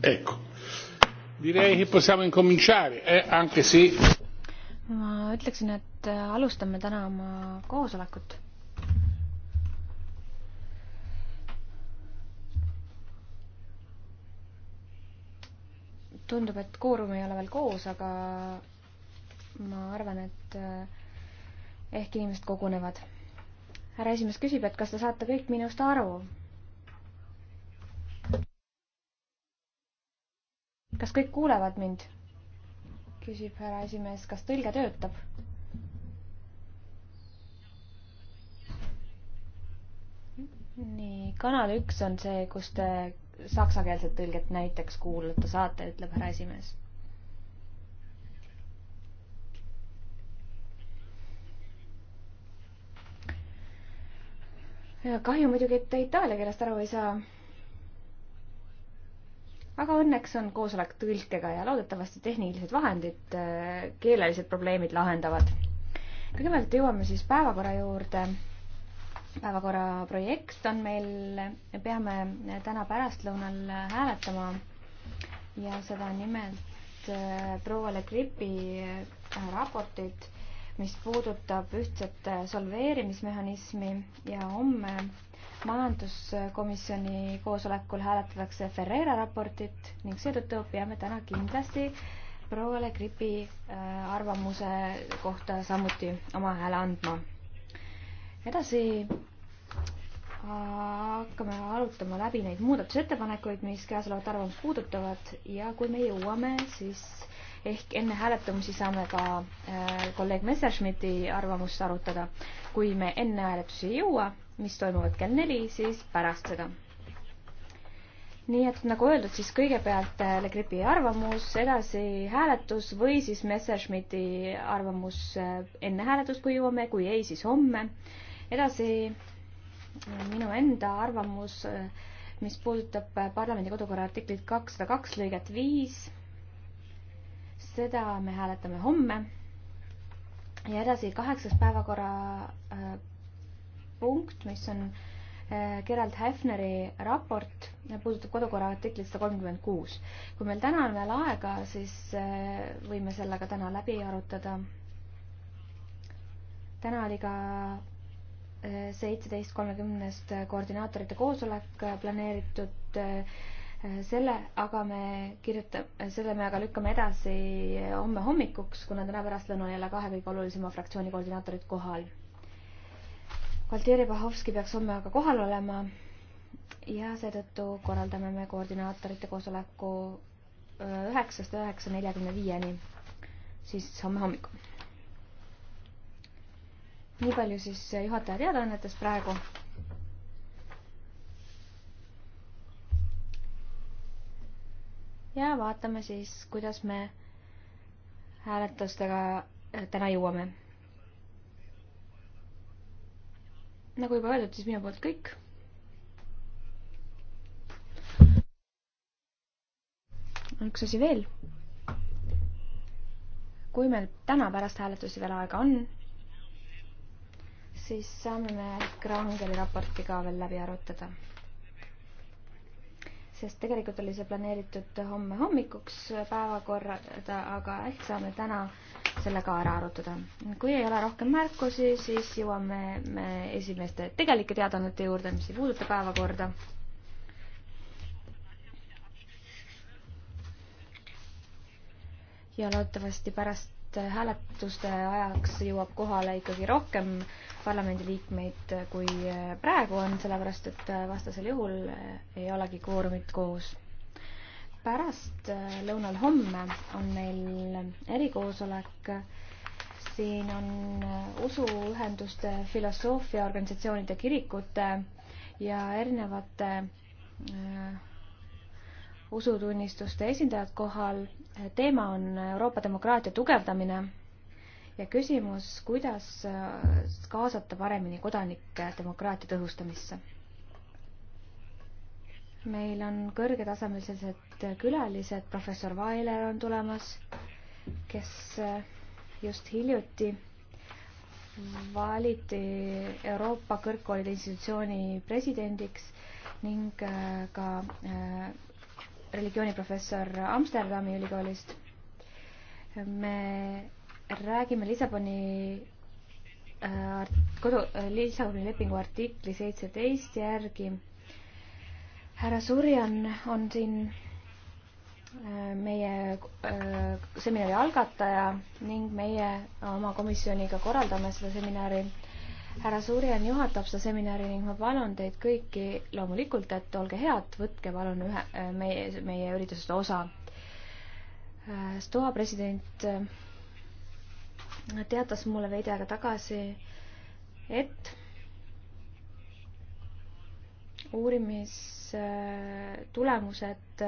Ecco, direi che possiamo incominciare, eh, anche se... ma ütleksin, et äh, alustame täna oma koosolekut. tundub, et kvoorum ei ole veel koos, aga ma arvan, et äh, ehk inimesed kogunevad. härra esimees küsib, et kas te saate kõik minust aru? kas kõik kuulevad mind? küsib härra esimees, kas tõlge töötab? nii, kanal üks on see, kus te saksakeelset tõlget näiteks kuulata saate, ütleb härra esimees kahju muidugi, et te itaalia keelest aru ei saa. aga õnneks on koosolek tõlkega ja loodetavasti tehnilised vahendid, äh, keelelised probleemid lahendavad. kõigepealt jõuame siis päevakorra juurde. päevakorra projekt on meil, peame täna pärastlõunal hääletama ja seda nimelt äh, proua Le Gripi äh, raportit mis puudutab ühtset solveerimismehhanismi ja homme majanduskomisjoni koosolekul hääletatakse Ferreira raportit ning seetõttu peame täna kindlasti prouale Gripi äh, arvamuse kohta samuti oma hääle andma. edasi äh, hakkame arutama läbi neid muudatusettepanekuid, mis käesolevat arvamust puudutavad ja kui me jõuame, siis ehk enne hääletamisi saame ka äh, kolleeg Messerschmitti arvamust arutada. kui me enne hääletusi ei jõua, mis toimuvad kell neli, siis pärast seda. nii et nagu öeldud, siis kõigepealt äh, Le Gripi arvamus, edasi hääletus või siis Messerschmitti arvamus äh, enne hääletust, kui jõuame, kui ei, siis homme. edasi minu enda arvamus, mis puudutab parlamendi kodukorra artiklit kakssada kaks lõiget viis seda me hääletame homme. ja edasi kaheksas päevakorra äh, punkt, mis on äh, Gerald Hefneri raport puudutab kodukorra artiklit sada kolmkümmend kuus. kui meil täna on veel aega, siis äh, võime selle ka täna läbi arutada. täna oli ka seitseteist kolmekümnest koordinaatorite koosolek planeeritud Äh, selle aga me kirjutame, selle me aga lükkame edasi äh, homme hommikuks, kuna täna pärastlõunal on jälle kahe kõige olulisema fraktsiooni koordinaatorid kohal. Valteri Bahovski peaks homme aga kohal olema ja seetõttu korraldame me koordinaatorite koosoleku äh, üheksast üheksa neljakümne viieni, siis homme hommikul. nii palju siis juhataja teadaannetest praegu ja vaatame siis, kuidas me hääletustega äh, täna jõuame. nagu juba öeldud, siis minu poolt kõik. üks asi veel. kui meil täna pärast hääletusi veel aega on, siis saame me Krangeli raporti ka veel läbi arutada sest tegelikult oli see planeeritud homme hommikuks päevakorda, aga ehk saame täna selle ka ära arutada. kui ei ole rohkem märkusi, siis jõuame me esimeste tegelike teadaannete juurde, mis ei puuduta päevakorda. ja loodetavasti pärast et hääletuste ajaks jõuab kohale ikkagi rohkem parlamendiliikmeid, kui praegu on, sellepärast et vastasel juhul ei olegi kvoorumit koos. pärast lõunal homme on meil erikoosolek siin on usuühenduste, filosoofiaorganisatsioonide, kirikute ja erinevate äh, usutunnistuste esindajad kohal. teema on Euroopa demokraatia tugevdamine ja küsimus, kuidas kaasata paremini kodanikke demokraatia tõhustamisse. meil on kõrgetasemelised külalised, professor Vaeler on tulemas, kes just hiljuti valiti Euroopa Kõrgkoolide Institutsiooni presidendiks ning ka religiooniprofessor Amsterdami ülikoolist. me räägime Lissaboni äh, kodu, äh, Lissaboni lepingu artikli seitseteist järgi. härra Surjan on siin äh, meie seminari algataja ning meie oma komisjoniga korraldame seda seminari härra Suurjan juhatab seda seminari ning ma palun teid kõiki loomulikult, et olge head, võtke palun ühe, äh, meie, meie üritusest osa. Äh, STOA president äh, teatas mulle veidi aega tagasi, et uurimistulemused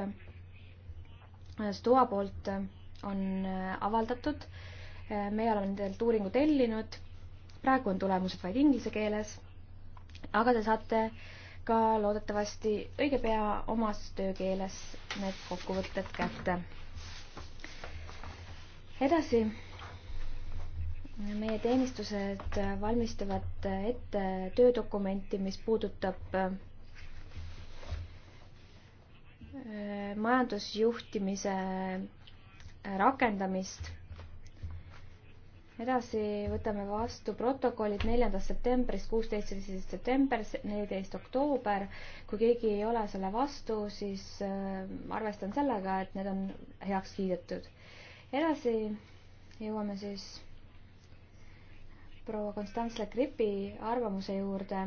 STOA poolt on avaldatud. meie oleme nendelt uuringu tellinud praegu on tulemused vaid inglise keeles, aga te saate ka loodetavasti õige pea omas töökeeles need kokkuvõtted kätte. edasi, meie teenistused valmistavad ette töödokumenti, mis puudutab äh, majandusjuhtimise rakendamist edasi võtame vastu protokollid neljandast septembrist, kuusteist, seitseteist september, neliteist oktoober. kui keegi ei ole selle vastu, siis äh, arvestan sellega, et need on heaks kiidetud. edasi jõuame siis proua Konstantse Gripi arvamuse juurde.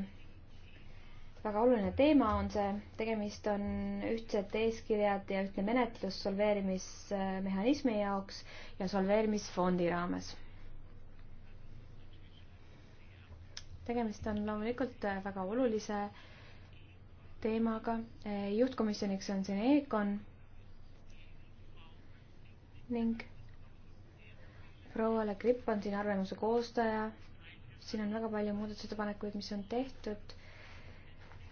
väga oluline teema on see, tegemist on ühtsed eeskirjad ja ühtne menetlus solveerimismehhanismi jaoks ja solveerimisfondi raames tegemist on loomulikult äh, väga olulise teemaga. Äh, juhtkomisjoniks on siin EKON ning proua Le Gripp on siin arvamuse koostaja. siin on väga palju muudatusettepanekuid, mis on tehtud.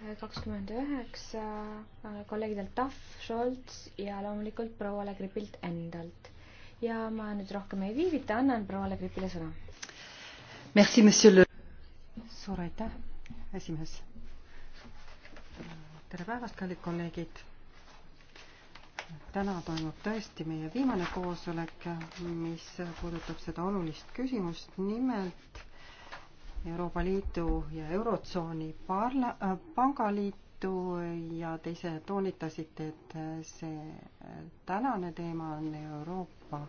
Äh, kakskümmend üheksa kolleegidelt Tahv, Scholz ja loomulikult proua Le Gripilt endalt. ja ma nüüd rohkem ei viivita, annan proua Le Gripile sõna. Merci, monsieur le suur aitäh, esimees. tere päevast, kallid kolleegid. täna toimub tõesti meie viimane koosolek, mis puudutab seda olulist küsimust, nimelt Euroopa Liidu ja Eurotsooni parla-, pangaliitu ja te ise toonitasite, et see tänane teema on Euroopa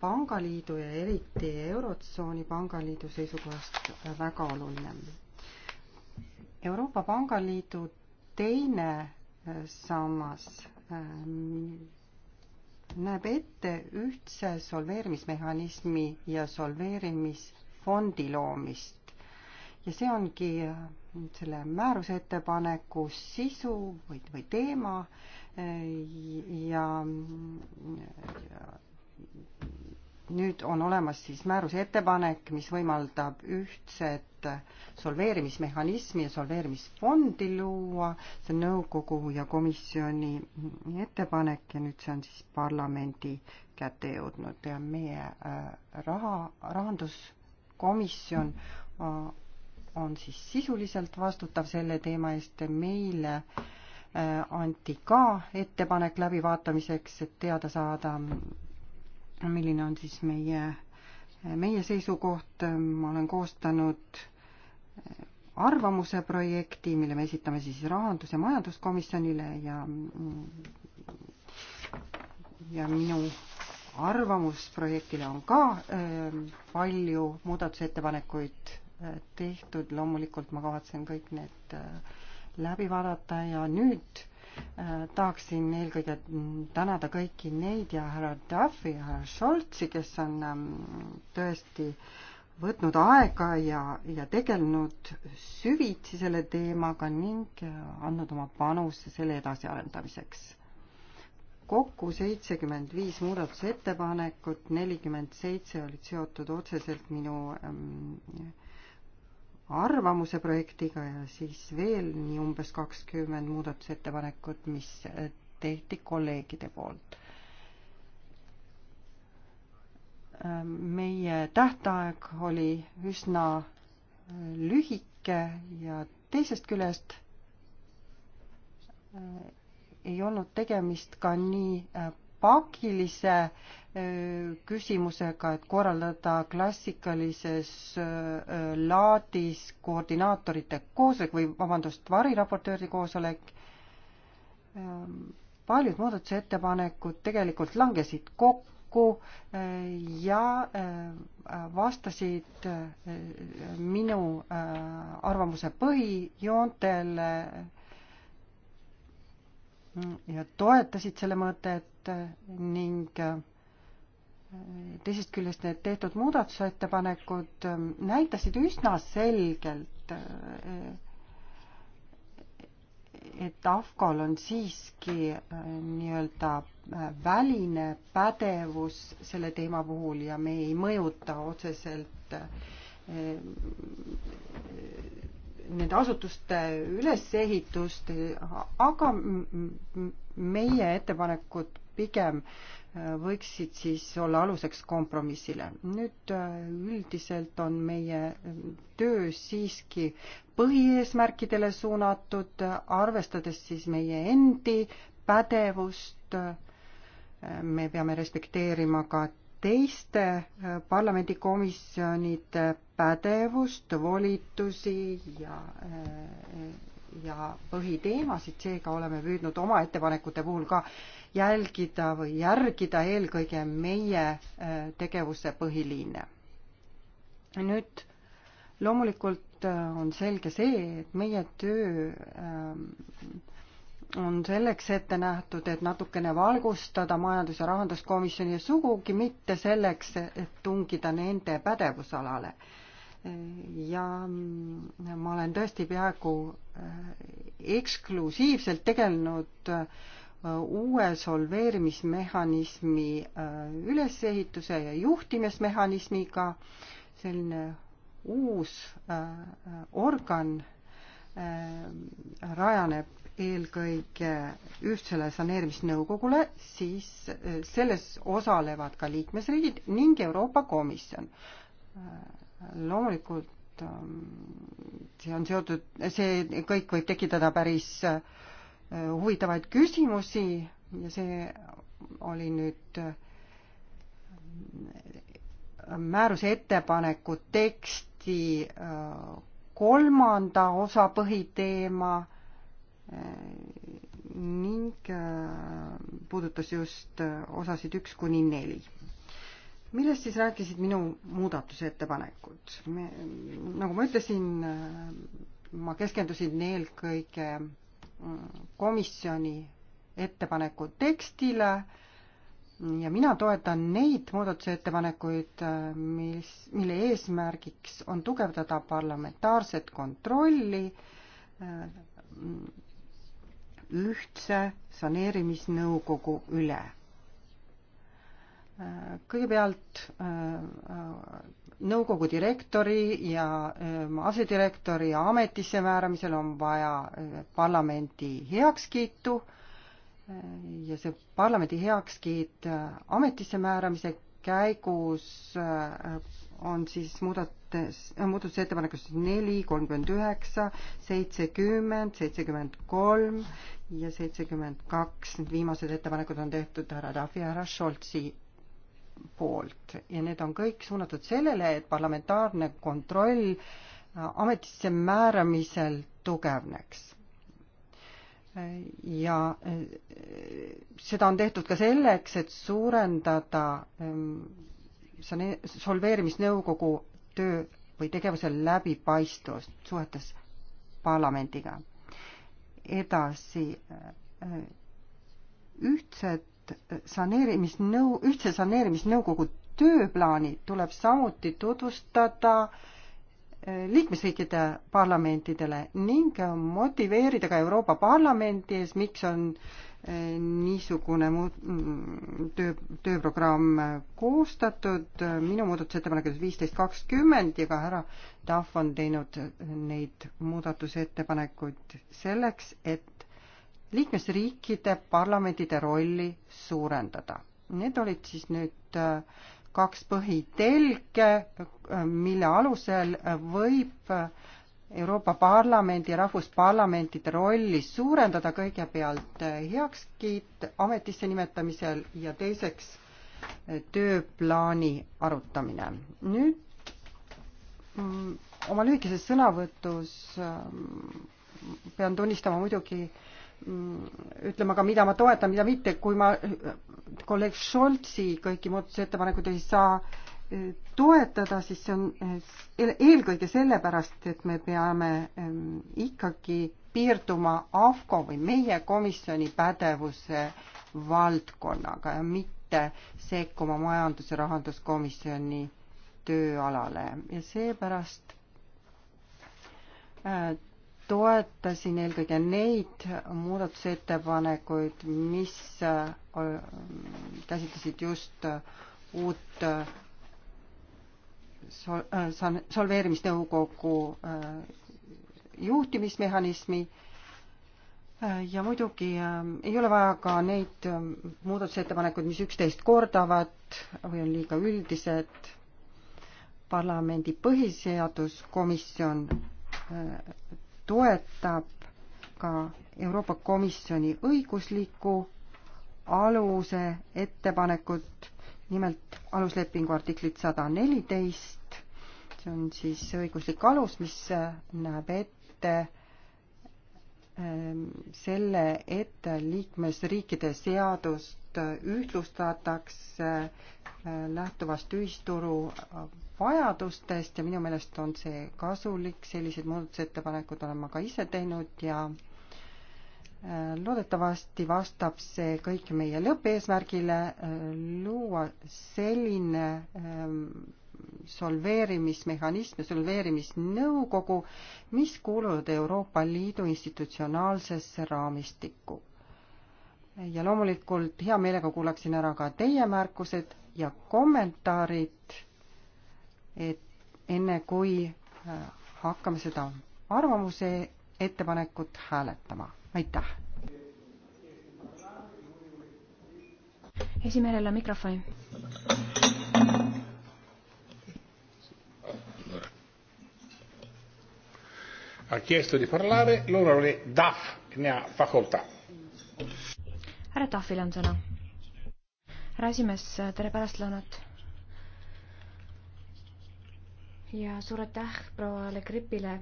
pangaliidu ja eriti Eurotsooni pangaliidu seisukohast väga oluline. Euroopa Pangaliidu teine äh, sammas äh, näeb ette ühtse solveerimismehhanismi ja solveerimisfondi loomist ja see ongi äh, selle määruse ettepaneku sisu või, või teema ja, ja nüüd on olemas siis määruse ettepanek, mis võimaldab ühtset solveerimismehhanismi ja solveerimisfondi luua, see on nõukogu ja komisjoni ettepanek ja nüüd see on siis parlamendi kätte jõudnud ja meie äh, raha, rahanduskomisjon äh, on siis sisuliselt vastutav selle teema eest, meile äh, anti ka ettepanek läbivaatamiseks, et teada saada, milline on siis meie, meie seisukoht, ma olen koostanud arvamuse projekti, mille me esitame siis rahandus- ja majanduskomisjonile ja ja minu arvamusprojektile on ka ähm, palju muudatusettepanekuid äh, tehtud, loomulikult ma kavatsen kõik need äh, läbi vaadata ja nüüd Äh, tahaksin eelkõige tänada kõiki neid ja härra Duffi ja härra Scholzi, kes on ähm, tõesti võtnud aega ja, ja tegelenud süvitsi selle teemaga ning äh, andnud oma panuse selle edasiarendamiseks. kokku seitsekümmend viis muudatusettepanekut, nelikümmend seitse olid seotud otseselt minu ähm, arvamuse projektiga ja siis veel nii umbes kakskümmend muudatusettepanekut, mis eh, tehti kolleegide poolt. Ähm, meie tähtaeg oli üsna äh, lühike ja teisest küljest äh, ei olnud tegemist ka nii äh, pakilise äh, küsimusega, et korraldada klassikalises äh, laadis koordinaatorite koosolek või vabandust, variraportööri koosolek. Ähm, paljud muudatusettepanekud tegelikult langesid kokku äh, ja vastasid minu arvamuse põhijoontele ja toetasid selle mõtet, ning äh, teisest küljest need tehtud muudatusettepanekud äh, näitasid üsna selgelt, äh, et AFCO-l on siiski nii-öelda väline pädevus selle teema puhul ja me ei mõjuta otseselt nende asutuste ülesehitust, aga meie ettepanekud pigem äh, võiksid siis olla aluseks kompromissile. nüüd äh, üldiselt on meie äh, töö siiski põhieesmärkidele suunatud, arvestades siis meie endi pädevust. me peame respekteerima ka teiste parlamendikomisjonide pädevust, volitusi ja ja põhiteemasid, seega oleme püüdnud oma ettepanekute puhul ka jälgida või järgida eelkõige meie äh, tegevuse põhiliine. nüüd loomulikult äh, on selge see, et meie töö äh, on selleks ette nähtud, et natukene valgustada majandus- ja rahanduskomisjoni ja sugugi mitte selleks, et tungida nende pädevusalale ja ma olen tõesti peaaegu äh, eksklusiivselt tegelenud äh, uue solveerimismehhanismi äh, ülesehituse ja juhtimismehhanismiga. selline uus organ rajaneb eelkõige ühtsele saneerimisnõukogule, siis selles osalevad ka liikmesriigid ning Euroopa Komisjon loomulikult ähm, see on seotud, see kõik võib tekitada päris äh, huvitavaid küsimusi ja see oli nüüd äh, määruse ettepaneku teksti äh, kolmanda osa põhiteema ning puudutas just osasid üks kuni neli millest siis rääkisid minu muudatusettepanekud? nagu ma ütlesin, ma keskendusin eelkõige mm, komisjoni ettepaneku tekstile ja mina toetan neid muudatusettepanekuid, mis, mille eesmärgiks on tugevdada parlamentaarset kontrolli mm, ühtse saneerimisnõukogu üle kõigepealt äh, äh, nõukogu direktori ja äh, asedirektori ametisse määramisel on vaja parlamendi heakskiitu ja see parlamendi heakskiit ametisse määramise käigus on siis muudates, muudatusettepanekus neli, kolmkümmend üheksa, seitsekümmend, seitsekümmend kolm ja seitsekümmend kaks, need viimased ettepanekud on tehtud härra Tahvi ja härra Šoltsi poolt ja need on kõik suunatud sellele, et parlamentaarne kontroll äh, ametisse määramisel tugevneks. Äh, ja äh, seda on tehtud ka selleks, et suurendada ähm, solveerimisnõukogu töö või tegevuse läbipaistvust suhetes parlamendiga. edasi, ühtsed saneerimisnõu, ühtse saneerimisnõukogu tööplaani tuleb samuti tutvustada eh, liikmesriikide parlamentidele ning motiveerida ka Euroopa Parlamenti ees, miks on eh, niisugune mu-, mm, töö, tööprogramm koostatud, minu muudatusettepanekud viisteist kakskümmend ja ka härra Tahv on teinud neid muudatusettepanekuid selleks, et liikmesriikide parlamentide rolli suurendada. Need olid siis nüüd äh, kaks põhitelge, äh, mille alusel äh, võib Euroopa Parlamendi ja rahvusparlamentide rolli suurendada kõigepealt heakskiit ametisse nimetamisel ja teiseks tööplaani arutamine. nüüd mm, oma lühikeses sõnavõtus pean tunnistama muidugi äh, ütlema ka, mida ma toetan, mida mitte, kui ma kolleeg Scholzi kõiki muudatusettepanekuid ei saa eh, toetada, siis see on eh, eelkõige sellepärast, et me peame eh, ikkagi piirduma AFCO või meie komisjoni pädevuse valdkonnaga ja mitte sekkuma majandus- ja rahanduskomisjoni tööalale ja seepärast toetasin eelkõige neid muudatusettepanekuid, mis äh, käsitlesid just äh, uut äh, sol-, solveerimisnõukogu juhtimismehhanismi ja muidugi ei ole vaja ka neid muudatusettepanekuid, mis üksteist kordavad või on liiga üldised. parlamendi põhiseaduskomisjon toetab ka Euroopa Komisjoni õigusliku aluse ettepanekut, nimelt aluslepingu artiklit sada neliteist, see on siis õiguslik alus, mis näeb ette ähm, selle, et liikmesriikide seadust ühtlustatakse äh, lähtuvast ühisturu äh, vajadustest ja minu meelest on see kasulik, selliseid muudatusettepanekuid olen ma ka ise teinud ja äh, loodetavasti vastab see kõik meie lõppeesmärgile, äh, luua selline ähm, solveerimismehhanism ja solveerimisnõukogu, mis kuuluvad Euroopa Liidu institutsionaalsesse raamistikku. ja loomulikult hea meelega kuulaksin ära ka teie märkused ja kommentaarid et enne kui äh, hakkame seda arvamuse ettepanekut hääletama. aitäh! esimehele mikrofoni. ha chiesto di parlare l'onorevole Duff ne ha facoltà. härra Duffil on sõna. härra esimees, tere pärastlõunat ja suur aitäh proua Le Gripile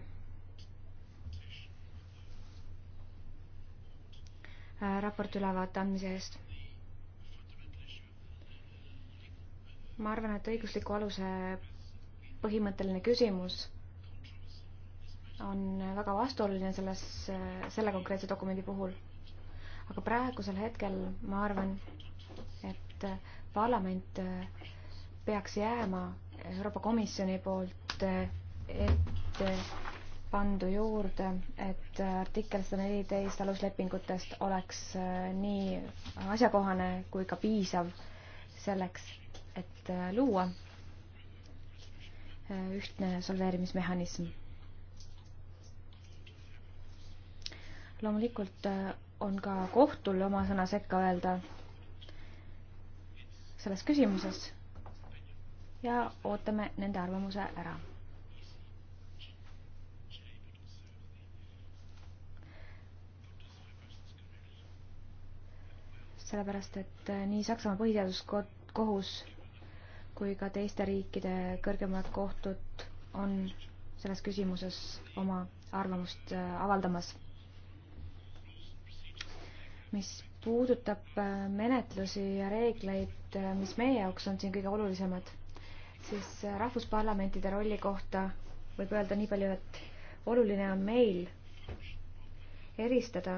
äh, raporti ülevaate andmise eest. ma arvan, et õigusliku aluse põhimõtteline küsimus on väga vastuoluline selles, selle konkreetse dokumendi puhul. aga praegusel hetkel ma arvan, et parlament peaks jääma Euroopa Komisjoni poolt eh, ette eh, pandu juurde, et eh, artikkel sada neliteist aluslepingutest oleks nii asjakohane kui ka piisav selleks, et luua ühtne solveerimismehhanism. loomulikult on ka kohtul oma sõna sekka öelda selles küsimuses ja ootame nende arvamuse ära. sellepärast, et nii Saksamaa põhiseaduskohus kui ka teiste riikide kõrgemad kohtud on selles küsimuses oma arvamust äh, avaldamas. mis puudutab äh, menetlusi ja reegleid, äh, mis meie jaoks on siin kõige olulisemad siis äh, rahvusparlamentide rolli kohta võib öelda nii palju, et oluline on meil eristada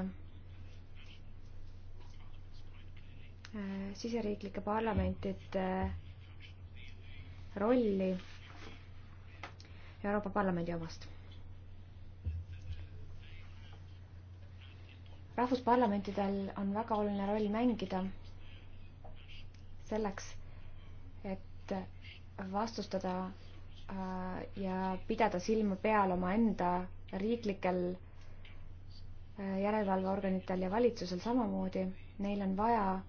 äh, siseriiklike parlamentide rolli Euroopa Parlamendi omast. rahvusparlamentidel on väga oluline roll mängida selleks, vastustada äh, ja pidada silma peal omaenda riiklikel äh, järelevalveorganitel ja valitsusel samamoodi. Neil on vaja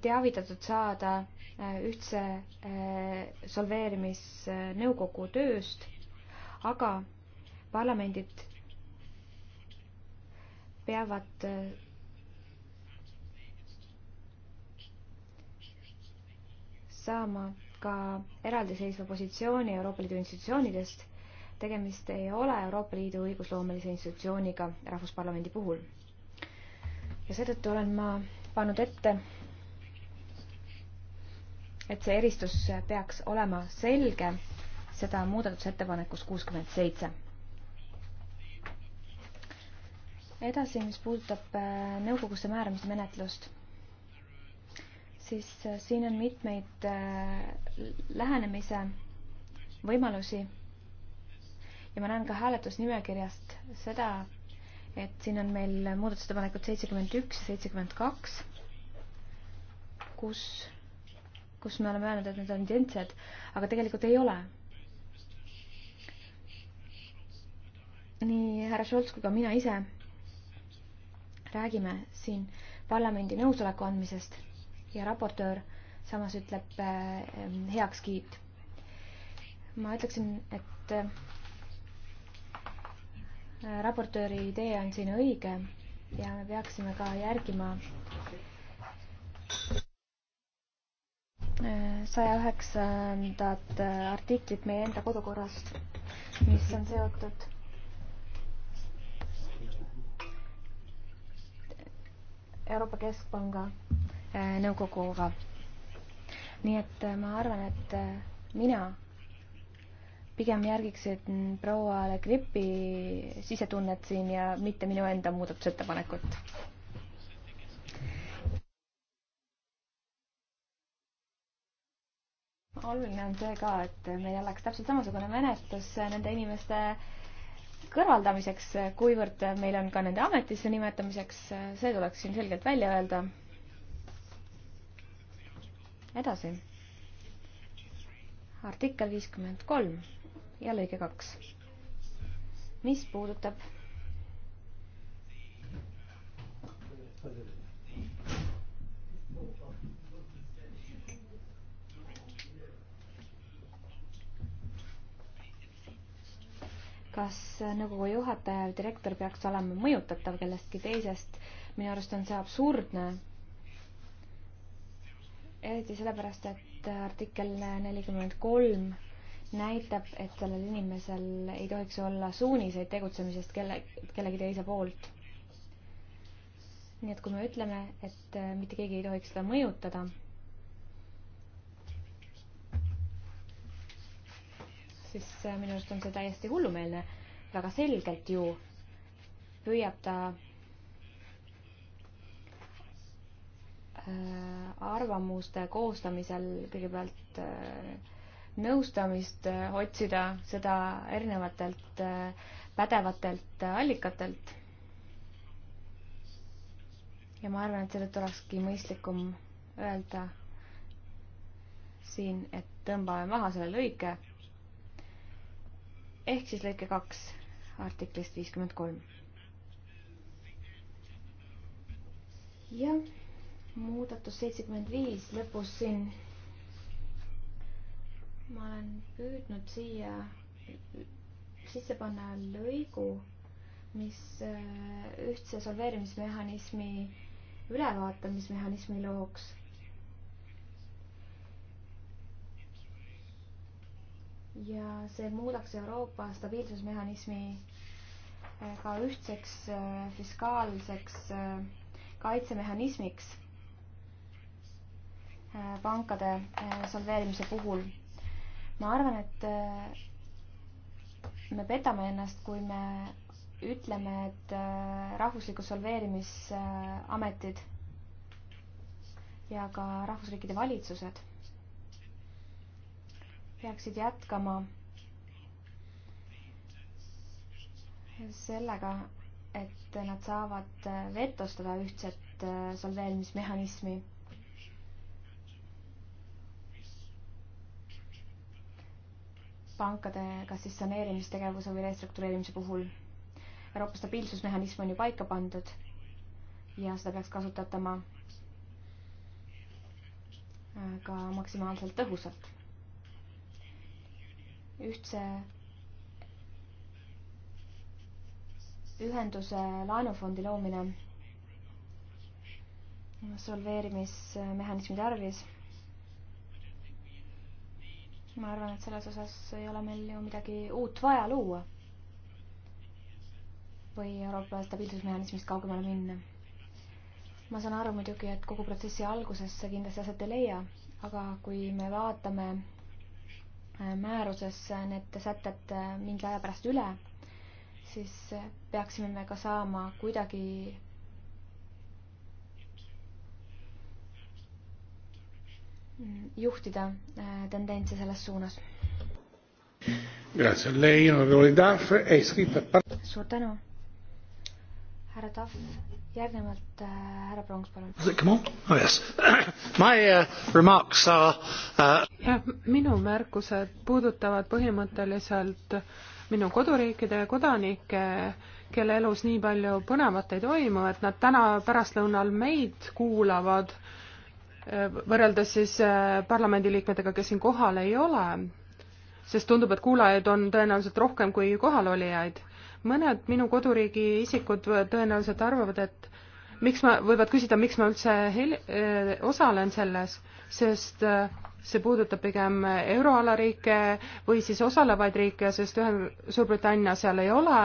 teavitatud saada äh, ühtse solveerimisnõukogu tööst, aga parlamendid peavad saama ka eraldiseisva positsiooni Euroopa Liidu institutsioonidest. tegemist ei ole Euroopa Liidu õigusloomelise institutsiooniga Rahvusparlamendi puhul. ja seetõttu olen ma pannud ette, et see eristus peaks olema selge, seda muudatusettepanekus kuuskümmend seitse. edasi, mis puudutab äh, nõukogusse määramise menetlust siis äh, siin on mitmeid äh, lähenemise võimalusi. ja ma näen ka hääletusnimekirjast seda, et siin on meil muudatusettepanekud seitsekümmend üks ja seitsekümmend kaks, kus, kus me oleme öelnud, et need on identsed, aga tegelikult ei ole. nii härra Scholz kui ka mina ise räägime siin parlamendi nõusoleku andmisest ja raportöör samas ütleb ehm, heakskiit. ma ütleksin, et ehm, raportööri idee on siin õige ja me peaksime ka järgima ehm, saja üheksandat artiklit meie enda kodukorrast, mis on seotud Euroopa Keskpanga Äh, nõukoguga. nii et äh, ma arvan, et äh, mina pigem järgiksin proua Le Gripi sisetunnet siin ja mitte minu enda muudatusettepanekut. oluline on see ka, et meil oleks täpselt samasugune menetlus nende inimeste kõrvaldamiseks, kuivõrd meil on ka nende ametisse nimetamiseks, see tuleks siin selgelt välja öelda edasi. artikkel viiskümmend kolm ja lõige kaks, mis puudutab kas nõukogu juhataja või direktor peaks olema mõjutatav kellestki teisest. minu arust on see absurdne eriti sellepärast, et artikkel nelikümmend kolm näitab, et sellel inimesel ei tohiks olla suuniseid tegutsemisest kelle, kellegi teise poolt. nii et kui me ütleme, et äh, mitte keegi ei tohiks seda mõjutada, siis äh, minu arust on see täiesti hullumeelne. väga selgelt ju püüab ta Äh, arvamuste koostamisel kõigepealt äh, nõustamist äh, otsida, seda erinevatelt pädevatelt allikatelt. ja ma arvan, et seetõttu olekski mõistlikum öelda siin, et tõmbame maha selle lõike ehk siis lõike kaks artiklist viiskümmend kolm. jah muudatus seitsekümmend viis lõpus siin. ma olen püüdnud siia sisse panna lõigu, mis äh, ühtse solveerimismehhanismi ülevaatamismehhanismi looks. ja see muudaks Euroopa stabiilsusmehhanismi äh, ka ühtseks äh, fiskaalseks kaitsemehhanismiks Äh, pankade äh, solveerimise puhul. ma arvan, et äh, me petame ennast, kui me ütleme, et rahvuslikud solveerimisametid ja ka rahvusriikide valitsused peaksid jätkama sellega, et nad saavad vetostada ühtset solveerimismehhanismi pankade kas siis saneerimistegevuse või restruktureerimise puhul. Euroopa stabiilsusmehhanism on ju paika pandud ja seda peaks kasutatama äh, ka maksimaalselt tõhusalt. ühtse ühenduse laenufondi loomine solveerimismehhanismi tarvis ma arvan, et selles osas ei ole meil ju midagi uut vaja luua. või Euroopa stabiilsusmehhanismist kaugemale minna. ma saan aru muidugi, et kogu protsessi alguses see kindlasti aset ei leia, aga kui me vaatame äh, määruses need sätted äh, mingi aja pärast üle, siis äh, peaksime me ka saama kuidagi juhtida äh, tendentse selles suunas. suur tänu. härra Tahv, järgnevalt äh, härra Prongs, palun. Oh, uh, uh, minu märkused puudutavad põhimõtteliselt minu koduriikide kodanikke, kelle elus nii palju põnevat ei toimu, et nad täna pärastlõunal meid kuulavad võrreldes siis äh, parlamendiliikmetega, kes siin kohal ei ole, sest tundub, et kuulajaid on tõenäoliselt rohkem kui kohalolijaid. mõned minu koduriigi isikud tõenäoliselt arvavad, et miks ma, võivad küsida, miks ma üldse hel-, äh, osalen selles, sest äh, see puudutab pigem euroala riike või siis osalevaid riike, sest ühe, Suurbritannia seal ei ole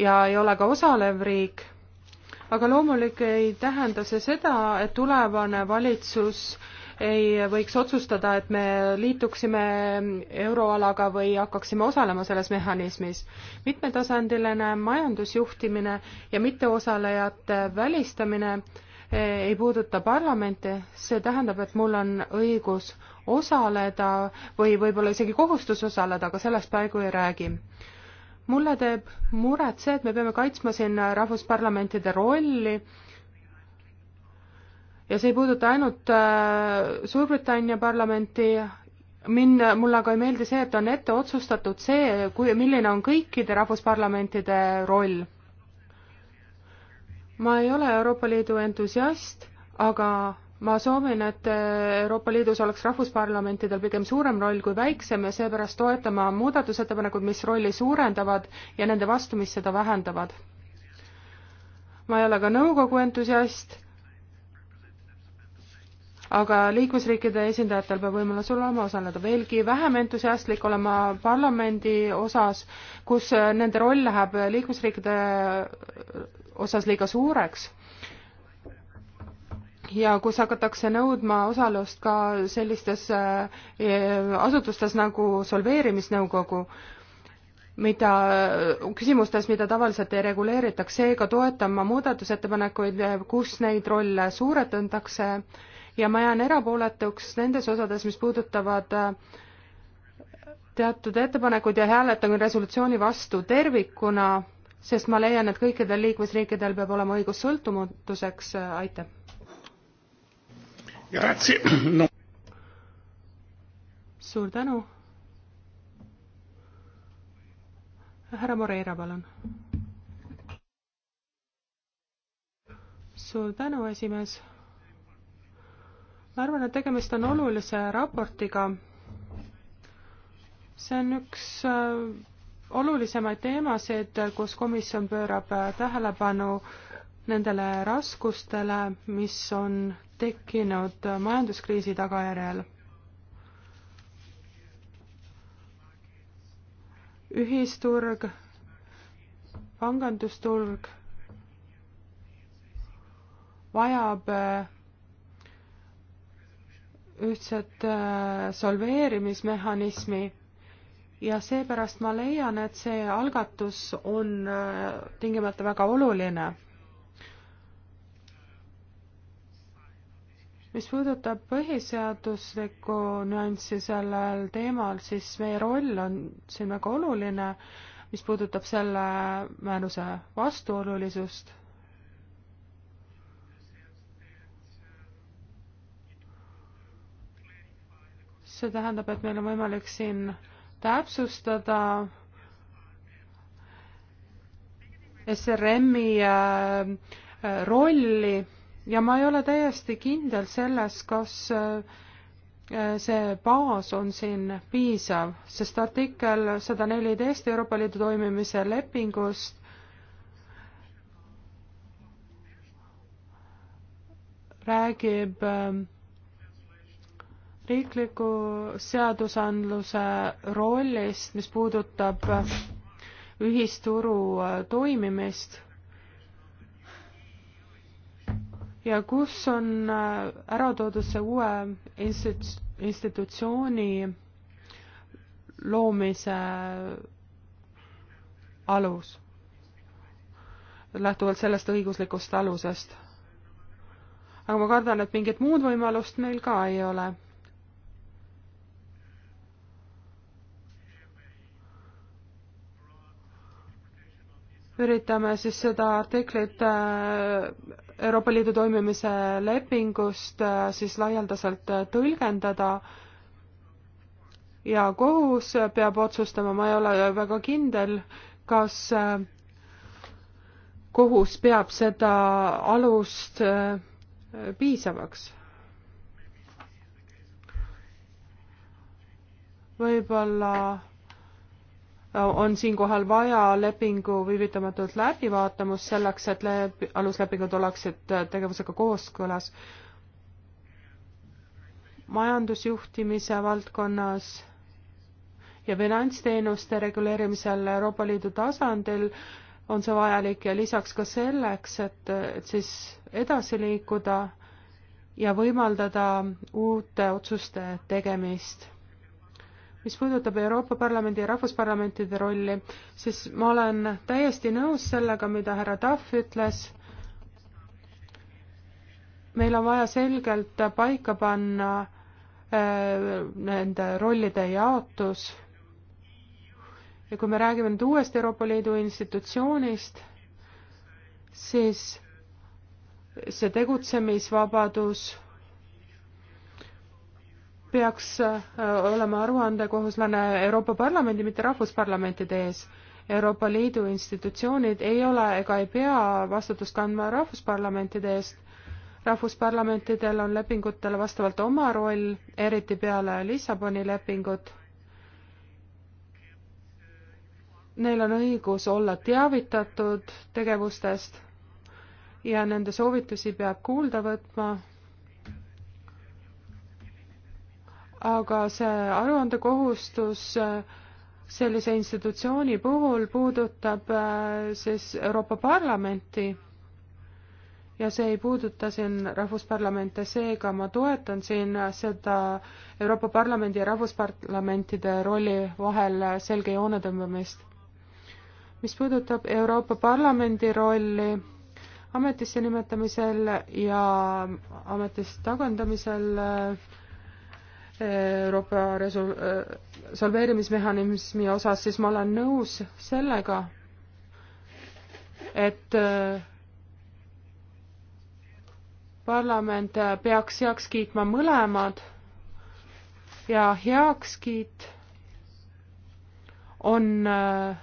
ja ei ole ka osalev riik aga loomulik ei tähenda see seda, et tulevane valitsus ei võiks otsustada, et me liituksime euroalaga või hakkaksime osalema selles mehhanismis. mitmetasandiline majandusjuhtimine ja mitteosalejate välistamine eh, ei puuduta parlamenti, see tähendab, et mul on õigus osaleda või võib-olla isegi kohustus osaleda, aga sellest praegu ei räägi mulle teeb muret see, et me peame kaitsma siin rahvusparlamentide rolli ja see ei puuduta ainult äh, Suurbritannia parlamenti, min-, mulle aga ei meeldi see, et on ette otsustatud see, kui, milline on kõikide rahvusparlamentide roll. ma ei ole Euroopa Liidu entusiast, aga ma soovin, et äh, Euroopa Liidus oleks rahvusparlamentidel pigem suurem roll kui väiksem ja seepärast toetama muudatusettepanekud, mis rolli suurendavad ja nende vastu, mis seda vähendavad. ma ei ole ka nõukogu entusiast, aga liikmesriikide esindajatel peab võimalus olema osaleda. veelgi vähem entusiastlik olen ma parlamendi osas, kus äh, nende roll läheb liikmesriikide äh, osas liiga suureks ja kus hakatakse nõudma osalust ka sellistes eh, asutustes nagu solveerimisnõukogu, mida, küsimustes, mida tavaliselt ei reguleeritaks, seega toetan ma muudatusettepanekuid, kus neid rolle suurendatakse ja ma jään erapooletuks nendes osades, mis puudutavad eh, teatud ettepanekuid ja hääletan resolutsiooni vastu tervikuna, sest ma leian, et kõikidel liikmesriikidel peab olema õigus sõltumatuseks, aitäh! No. suur tänu. härra Moreira, palun. suur tänu, esimees. ma arvan, et tegemist on olulise raportiga. see on üks äh, olulisemaid teemasid, kus komisjon pöörab äh, tähelepanu nendele raskustele, mis on tekkinud majanduskriisi tagajärjel. ühisturg, pangandusturg vajab äh, ühtset äh, solveerimismehhanismi ja seepärast ma leian, et see algatus on äh, tingimata väga oluline mis puudutab põhiseaduslikku nüanssi sellel teemal, siis meie roll on siin väga oluline, mis puudutab selle määruse vastuolulisust. see tähendab, et meil on võimalik siin täpsustada SRM-i äh, äh, rolli ja ma ei ole täiesti kindel selles, kas äh, äh, see baas on siin piisav, sest artikkel sada neliteist Euroopa Liidu toimimise lepingust räägib äh, riikliku seadusandluse rollist, mis puudutab ühisturu toimimist ja kus on äh, ära toodud see uue institu-, institutsiooni loomise alus, lähtuvalt sellest õiguslikust alusest. aga ma kardan, et mingit muud võimalust meil ka ei ole üritame siis seda artiklit äh, Euroopa Liidu toimimise lepingust äh, siis laialdaselt äh, tõlgendada ja kohus peab otsustama, ma ei ole väga kindel, kas kohus peab seda alust piisavaks. võib-olla on siinkohal vaja lepingu viivitamatult läbivaatamust selleks, et leeb, aluslepingud oleksid äh, tegevusega kooskõlas. majandusjuhtimise valdkonnas ja finantsteenuste reguleerimisel Euroopa Liidu tasandil on see vajalik ja lisaks ka selleks, et, et siis edasi liikuda ja võimaldada uute otsuste tegemist mis puudutab Euroopa Parlamendi ja rahvusparlamentide rolli, siis ma olen täiesti nõus sellega, mida härra Tahv ütles. meil on vaja selgelt paika panna äh, nende rollide jaotus. ja kui me räägime nüüd uuest Euroopa Liidu institutsioonist, siis see tegutsemisvabadus peaks äh, olema aruandekohuslane Euroopa Parlamendi, mitte rahvusparlamentide ees. Euroopa Liidu institutsioonid ei ole ega ei pea vastutust kandma rahvusparlamentide eest. rahvusparlamentidel on lepingutele vastavalt oma roll, eriti peale Lissaboni lepingut. Neil on õigus olla teavitatud tegevustest ja nende soovitusi peab kuulda võtma aga see aruandekohustus äh, sellise institutsiooni puhul puudutab äh, siis Euroopa Parlamenti ja see ei puuduta siin rahvusparlamente, seega ma toetan siin seda Euroopa Parlamendi ja rahvusparlamentide rolli vahel selge joone tõmbamist. mis puudutab Euroopa Parlamendi rolli ametisse nimetamisel ja ametist tagandamisel äh, Euroopa resol-, äh, solveerimismehhanismi osas, siis ma olen nõus sellega, et äh, parlament peaks heaks kiitma mõlemad ja heakskiit on äh,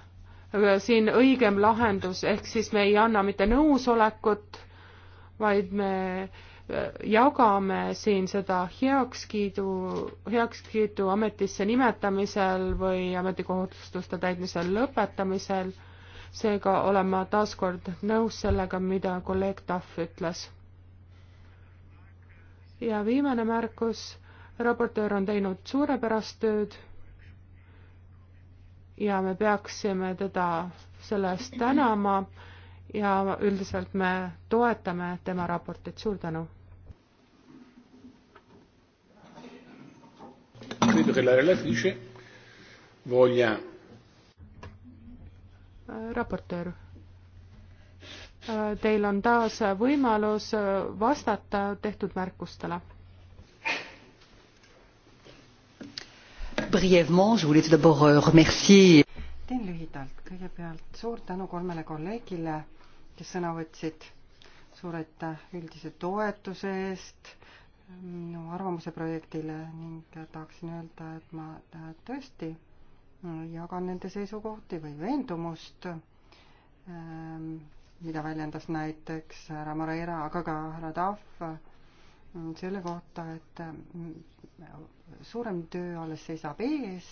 siin õigem lahendus, ehk siis me ei anna mitte nõusolekut, vaid me äh, jagame siin seda heakskiidu, heakskiidu ametisse nimetamisel või ametikohustuste täitmisel lõpetamisel, seega olen ma taaskord nõus sellega, mida kolleeg Tahv ütles. ja viimane märkus, raportöör on teinud suurepärast tööd ja me peaksime teda selle eest tänama ja üldiselt me toetame tema raportit, suur tänu! credo che la relatrice voglia. raportöör, äh, teil on taas võimalus äh, vastata tehtud märkustele. Brièvement, je voulais tout d'abord euh, remercier teen lühidalt. kõigepealt suur tänu kolmele kolleegile, kes sõna võtsid. suur aitäh üldise toetuse eest minu arvamuse projektile ning tahaksin öelda, et ma tõesti jagan nende seisukohti või veendumust, ehm, mida väljendas näiteks härra Moreira, aga ka härra Tahv mm, selle kohta, et mm, suurem töö alles seisab ees,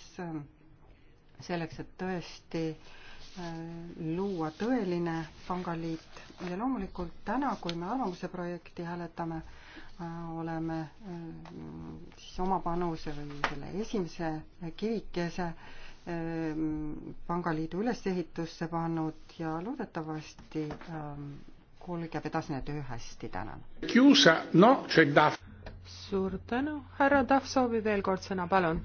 selleks, et tõesti ehm, luua tõeline pangaliit ja loomulikult täna, kui me arvamuse projekti hääletame, Äh, oleme siis äh, oma panuse või selle esimese kivikese ähm, pangaliidu ülesehitusse pannud ja loodetavasti ähm, kulgeb edasine töö hästi, tänan. No, suur tänu, härra Tahv soovib veel kord sõna, palun.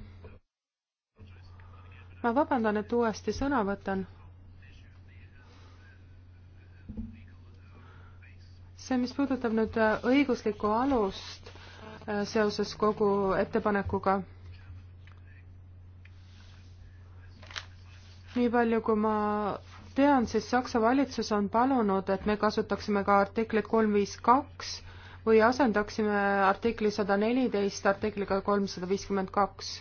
ma vabandan, et uuesti sõna võtan see, mis puudutab nüüd äh, õiguslikku alust äh, seoses kogu ettepanekuga, nii palju kui ma tean, siis Saksa valitsus on palunud, et me kasutaksime ka artiklit kolm viis kaks või asendaksime artikli sada neliteist artikliga kolmsada viiskümmend kaks.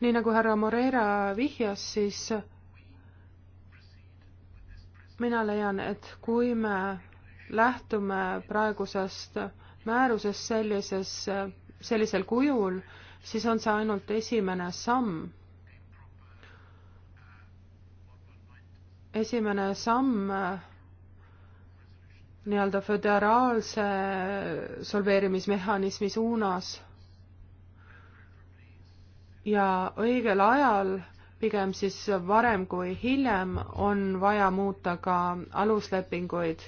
nii nagu härra Moreira vihjas, siis mina leian, et kui me lähtume praegusest määrusest sellises, sellisel kujul, siis on see ainult esimene samm. esimene samm nii-öelda föderaalse solveerimismehhanismi suunas ja õigel ajal pigem siis varem kui hiljem on vaja muuta ka aluslepinguid.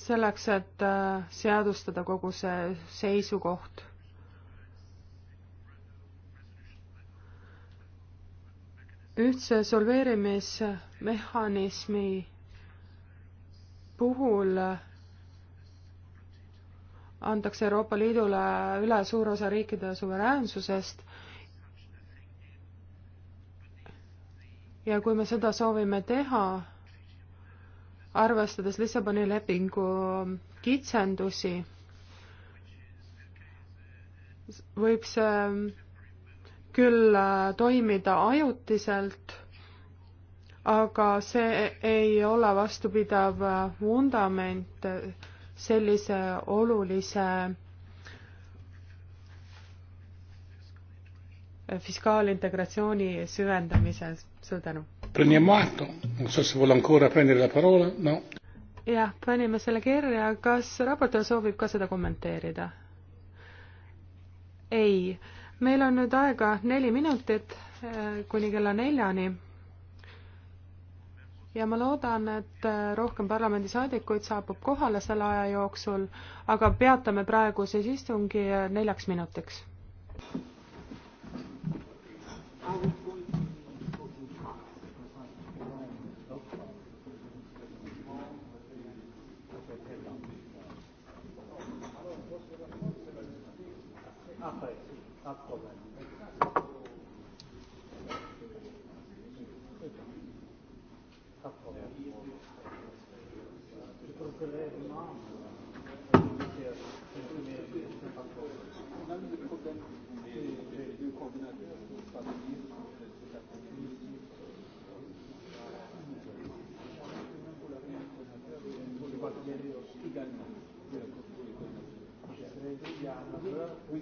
selleks, et äh, seadustada kogu see seisukoht. ühtse solveerimismehhanismi puhul antakse Euroopa Liidule üle suur osa riikide suveräänsusest ja kui me seda soovime teha, arvestades Lissaboni lepingu kitsendusi, võib see küll äh, toimida ajutiselt, aga see ei ole vastupidav äh, vundament sellise olulise fiskaalintegratsiooni süvendamises, suur tänu. jah, panime selle kirja, kas raportöör soovib ka seda kommenteerida? ei, meil on nüüd aega neli minutit eh, kuni kella neljani ja ma loodan, et äh, rohkem parlamendisaadikuid saabub kohale selle aja jooksul, aga peatame praegu siis istungi äh, neljaks minutiks. oui.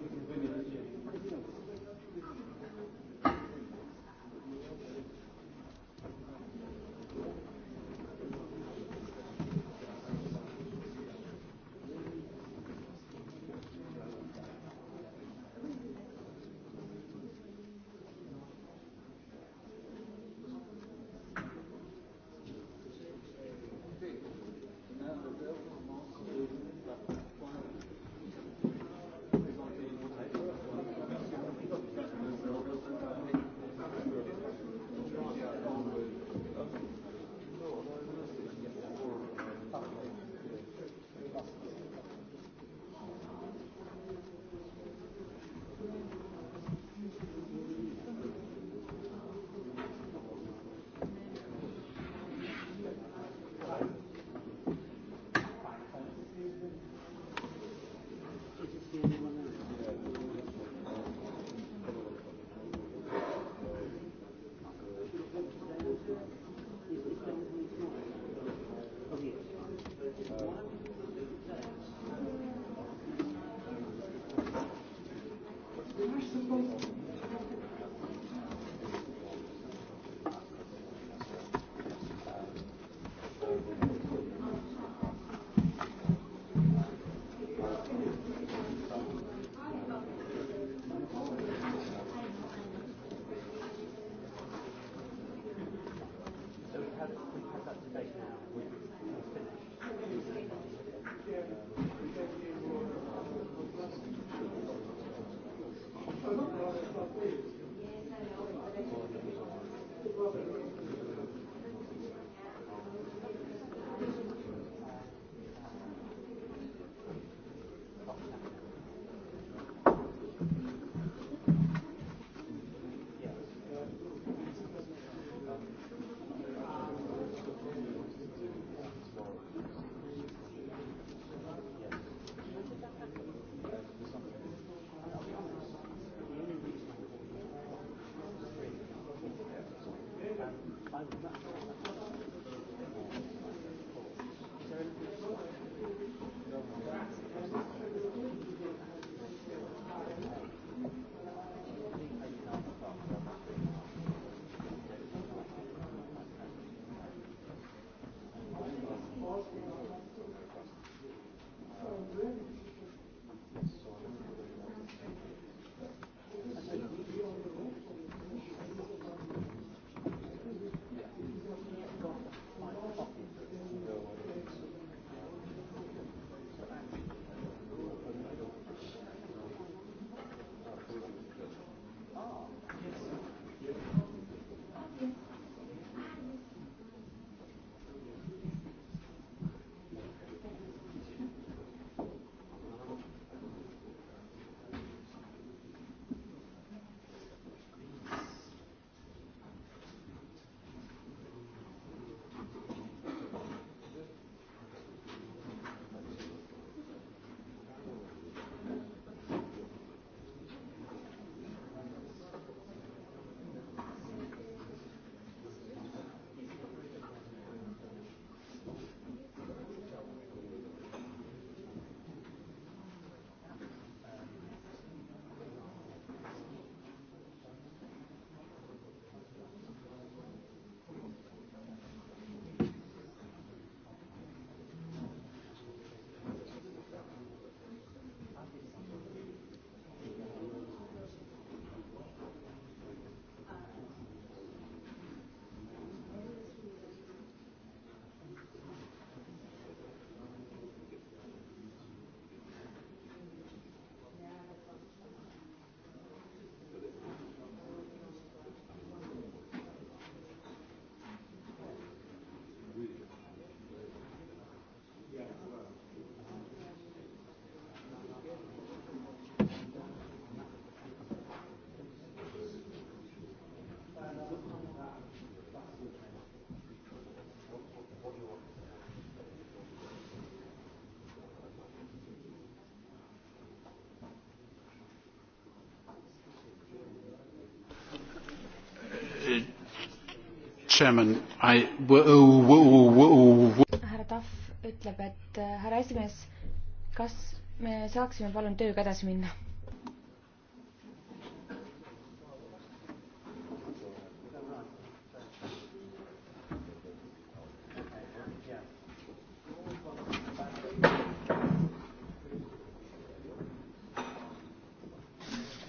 Chairman, I... härra Tahv ütleb, et äh, härra esimees, kas me saaksime palun tööga edasi minna?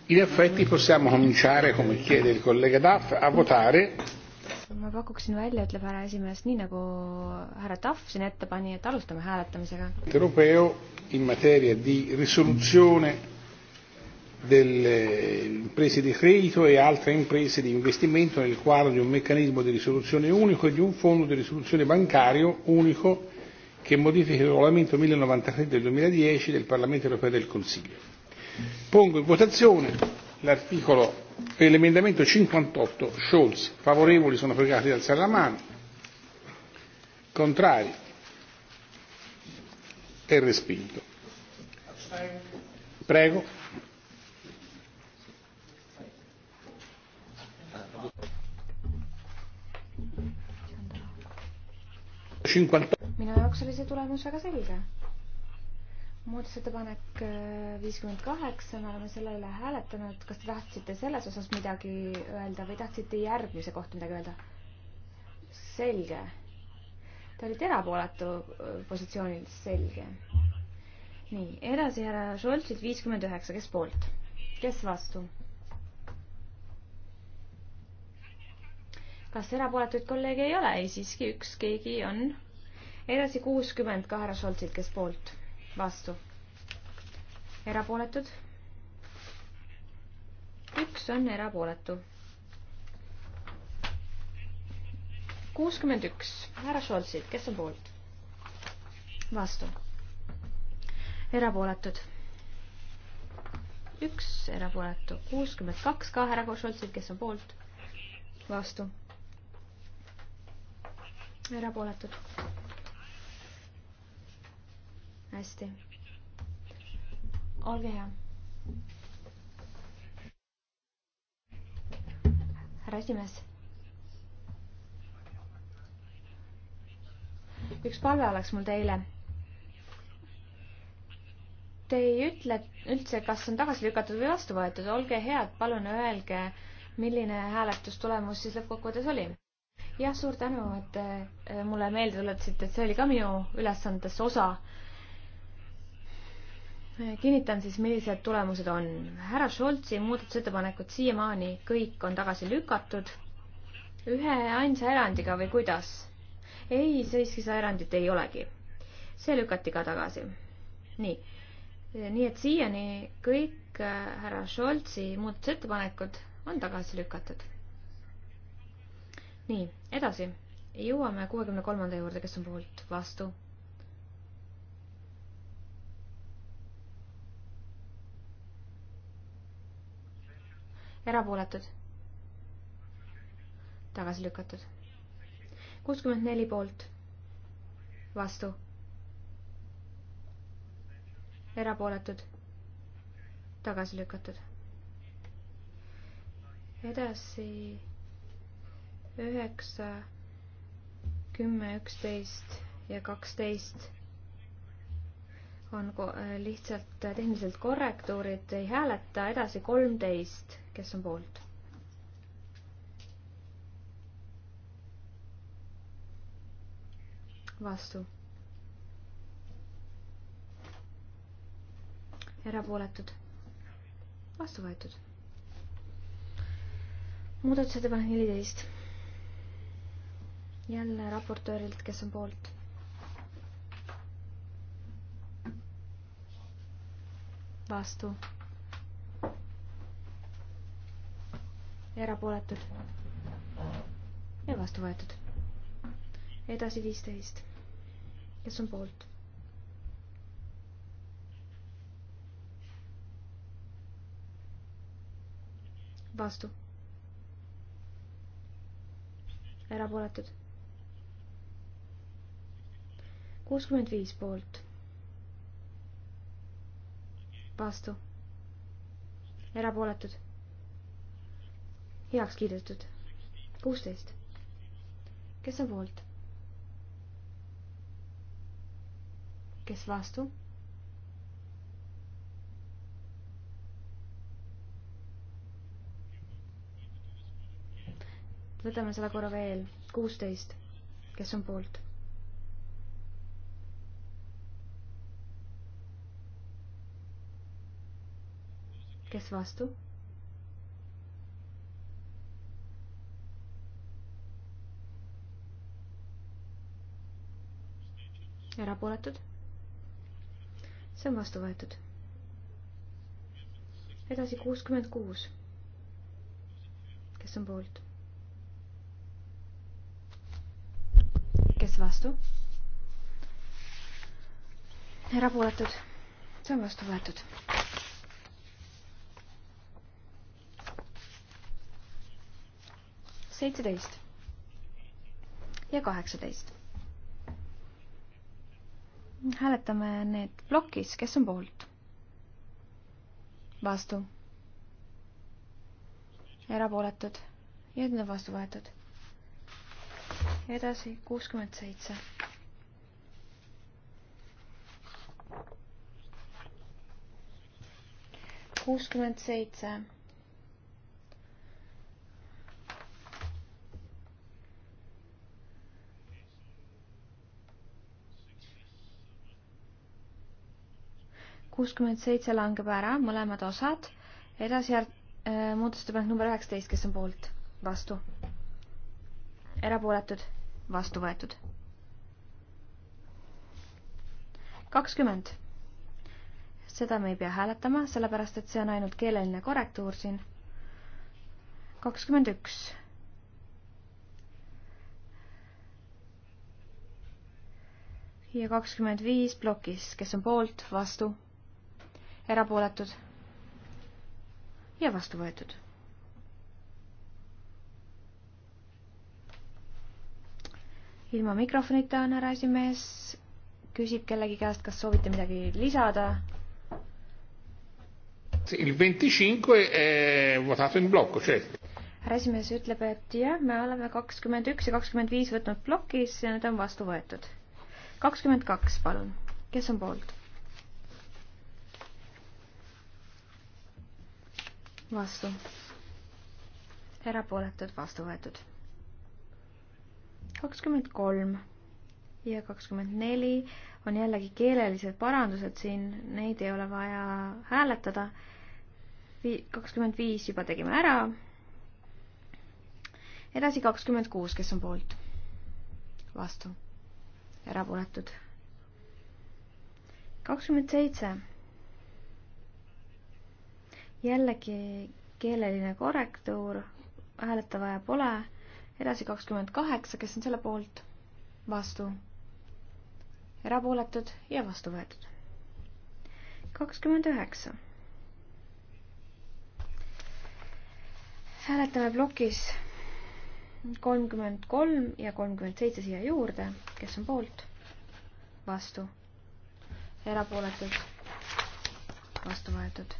In effetti possiamo cominciare, come chiede il collega Duff, a votare pakuksin välja, ütleb härra esimees, nii nagu härra Tahv siin ette pani, et alustame hääletamisega. Europeo in materia di risoluzione delle eh, imprese di credito e altre imprese di investimento nel quadro di un meccanismo di risoluzione unico e di un fondo di risoluzione bancario unico che modifica il regolamento 1093 del 2010 del Parlamento europeo e del Consiglio. Pongo in votazione l'articolo Per l'emendamento 58 Scholz, favorevoli sono pregati di alzare la mano, contrari è respinto. Prego. minu jaoks oli see tulemus väga selge muudatusettepanek äh, viiskümmend kaheksa, me oleme selle üle hääletanud, kas te tahtsite selles osas midagi öelda või tahtsite järgmise kohta midagi öelda? selge. Te olite erapooletu äh, positsioonil, selge. nii, edasi härra Šoltsilt viiskümmend üheksa, kes poolt? kes vastu? kas erapooletuid kolleege ei ole? ei, siiski üks, keegi on. edasi kuuskümmend ka härra Šoltsilt, kes poolt? vastu. erapooletud. üks on erapooletu. kuuskümmend üks, härra Šoltsid, kes on poolt? vastu. erapooletud. üks erapooletu, kuuskümmend kaks ka härra Šoltsid, kes on poolt? vastu. erapooletud hästi. olge hea. härra esimees. üks palve oleks mul teile te ei ütle üldse, kas on tagasi lükatud või vastu võetud, olge head, palun öelge, milline hääletustulemus siis lõppkokkuvõttes oli. jah, suur tänu, et äh, mulle meelde tuletasite, et see oli ka minu ülesandesse osa kinnitan siis, millised tulemused on. härra Scholzi muudatusettepanekud siiamaani kõik on tagasi lükatud ühe ainsa erandiga või kuidas? ei, siiski seda erandit ei olegi. see lükati ka tagasi. nii, nii et siiani kõik äh, härra Scholzi muudatusettepanekud on tagasi lükatud. nii, edasi jõuame kuuekümne kolmanda juurde, kes on poolt, vastu erapooletud, tagasi lükatud. kuuskümmend neli poolt, vastu, erapooletud, tagasi lükatud. edasi üheksa, kümme, üksteist ja kaksteist on lihtsalt tehnilised korrektuurid, ei hääleta, edasi kolmteist, kes on poolt? vastu. erapooletud? vastu võetud. muudatusettepanek neliteist. jälle raportöörilt, kes on poolt vastu. erapooletud ja vastu võetud. edasi viisteist. kes on poolt? vastu. erapooletud. kuuskümmend viis poolt vastu, erapooletud, heaks kiidetud, kuusteist. kes on poolt? kes vastu? võtame selle korra veel, kuusteist, kes on poolt kes vastu? erapooletud? see on vastu võetud. edasi kuuskümmend kuus. kes on poolt? kes vastu? erapooletud, see on vastu võetud. seitseteist ja kaheksateist. hääletame need plokis, kes on poolt? vastu. erapooletud ja need on vastu võetud. edasi kuuskümmend seitse. kuuskümmend seitse kuuskümmend seitse langeb ära, mõlemad osad. edasi järg- äh,, muudatusettepanek number üheksateist, kes on poolt? vastu. erapooletud? vastu võetud. kakskümmend. seda me ei pea hääletama, sellepärast et see on ainult keeleline korrektuur siin. kakskümmend üks ja kakskümmend viis plokis, kes on poolt, vastu, erapooletud ja vastu võetud. ilma mikrofonita on härra esimees, küsib kellegi käest, kas soovite midagi lisada il 25 è votato in blocco, certo. härra esimees ütleb, et jah, me oleme kakskümmend üks ja kakskümmend viis võtnud plokis ja need on vastu võetud. kakskümmend kaks, palun, kes on poolt? vastu, erapooletud, vastu võetud. kakskümmend kolm ja kakskümmend neli on jällegi keelelised parandused siin, neid ei ole vaja hääletada. kakskümmend viis juba tegime ära. edasi kakskümmend kuus, kes on poolt, vastu, erapooletud. kakskümmend seitse jällegi keeleline korrektuur, hääletaja pole, edasi kakskümmend kaheksa, kes on selle poolt, vastu, erapooletud ja vastu võetud. kakskümmend üheksa. hääletame plokis kolmkümmend kolm ja kolmkümmend seitse siia juurde, kes on poolt, vastu, erapooletud, vastu võetud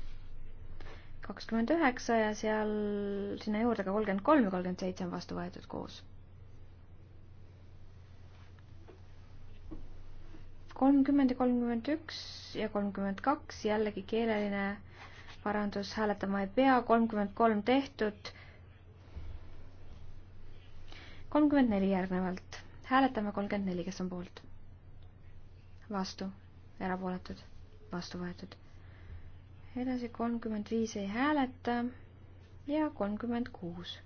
kakskümmend üheksa ja seal sinna juurde ka kolmkümmend kolm ja kolmkümmend seitse on vastu võetud koos. kolmkümmend ja kolmkümmend üks ja kolmkümmend kaks jällegi keeleline parandus, hääletama ei pea, kolmkümmend kolm tehtud. kolmkümmend neli järgnevalt, hääletame kolmkümmend neli, kes on poolt. vastu, erapooletud, vastu võetud edasi kolmkümmend viis ei hääleta ja kolmkümmend kuus.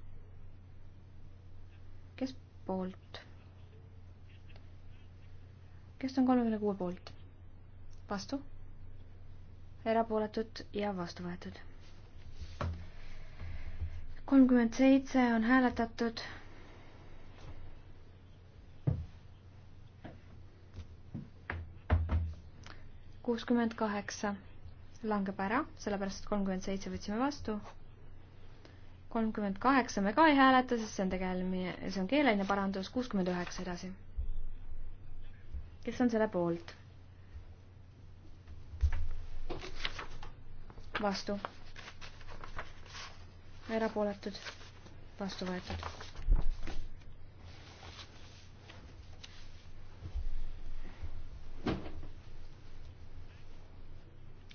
kes poolt? kes on kolmekümne kuue poolt? vastu? erapooletud ja vastu võetud. kolmkümmend seitse on hääletatud kuuskümmend kaheksa langeb ära, sellepärast et kolmkümmend seitse võtsime vastu. kolmkümmend kaheksa me ka ei hääleta, sest see on tegelemine, see on keeleline parandus, kuuskümmend üheksa edasi. kes on selle poolt? vastu. erapooletud, vastu võetud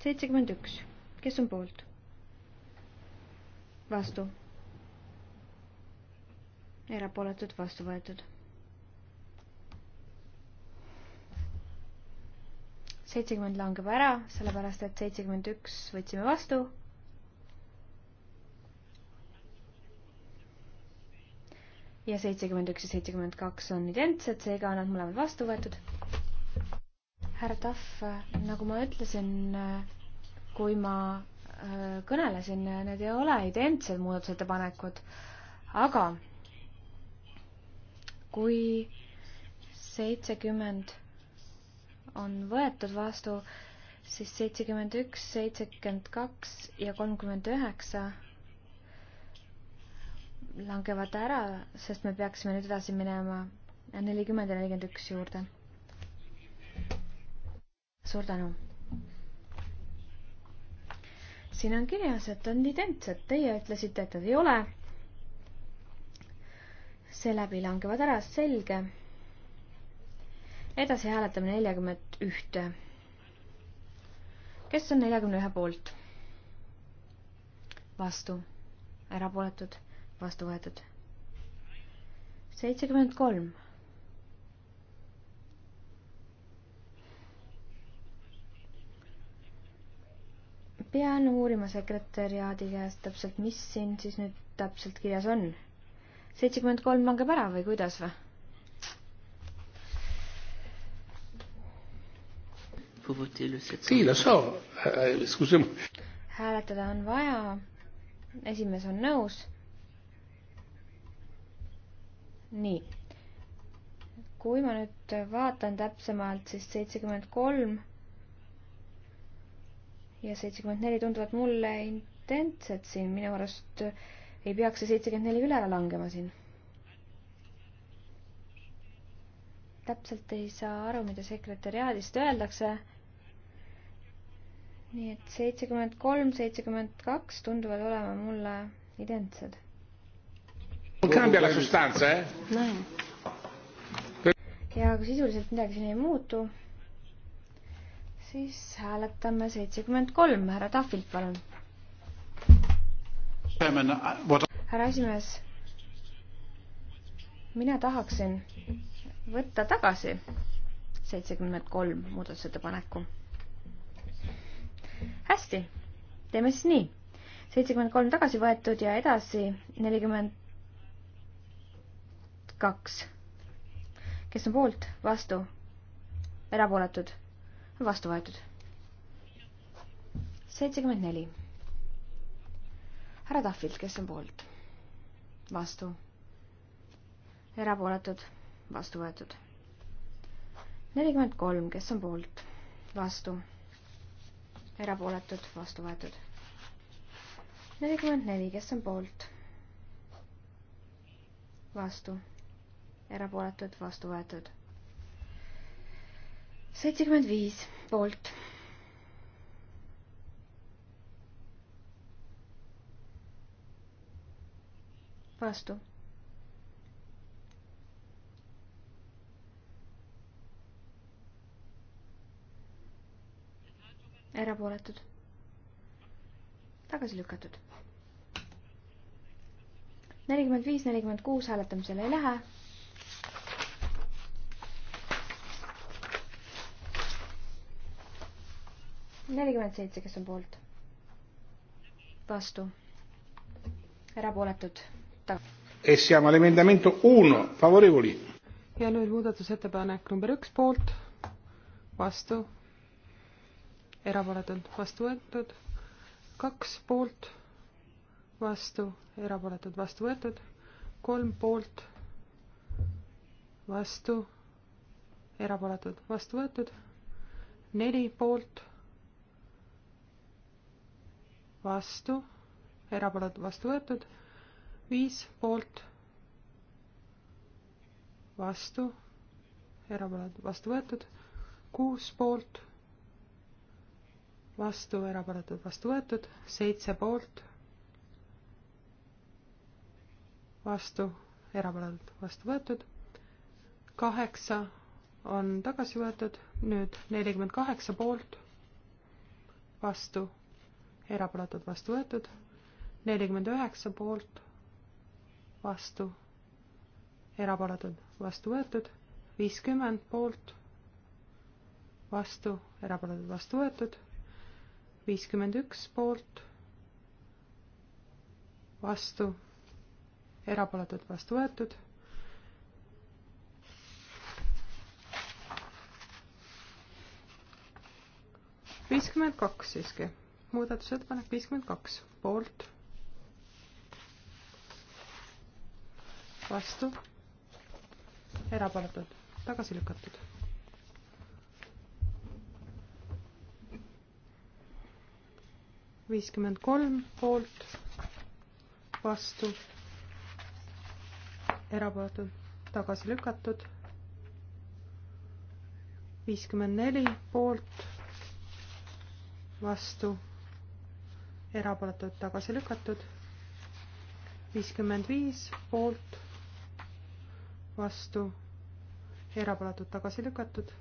seitsekümmend üks, kes on poolt? vastu. erapooletud, vastu võetud. seitsekümmend langeb ära, sellepärast et seitsekümmend üks võtsime vastu. ja seitsekümmend üks ja seitsekümmend kaks on identsed, seega on nad mõlemad vastu võetud. härra Tahv, nagu ma ütlesin, kui ma äh, kõnelesin, need ei ole identsed muudatusettepanekud, aga kui seitsekümmend on võetud vastu, siis seitsekümmend üks, seitsekümmend kaks ja kolmkümmend üheksa langevad ära, sest me peaksime nüüd edasi minema nelikümmend ja nelikümmend üks juurde. suur tänu siin on kirjas, et on identsed, teie ütlesite, et nad ei ole. seeläbi langevad ära, selge. edasi hääletame neljakümmet ühte. kes on neljakümne ühe poolt? vastu, erapooletud, vastu võetud. seitsekümmend kolm pean uurima sekretäriaadi käest täpselt, mis siin siis nüüd täpselt kirjas on. seitsekümmend kolm langeb ära või kuidas või? Euh, hääletada on vaja, esimees on nõus. nii, kui ma nüüd vaatan täpsemalt, siis seitsekümmend kolm ja seitsekümmend neli tunduvad mulle intentsed siin, minu arust ei peaks see seitsekümmend neli üle langema siin. täpselt ei saa aru, mida sekretäriaadist öeldakse. nii et seitsekümmend kolm, seitsekümmend kaks tunduvad olema mulle identsed. Eh? ja aga sisuliselt midagi siin ei muutu siis hääletame seitsekümmend kolm, härra Tahvilt, palun. härra esimees, mina tahaksin võtta tagasi seitsekümmend kolm muudatusettepaneku. hästi, teeme siis nii. seitsekümmend kolm tagasi võetud ja edasi nelikümmend kaks. kes on poolt, vastu, erapooletud vastu võetud. seitsekümmend neli. härra Tahvilt, kes on poolt? vastu. erapooletud, vastu võetud. nelikümmend kolm, kes on poolt? vastu. erapooletud, vastu võetud. nelikümmend neli, kes on poolt? vastu. erapooletud, vastu võetud seitsekümmend viis poolt. vastu. erapooletud. tagasi lükatud. nelikümmend viis, nelikümmend kuus hääletamisele ei lähe nelikümmend seitse, kes on poolt? vastu? erapooletud? E ja nüüd muudatusettepanek number üks poolt, vastu, erapooletult vastu võetud, kaks poolt, vastu, erapooletult vastu võetud, kolm poolt, vastu, erapooletult vastu võetud, neli poolt vastu, erapooletud vastu võetud, viis poolt, vastu, erapooletud vastu võetud, kuus poolt, vastu, erapooletud vastu võetud, seitse poolt, vastu, erapooletud vastu võetud, kaheksa on tagasi võetud, nüüd nelikümmend kaheksa poolt, vastu erapooletud vastu võetud, nelikümmend üheksa poolt, vastu, erapooletud vastu võetud, viiskümmend poolt, vastu, erapooletud vastu võetud, viiskümmend üks poolt, vastu, erapooletud vastu võetud viiskümmend kaks siiski muudatusettepanek viiskümmend kaks, poolt, vastu, erapooletud, tagasi lükatud. viiskümmend kolm poolt, vastu, erapooletud, tagasi lükatud. viiskümmend neli poolt, vastu erapooletud tagasi lükatud, viiskümmend viis poolt, vastu, erapooletud tagasi lükatud,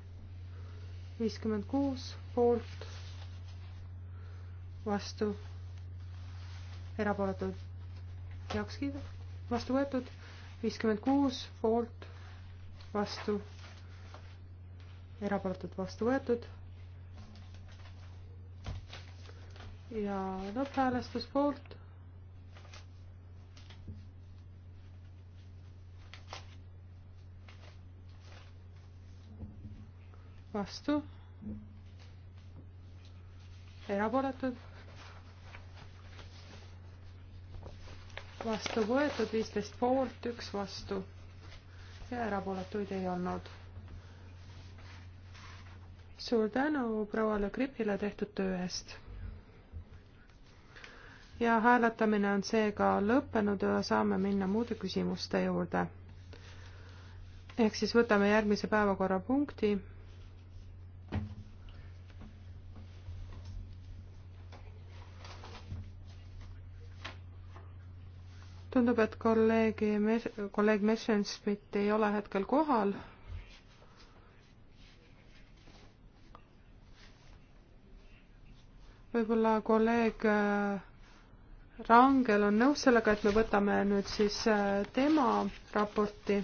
viiskümmend kuus poolt, vastu, erapooletud heaks kiida, vastu võetud, viiskümmend kuus poolt, vastu, erapooletud vastu võetud ja lõpphäälestus poolt. vastu. erapooletud. vastu võetud viisteist poolt, üks vastu ja erapooletuid ei olnud. suur tänu prouale Gripile tehtud töö eest ja hääletamine on seega lõppenud ja saame minna muude küsimuste juurde. ehk siis võtame järgmise päevakorrapunkti. tundub, et kolleegi, kolleeg Messerschmidt ei ole hetkel kohal võib-olla kolleeg äh, Rangel on nõus sellega, et me võtame nüüd siis äh, tema raporti,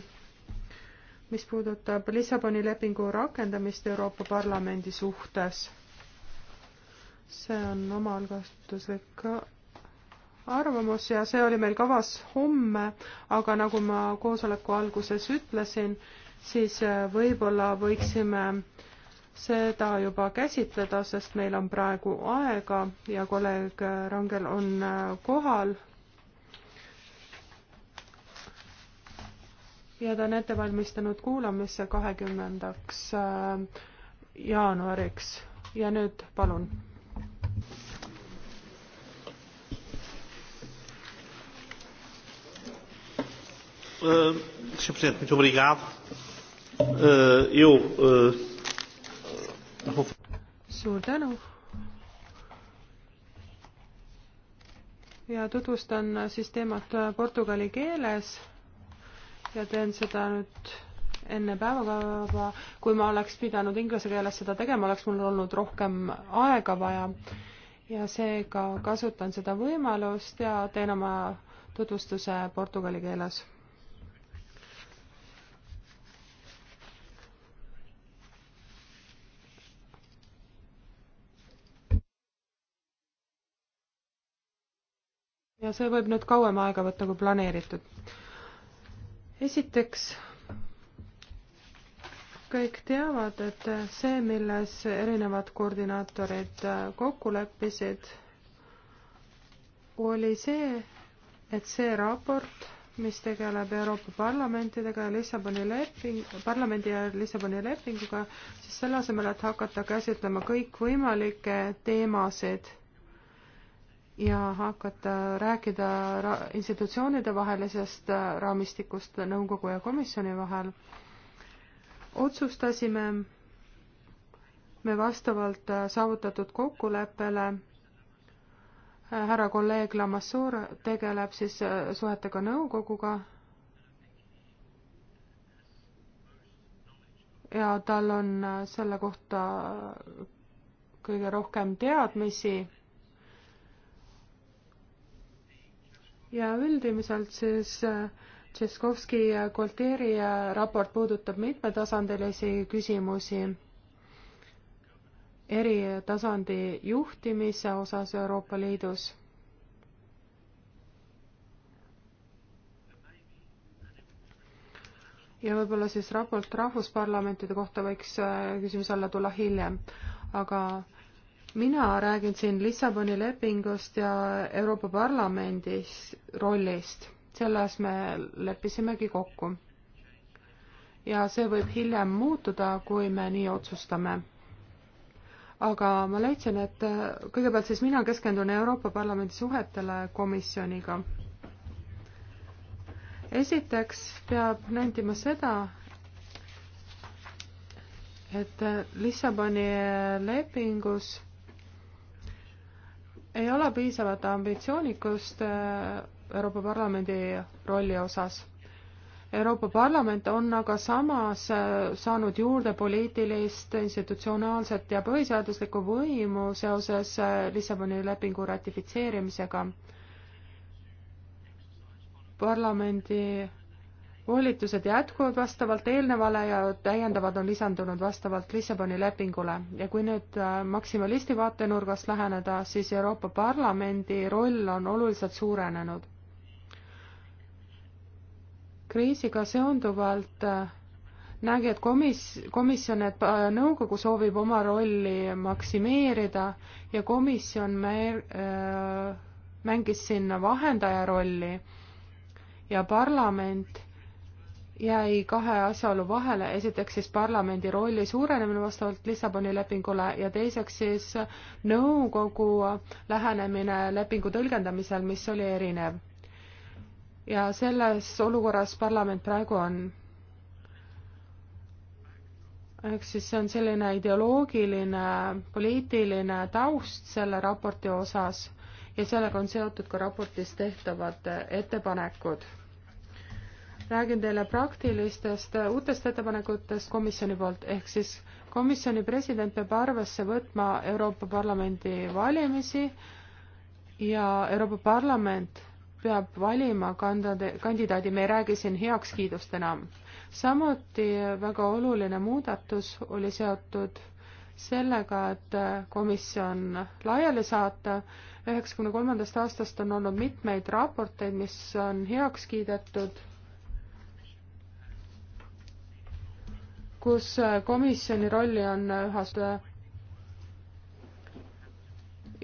mis puudutab Lissaboni lepingu rakendamist Euroopa Parlamendi suhtes. see on omaalgastuslik äh, arvamus ja see oli meil kavas homme, aga nagu ma koosoleku alguses ütlesin, siis äh, võib-olla võiksime äh, seda juba käsitleda, sest meil on praegu aega ja kolleeg Rangel on äh, kohal. ja ta on ette valmistanud kuulamisse kahekümnendaks äh, jaanuariks ja nüüd palun. Uh, Sr. Presidente, muito obrigado. Uh, eu uh, suur tänu. ja tutvustan siis teemat portugali keeles ja teen seda nüüd enne päevakava, kui ma oleks pidanud inglise keeles seda tegema, oleks mul olnud rohkem aega vaja. ja seega kasutan seda võimalust ja teen oma tutvustuse portugali keeles ja see võib nüüd kauem aega võtta kui planeeritud. esiteks, kõik teavad, et see, milles erinevad koordinaatorid kokku leppisid, oli see, et see raport, mis tegeleb Euroopa Parlamentidega ja Lissaboni leping, parlamendi ja Lissaboni lepinguga, siis selle asemel, et hakata käsitlema kõikvõimalikke teemasid ja hakata rääkida ra institutsioonide vahelisest äh, raamistikust nõukogu ja komisjoni vahel, otsustasime me vastavalt äh, saavutatud kokkuleppele äh, härra kolleeg Lamassoor tegeleb siis suhetega nõukoguga ja tal on selle kohta kõige rohkem teadmisi ja üldiselt siis äh, Tšeskovski ja Kolteri äh, raport puudutab mitmetasandilisi küsimusi eri tasandi juhtimise osas Euroopa Liidus. ja võib-olla siis raport rahvusparlamentide kohta võiks äh, küsimuse alla tulla hiljem, aga mina räägin siin Lissaboni lepingust ja Euroopa Parlamendis rollist. selles me leppisimegi kokku. ja see võib hiljem muutuda, kui me nii otsustame. aga ma leidsin, et kõigepealt siis mina keskendun Euroopa Parlamendi suhetele komisjoniga. esiteks peab nentima seda, et Lissaboni lepingus ei ole piisavat ambitsioonikust äh, Euroopa Parlamendi rolli osas. Euroopa Parlament on aga samas äh, saanud juurde poliitilist, institutsionaalset ja põhiseaduslikku võimu seoses äh, Lissaboni lepingu ratifitseerimisega. parlamendi volitused jätkuvad vastavalt eelnevale ja täiendavad on lisandunud vastavalt Lissaboni lepingule ja kui nüüd äh, maksimalisti vaatenurgast läheneda, siis Euroopa Parlamendi roll on oluliselt suurenenud. kriisiga seonduvalt äh, nägi, et komis-, komisjon, et äh, nõukogu soovib oma rolli maksimeerida ja komisjon me-, mängis sinna vahendaja rolli ja parlament jäi kahe asjaolu vahele, esiteks siis parlamendi rolli suurenemine vastavalt Lissaboni lepingule ja teiseks siis nõukogu lähenemine lepingu tõlgendamisel, mis oli erinev. ja selles olukorras parlament praegu on. ehk siis see on selline ideoloogiline, poliitiline taust selle raporti osas ja sellega on seotud ka raportis tehtavad ettepanekud räägin teile praktilistest uutest ettepanekutest komisjoni poolt, ehk siis komisjoni president peab arvesse võtma Euroopa Parlamendi valimisi ja Euroopa Parlament peab valima kandade, kandidaadi, me ei räägi siin heakskiidust enam. samuti väga oluline muudatus oli seotud sellega, et komisjon laiali saata. üheksakümne kolmandast aastast on olnud mitmeid raporteid, mis on heaks kiidetud kus äh, komisjoni rolli on äh, ühast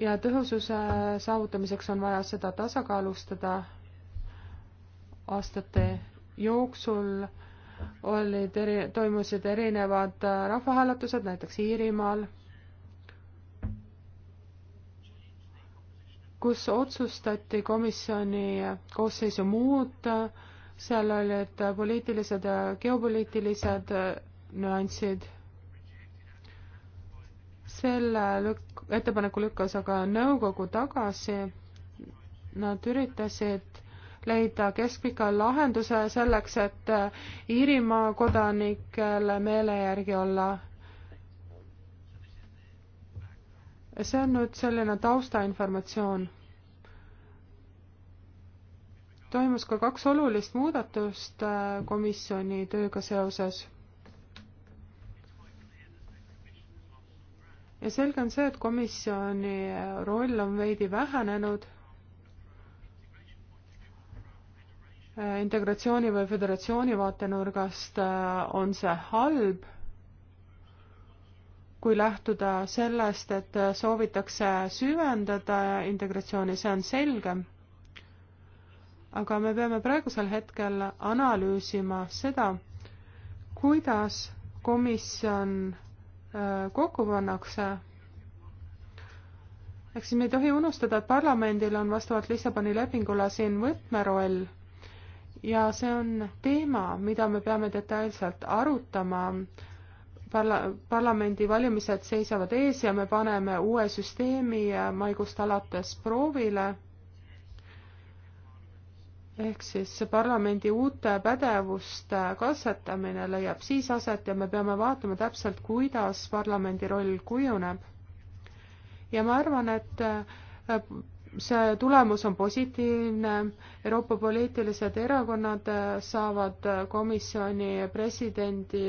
ja tõhususe saavutamiseks on vaja seda tasakaalustada aastate jooksul olid eri, toimusid erinevad äh, rahvahääletused, näiteks Iirimaal, kus otsustati komisjoni koosseisu muuta, seal olid poliitilised ja geopoliitilised nüansid. selle lükk-, ettepaneku lükkas aga nõukogu tagasi. Nad üritasid leida keskpika lahenduse selleks, et Iirimaa kodanikel meele järgi olla. see on nüüd selline taustainformatsioon. toimus ka kaks olulist muudatust äh, komisjoni tööga seoses ja selge on see, et komisjoni roll on veidi vähenenud integratsiooni või föderatsiooni vaatenurgast äh, on see halb, kui lähtuda sellest, et äh, soovitakse süvendada integratsiooni, see on selge. aga me peame praegusel hetkel analüüsima seda, kuidas komisjon kokku pannakse. ehk siis me ei tohi unustada, et parlamendil on vastavalt Lissaboni lepingule siin võtmeroll ja see on teema, mida me peame detailselt arutama. Parla-, parlamendivalimised seisavad ees ja me paneme uue süsteemi maikuust alates proovile ehk siis parlamendi uute pädevuste katsetamine leiab siis aset ja me peame vaatama täpselt, kuidas parlamendi roll kujuneb. ja ma arvan, et äh, see tulemus on positiivne, Euroopa poliitilised erakonnad äh, saavad äh, komisjoni presidendi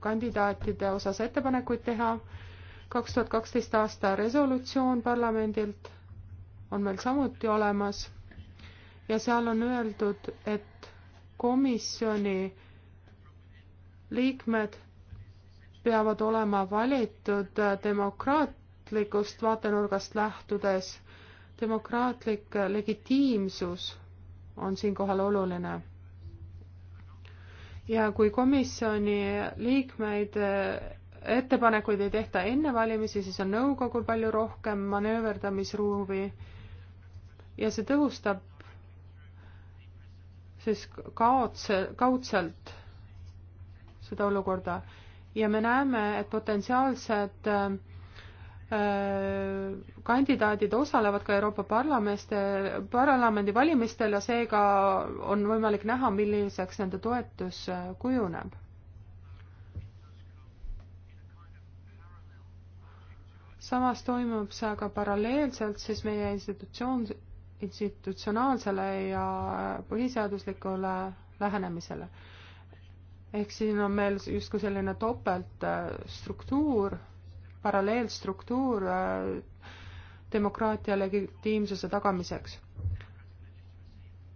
kandidaatide osas ettepanekuid teha, kaks tuhat kaksteist aasta resolutsioon parlamendilt on meil samuti olemas ja seal on öeldud, et komisjoni liikmed peavad olema valitud demokraatlikust vaatenurgast lähtudes. demokraatlik legitiimsus on siinkohal oluline. ja kui komisjoni liikmeid ettepanekuid ei tehta enne valimisi, siis on nõukogul palju rohkem manööverdamisruumi ja see tõhustab siis kaotse, kaudselt seda olukorda ja me näeme, et potentsiaalsed äh, äh kandidaadid osalevad ka Euroopa Parlamente, parlamendi valimistel ja seega on võimalik näha, milliseks nende toetus äh, kujuneb. samas toimub see aga paralleelselt siis meie institutsioon, institutsionaalsele ja põhiseaduslikule lähenemisele. ehk siin on meil justkui selline topeltstruktuur, äh, paralleelstruktuur äh, demokraatia legitiimsuse tagamiseks.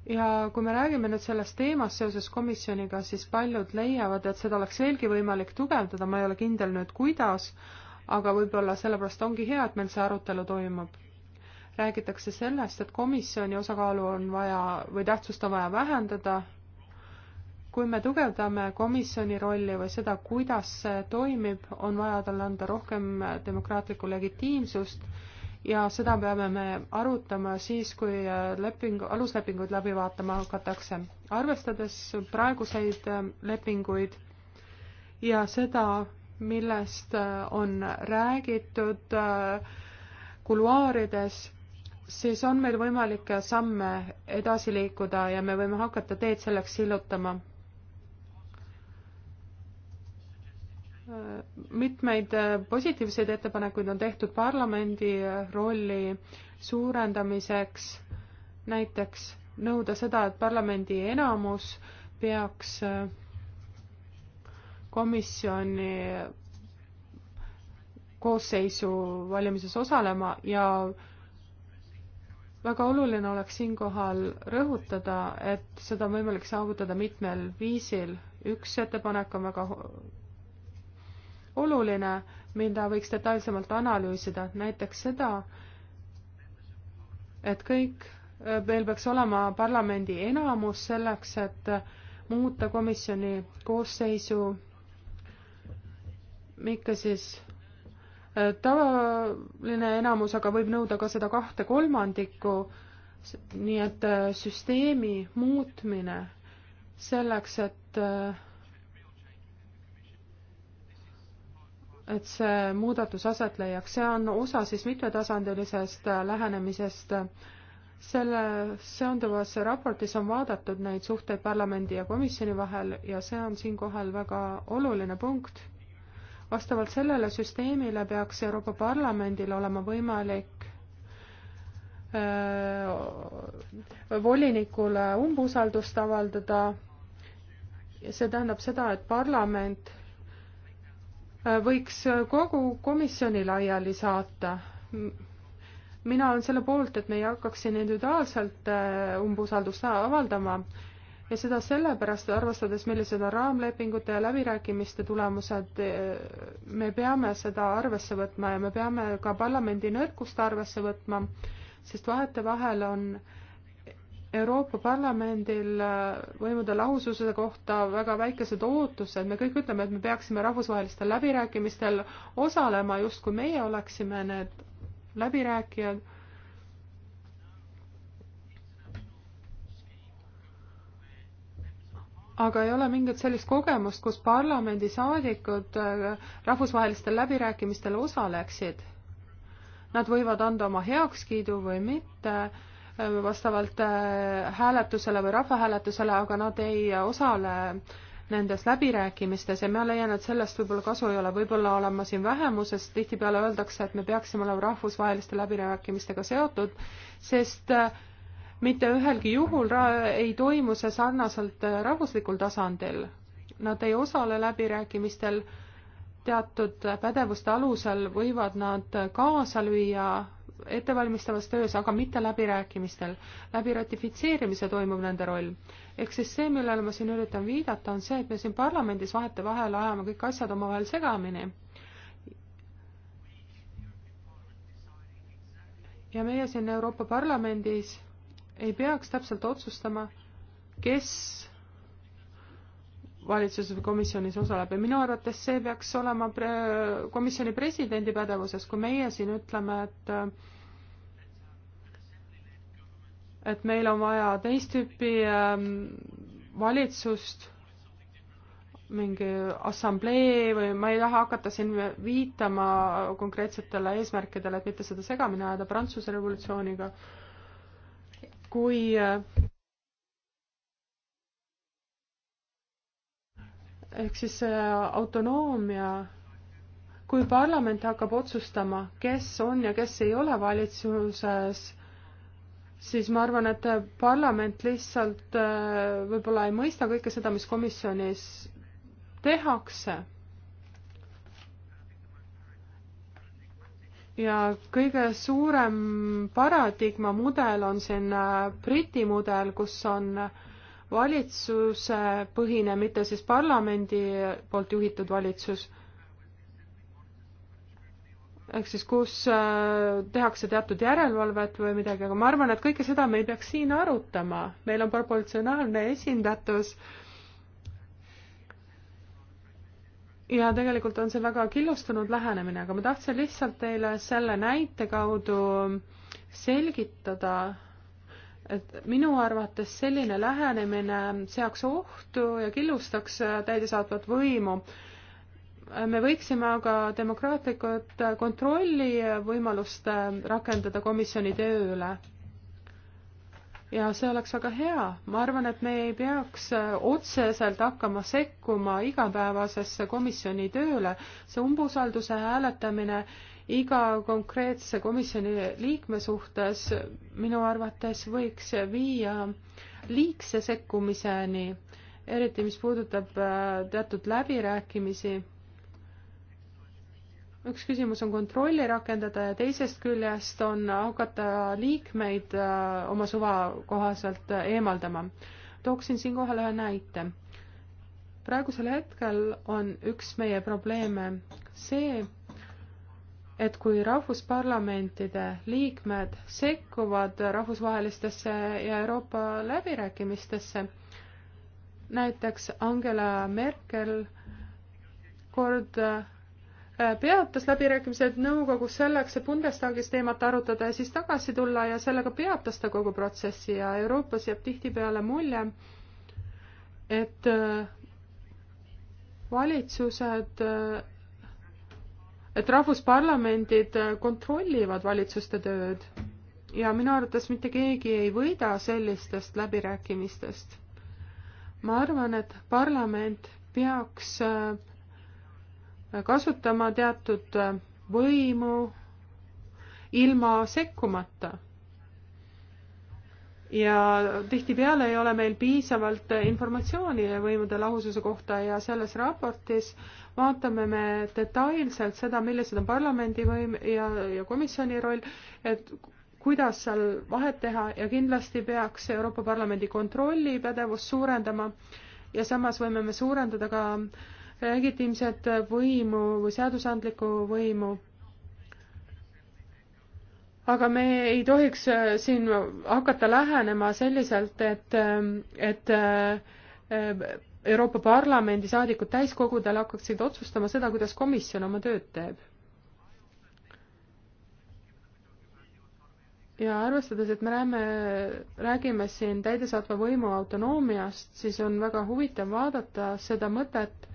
ja kui me räägime nüüd sellest teemast seoses komisjoniga, siis paljud leiavad, et seda oleks veelgi võimalik tugevdada, ma ei ole kindel nüüd, kuidas, aga võib-olla sellepärast ongi hea, et meil see arutelu toimub räägitakse sellest, et komisjoni osakaalu on vaja või tähtsust on vaja vähendada. kui me tugevdame komisjoni rolli või seda, kuidas see toimib, on vaja talle anda rohkem demokraatlikku legitiimsust ja seda peame me arutama siis, kui leping, aluslepinguid läbi vaatama hakatakse. arvestades praeguseid lepinguid ja seda, millest on räägitud äh, kuluaarides siis on meil võimalik samme edasi liikuda ja me võime hakata teed selleks sillutama. mitmeid positiivseid ettepanekuid on tehtud parlamendi rolli suurendamiseks, näiteks nõuda seda, et parlamendi enamus peaks komisjoni koosseisu valimises osalema ja äh, väga oluline oleks siinkohal rõhutada, et seda on võimalik saavutada mitmel viisil. üks ettepanek on väga oluline, mida võiks detailsemalt analüüsida, näiteks seda, et kõik, äh, meil peaks olema parlamendi enamus selleks, et muuta komisjoni koosseisu, mitte siis tavaline enamus aga võib nõuda ka seda kahte kolmandikku, nii et äh, süsteemi muutmine selleks, et äh, et see muudatus aset leiaks, see on osa siis mitmetasandilisest äh, lähenemisest. selle seonduvas raportis on vaadatud neid suhteid parlamendi ja komisjoni vahel ja see on siinkohal väga oluline punkt vastavalt sellele süsteemile peaks Euroopa Parlamendil olema võimalik volinikule umbusaldust avaldada. see tähendab seda, et parlament võiks kogu komisjoni laiali saata. mina olen selle poolt, et me ei hakkaks individuaalselt umbusaldust avaldama ja seda sellepärast, arvestades, millised on raamlepingute ja läbirääkimiste tulemused, eh, me peame seda arvesse võtma ja me peame ka parlamendi nõrkust arvesse võtma, sest vahetevahel on Euroopa Parlamendil eh, võimude lahususe kohta väga väikesed ootused, me kõik ütleme, et me peaksime rahvusvahelistel läbirääkimistel osalema, justkui meie oleksime need läbirääkijad aga ei ole mingit sellist kogemust, kus parlamendisaadikud äh, rahvusvahelistel läbirääkimistel osaleksid. Nad võivad anda oma heakskiidu või mitte äh, vastavalt äh, hääletusele või rahvahääletusele, aga nad ei osale nendes läbirääkimistes ja ma leian, et sellest võib-olla kasu ei ole, võib-olla olen ma siin vähemuses, tihtipeale öeldakse, et me peaksime olema rahvusvaheliste läbirääkimistega seotud, sest äh, mitte ühelgi juhul ei toimu see sarnaselt äh, rahvuslikul tasandil. Nad ei osale läbirääkimistel, teatud pädevuste alusel võivad nad äh, kaasa lüüa ettevalmistavas töös, aga mitte läbirääkimistel. läbi ratifitseerimise toimub nende roll. ehk siis see, millele ma siin üritan viidata, on see, et me siin parlamendis vahetevahel ajame kõik asjad omavahel segamini. ja meie siin Euroopa Parlamendis ei peaks täpselt otsustama, kes valitsuses või komisjonis osaleb ja minu arvates see peaks olema pre komisjoni presidendi pädevuses, kui meie siin ütleme, et et meil on vaja teist tüüpi ähm, valitsust, mingi assamblee või ma ei taha hakata siin viitama konkreetsetele eesmärkidele, et mitte seda segamini ajada Prantsuse revolutsiooniga kui eh, ehk siis eh, autonoomia, kui parlament hakkab otsustama, kes on ja kes ei ole valitsuses, siis ma arvan, et parlament lihtsalt eh, võib-olla ei mõista kõike seda, mis komisjonis tehakse ja kõige suurem paradigma mudel on siin äh, Briti mudel, kus on äh, valitsuse põhine, mitte siis parlamendi poolt juhitud valitsus. ehk siis, kus äh, tehakse teatud järelevalvet või midagi, aga ma arvan, et kõike seda me ei peaks siin arutama, meil on proportsionaalne esindatus äh, ja tegelikult on see väga killustunud lähenemine, aga ma tahtsin lihtsalt teile selle näite kaudu selgitada, et minu arvates selline lähenemine seaks ohtu ja killustaks täidesaatvat võimu. me võiksime aga demokraatlikud kontrollivõimalust rakendada komisjoni töö üle ja see oleks väga hea. ma arvan, et me ei peaks äh, otseselt hakkama sekkuma igapäevasesse komisjoni tööle. see umbusalduse hääletamine iga konkreetse komisjoni liikme suhtes minu arvates võiks viia liigse sekkumiseni, eriti mis puudutab äh, teatud läbirääkimisi üks küsimus on kontrolli rakendada ja teisest küljest on hakata liikmeid äh, oma suva kohaselt äh, eemaldama. tooksin siinkohal ühe näite. praegusel hetkel on üks meie probleeme see, et kui rahvusparlamentide liikmed sekkuvad rahvusvahelistesse ja Euroopa läbirääkimistesse, näiteks Angela Merkel kord äh, Äh, peatas läbirääkimised nõukogus selleks, et Bundestagis teemat arutada ja siis tagasi tulla ja sellega peatas ta kogu protsessi ja Euroopas jääb tihtipeale mulje, et äh, valitsused, äh, et rahvusparlamendid kontrollivad valitsuste tööd ja minu arvates mitte keegi ei võida sellistest läbirääkimistest. ma arvan, et parlament peaks äh, kasutama teatud äh, võimu ilma sekkumata. ja tihtipeale ei ole meil piisavalt informatsiooni võimude lahususe kohta ja selles raportis vaatame me detailselt seda, millised on parlamendi võim ja, ja komisjoni roll, et kuidas seal vahet teha ja kindlasti peaks Euroopa Parlamendi kontrollipädevust suurendama ja samas võime me suurendada ka äh, legitiimset võimu või seadusandlikku võimu. aga me ei tohiks siin hakata lähenema selliselt, et, et Euroopa Parlamendi saadikud täiskogudel hakkaksid otsustama seda, kuidas komisjon oma tööd teeb. ja arvestades, et me näeme, räägime siin täidesaatva võimu autonoomiast, siis on väga huvitav vaadata seda mõtet,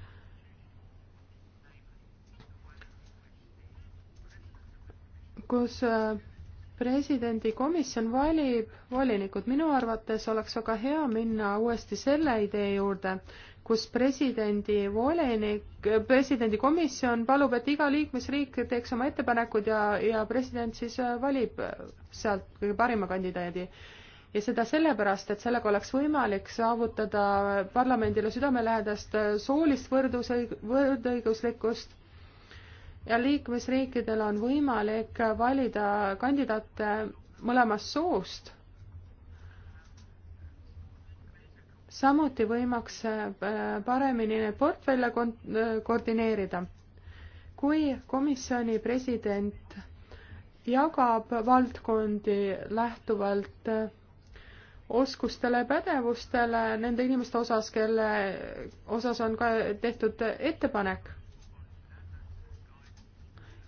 kus äh, presidendi komisjon valib volinikud. minu arvates oleks väga hea minna uuesti selle idee juurde, kus presidendi volinik, äh, presidendi komisjon palub, et iga liikmesriik teeks oma ettepanekud ja, ja president siis äh, valib sealt kõige parima kandidaadi. ja seda sellepärast, et sellega oleks võimalik saavutada parlamendile südamelähedast soolist võrdusõig-, võrdõiguslikkust ja liikmesriikidel on võimalik valida kandidaate mõlemast soost. samuti võimaks paremini neid portfelle koordineerida. kui komisjoni president jagab valdkondi lähtuvalt oskustele ja pädevustele nende inimeste osas, kelle osas on ka tehtud ettepanek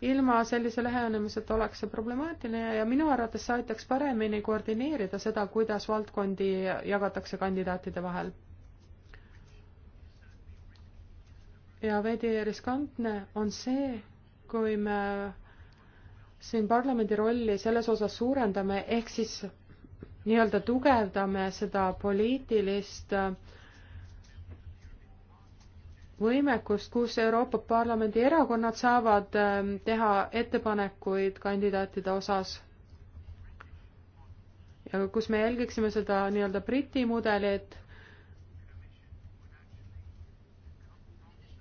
ilma sellise lähenemiseta oleks see problemaatiline ja minu arvates see aitaks paremini koordineerida seda, kuidas valdkondi jagatakse kandidaatide vahel. ja veidi riskantne on see, kui me siin parlamendi rolli selles osas suurendame, ehk siis nii-öelda tugevdame seda poliitilist äh, võimekust, kus Euroopa Parlamendi erakonnad saavad ähm, teha ettepanekuid kandidaatide osas ja kus me jälgiksime seda nii-öelda Briti mudelit,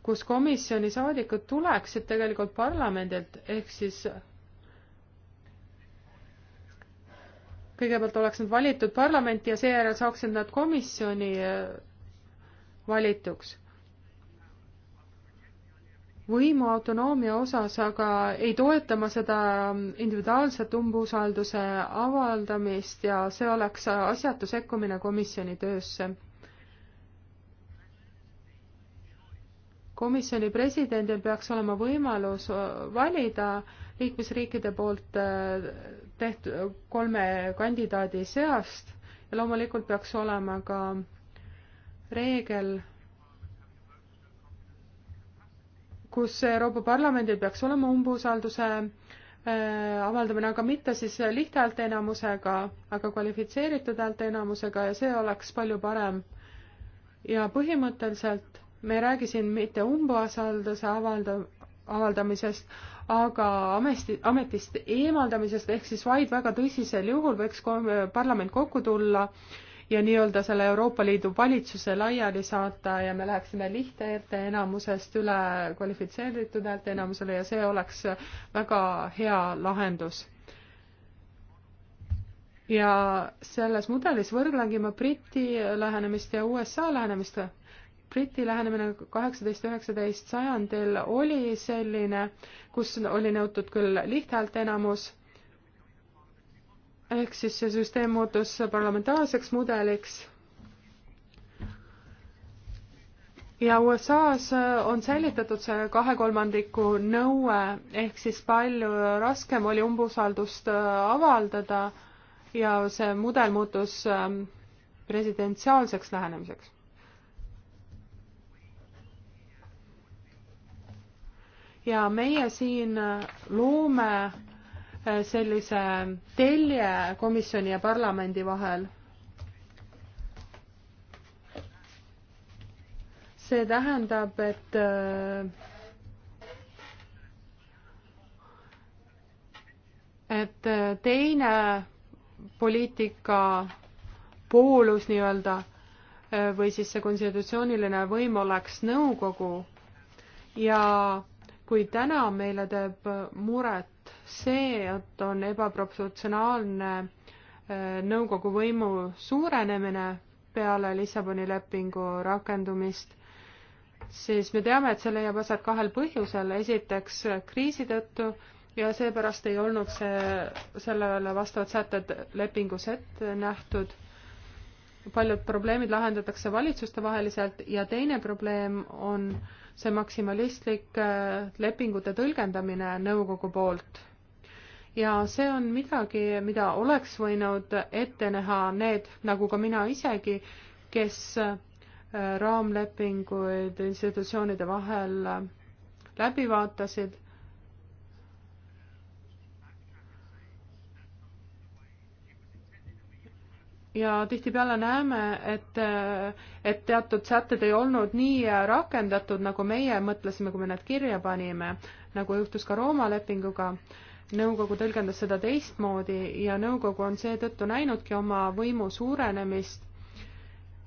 kus komisjoni saadikud tuleksid tegelikult parlamendilt, ehk siis kõigepealt oleks nad valitud parlamenti ja seejärel saaksid nad komisjoni äh, valituks võimuautonoomia osas aga ei toeta ma seda individuaalset umbusalduse avaldamist ja see oleks asjatu sekkumine komisjoni töösse. komisjoni presidendil peaks olema võimalus valida liikmesriikide poolt äh, tehtud kolme kandidaadi seast ja loomulikult peaks olema ka reegel kus Euroopa Parlamendil peaks olema umbusalduse äh, avaldamine, aga mitte siis lihthäälteenamusega, aga kvalifitseeritud häälteenamusega ja see oleks palju parem. ja põhimõtteliselt me ei räägi siin mitte umbusalduse avalda-, avaldamisest, aga ameti, ametist eemaldamisest, ehk siis vaid väga tõsisel juhul võiks parlament kokku tulla äh, ja nii-öelda selle Euroopa Liidu valitsuse laiali saata ja me läheksime lihthäälte enamusest üle kvalifitseeritud häälte enamusele ja see oleks väga hea lahendus ja selles mudelis võrdlengi ma Briti lähenemist ja USA lähenemist. Briti lähenemine kaheksateist, üheksateist sajandil oli selline, kus oli nõutud küll lihthäälteenamus ehk siis see süsteem muutus parlamentaarseks mudeliks. ja USA-s on säilitatud see kahekolmandiku nõue, ehk siis palju raskem oli umbusaldust äh, avaldada ja see mudel muutus ähm, presidentsiaalseks lähenemiseks. ja meie siin äh, loome Äh, sellise telje komisjoni ja parlamendi vahel. see tähendab, et äh, et äh, teine poliitika poolus nii-öelda või siis see konstitutsiooniline võim oleks nõukogu ja kui täna meile teeb muret see, et on ebaproportsionaalne äh, nõukogu võimu suurenemine peale Lissaboni lepingu rakendumist, siis me teame, et see leiab aset kahel põhjusel, esiteks kriisi tõttu ja seepärast ei olnud see, sellele vastavad sätted lepingus ette nähtud. paljud probleemid lahendatakse valitsustevaheliselt ja teine probleem on see maksimalistlik äh, lepingute tõlgendamine nõukogu poolt ja see on midagi, mida oleks võinud ette näha need, nagu ka mina isegi, kes äh, raamlepinguid institutsioonide vahel äh, läbi vaatasid. ja tihtipeale näeme, et, äh, et teatud sätted ei olnud nii rakendatud, nagu meie mõtlesime, kui me need kirja panime, nagu juhtus ka Rooma lepinguga nõukogu tõlgendas seda teistmoodi ja nõukogu on seetõttu näinudki oma võimu suurenemist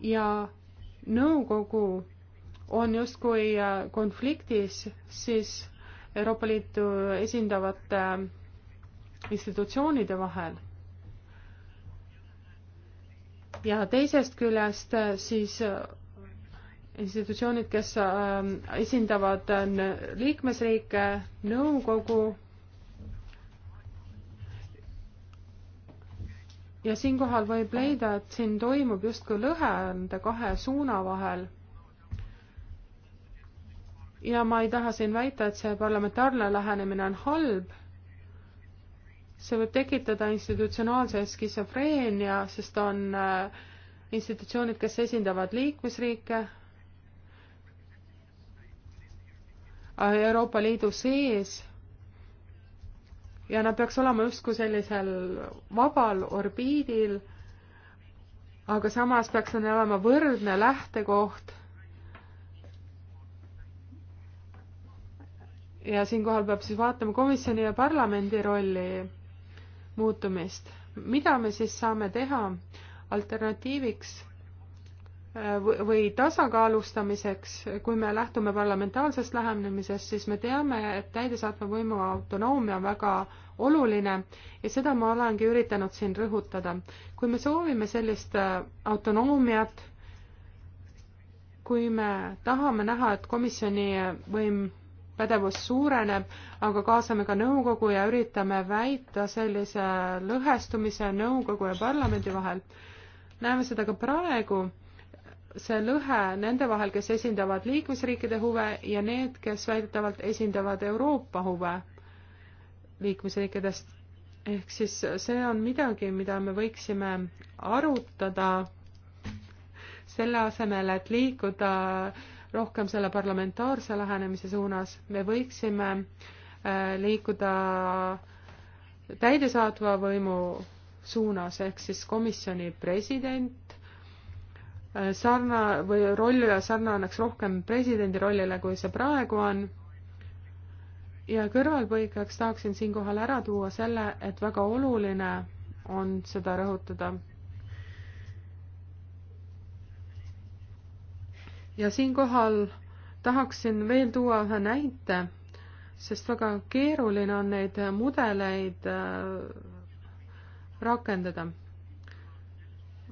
ja nõukogu on justkui äh, konfliktis siis Euroopa Liitu esindavate äh, institutsioonide vahel. ja teisest küljest äh, siis institutsioonid, kes esindavad liikmesriike, nõukogu ja siinkohal võib leida, et siin toimub justkui lõhe nende kahe suuna vahel. ja ma ei taha siin väita, et see parlamentaarne lähenemine on halb. see võib tekitada institutsionaalse skisofreenia, sest on äh, institutsioonid, kes esindavad liikmesriike, äh, Euroopa Liidu sees ja nad peaks olema justkui sellisel vabal orbiidil, aga samas peaks neil olema võrdne lähtekoht. ja siinkohal peab siis vaatama komisjoni ja parlamendi rolli muutumist. mida me siis saame teha alternatiiviks või tasakaalustamiseks, kui me lähtume parlamentaarsest lähenemisest, siis me teame, et täidesaatva võimu autonoomia on väga oluline ja seda ma olengi üritanud siin rõhutada. kui me soovime sellist äh, autonoomiat, kui me tahame näha, et komisjoni võim pädevus suureneb, aga kaasame ka nõukogu ja üritame väita sellise lõhestumise nõukogu ja parlamendi vahel. näeme seda ka praegu see lõhe nende vahel, kes esindavad liikmesriikide huve ja need, kes väidetavalt esindavad Euroopa huve liikmesriikidest. ehk siis see on midagi, mida me võiksime arutada selle asemel, et liikuda rohkem selle parlamentaarse lähenemise suunas, me võiksime äh, liikuda täidesaatva võimu suunas, ehk siis komisjoni president Äh, sarna- või roll sarnaneks rohkem presidendi rollile, kui see praegu on. ja kõrvalpõikeks tahaksin siinkohal ära tuua selle, et väga oluline on seda rõhutada. ja siinkohal tahaksin veel tuua ühe näite, sest väga keeruline on neid mudeleid äh, rakendada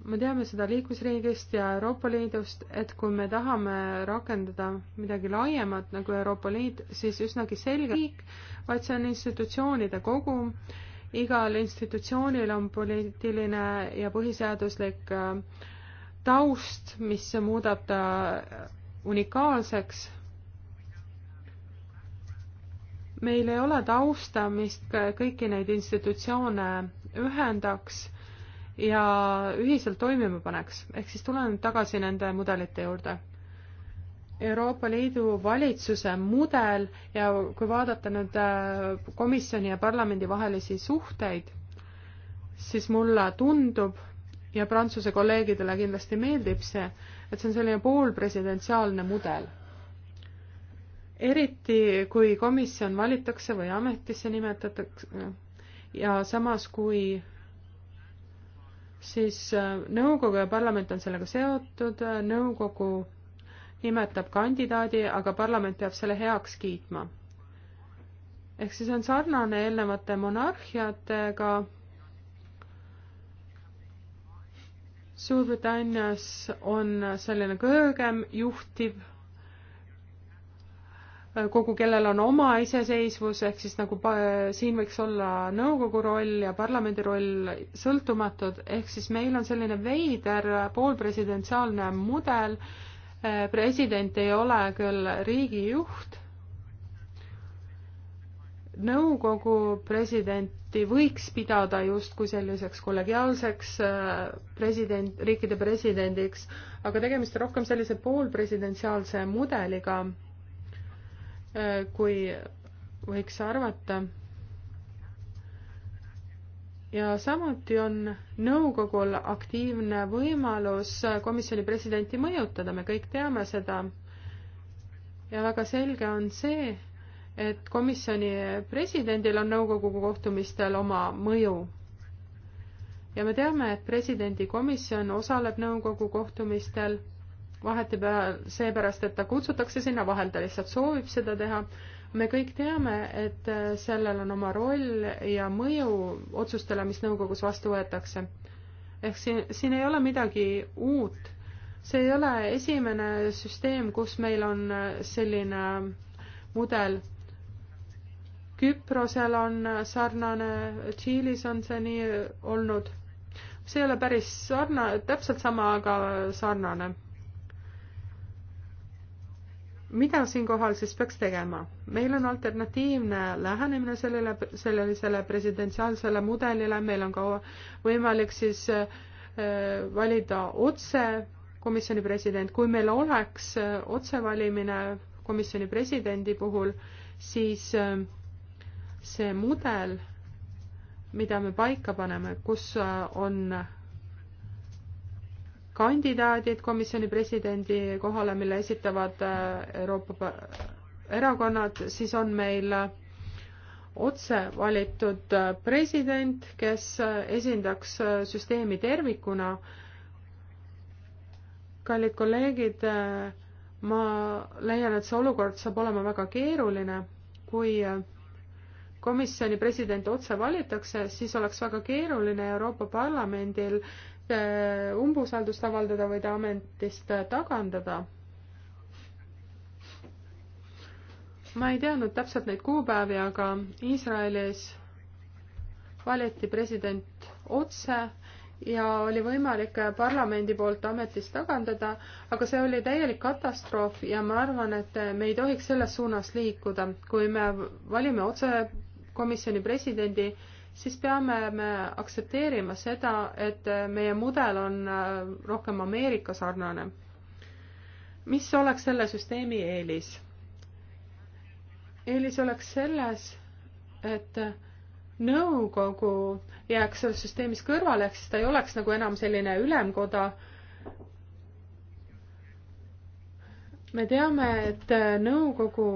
me teame seda liiklusriigist ja Euroopa Liidust, et kui me tahame rakendada midagi laiemat nagu Euroopa Liit, siis üsnagi selge riik, vaid see on institutsioonide kogum. igal institutsioonil on poliitiline ja põhiseaduslik äh, taust, mis muudab ta unikaalseks meil ei ole tausta, mis kõiki neid institutsioone ühendaks ja ühiselt toimima paneks, ehk siis tulen tagasi nende mudelite juurde. Euroopa Liidu valitsuse mudel ja kui vaadata nüüd äh, komisjoni ja parlamendi vahelisi suhteid, siis mulle tundub ja Prantsuse kolleegidele kindlasti meeldib see, et see on selline poolpresidentsiaalne mudel. eriti, kui komisjon valitakse või ametisse nimetatakse ja samas, kui siis äh, nõukogu ja parlament on sellega seotud, äh, nõukogu nimetab kandidaadi, aga parlament peab selle heaks kiitma. ehk siis on sarnane eelnevate monarhiatega. Suurbritannias on selline kõrgem juhtiv kogu, kellel on oma iseseisvus, ehk siis nagu siin võiks olla nõukogu roll ja parlamendi roll sõltumatud, ehk siis meil on selline veider poolpresidentsiaalne mudel, eh, president ei ole küll riigijuht, nõukogu presidenti võiks pidada justkui selliseks kollegiaalseks eh, president, riikide presidendiks, aga tegemist on rohkem sellise poolpresidentsiaalse mudeliga Äh, kui võiks arvata. ja samuti on nõukogul aktiivne võimalus komisjoni presidenti mõjutada, me kõik teame seda. ja väga selge on see, et komisjoni presidendil on nõukogu kohtumistel oma mõju. ja me teame, et presidendi komisjon osaleb nõukogu kohtumistel vahetevahel seepärast, et ta kutsutakse sinna, vahel ta lihtsalt soovib seda teha. me kõik teame, et äh, sellel on oma roll ja mõju otsustele, mis nõukogus vastu võetakse. ehk siin, siin ei ole midagi uut. see ei ole esimene süsteem, kus meil on äh, selline mudel. Küprosel on äh, sarnane, Tšiilis on see nii olnud. see ei ole päris sarnane, täpselt sama, aga sarnane mida siinkohal siis peaks tegema? meil on alternatiivne lähenemine sellele, sellisele presidentsiaalsele mudelile, meil on ka võimalik siis äh, valida otse komisjoni president, kui meil oleks äh, otsevalimine komisjoni presidendi puhul, siis äh, see mudel, mida me paika paneme, kus on kandidaadid komisjoni presidendi kohale, mille esitavad äh, Euroopa erakonnad, siis on meil äh, otse valitud äh, president, kes esindaks süsteemi tervikuna. kallid kolleegid, ma leian, et see olukord saab olema väga keeruline, kui komisjoni president otse valitakse, siis oleks väga keeruline Euroopa Parlamendil Äh, umbusaldust avaldada või ta ametist äh, tagandada. ma ei teadnud täpselt neid kuupäevi, aga Iisraelis valiti president otse ja oli võimalik äh, parlamendi poolt ametist tagandada, aga see oli täielik katastroof ja ma arvan, et me ei tohiks selles suunas liikuda, kui me valime otse komisjoni presidendi, siis peame me aktsepteerima seda, et meie mudel on äh, rohkem Ameerika sarnane. mis oleks selle süsteemi eelis? eelis oleks selles, et nõukogu jääks sellest süsteemist kõrvale, ehk siis ta ei oleks nagu enam selline ülemkoda. me teame, et nõukogu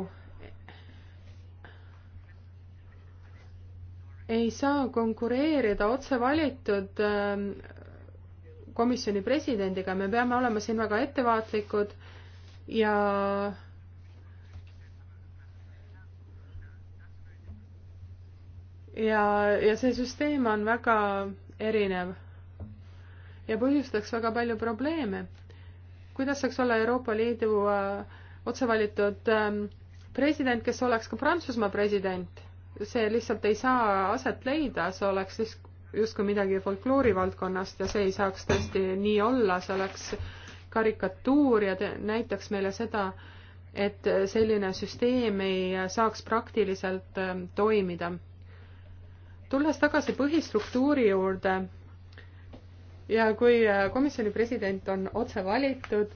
ei saa konkureerida otse valitud ähm, komisjoni presidendiga, me peame olema siin väga ettevaatlikud ja ja, ja see süsteem on väga erinev ja põhjustaks väga palju probleeme. kuidas saaks olla Euroopa Liidu äh, otsevalitud ähm, president, kes oleks ka Prantsusmaa president? see lihtsalt ei saa aset leida, see oleks justkui midagi folkloorivaldkonnast ja see ei saaks tõesti nii olla, see oleks karikatuur ja te, näitaks meile seda, et selline süsteem ei saaks praktiliselt ähm, toimida. tulles tagasi põhistruktuuri juurde ja kui äh, komisjoni president on otse valitud,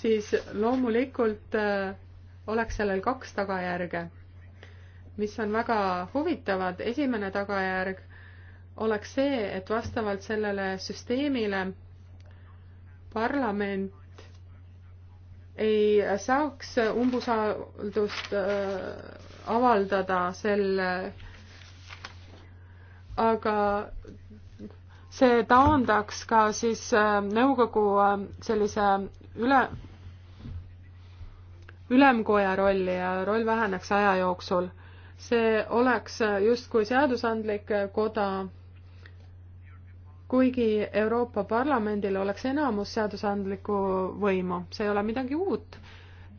siis loomulikult äh, oleks sellel kaks tagajärge mis on väga huvitavad. esimene tagajärg oleks see, et vastavalt sellele süsteemile parlament ei saaks umbusaldust äh, avaldada sel, aga see taandaks ka siis äh, nõukogu äh, sellise üle, ülemkoja rolli ja roll väheneks aja jooksul see oleks justkui seadusandlik koda, kuigi Euroopa Parlamendil oleks enamus seadusandlikku võimu, see ei ole midagi uut.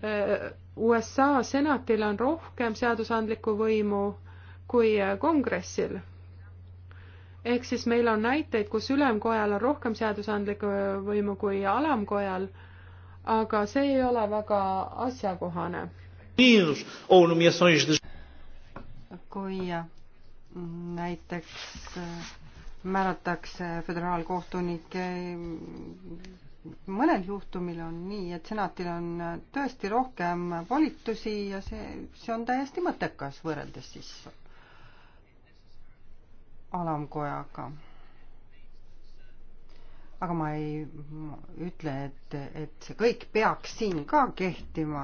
Äh, USA senatil on rohkem seadusandlikku võimu kui äh, kongressil. ehk siis meil on näiteid, kus ülemkojal on rohkem seadusandlikku äh, võimu kui alamkojal, aga see ei ole väga asjakohane kui äh, näiteks äh, määratakse föderaalkohtunike, äh, mõnel juhtumil on nii, et senatil on tõesti rohkem volitusi ja see, see on täiesti mõttekas võrreldes siis alamkojaga. aga ma ei ma ütle, et, et see kõik peaks siin ka kehtima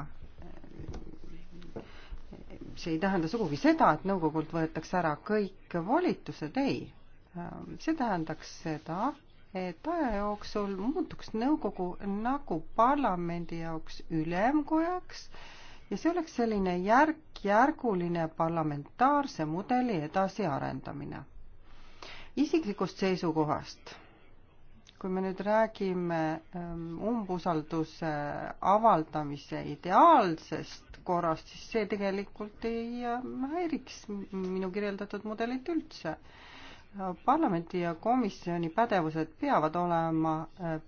see ei tähenda sugugi seda, et nõukogult võetakse ära kõik volitused, ei. see tähendaks seda, et aja jooksul muutuks nõukogu nagu parlamendi jaoks ülemkojaks ja see oleks selline järk-järguline parlamentaarse mudeli edasiarendamine. isiklikust seisukohast, kui me nüüd räägime ähm, umbusalduse avaldamise ideaalsest korrast, siis see tegelikult ei äh, häiriks minu kirjeldatud mudelit üldse. parlamendi ja komisjoni pädevused peavad olema äh,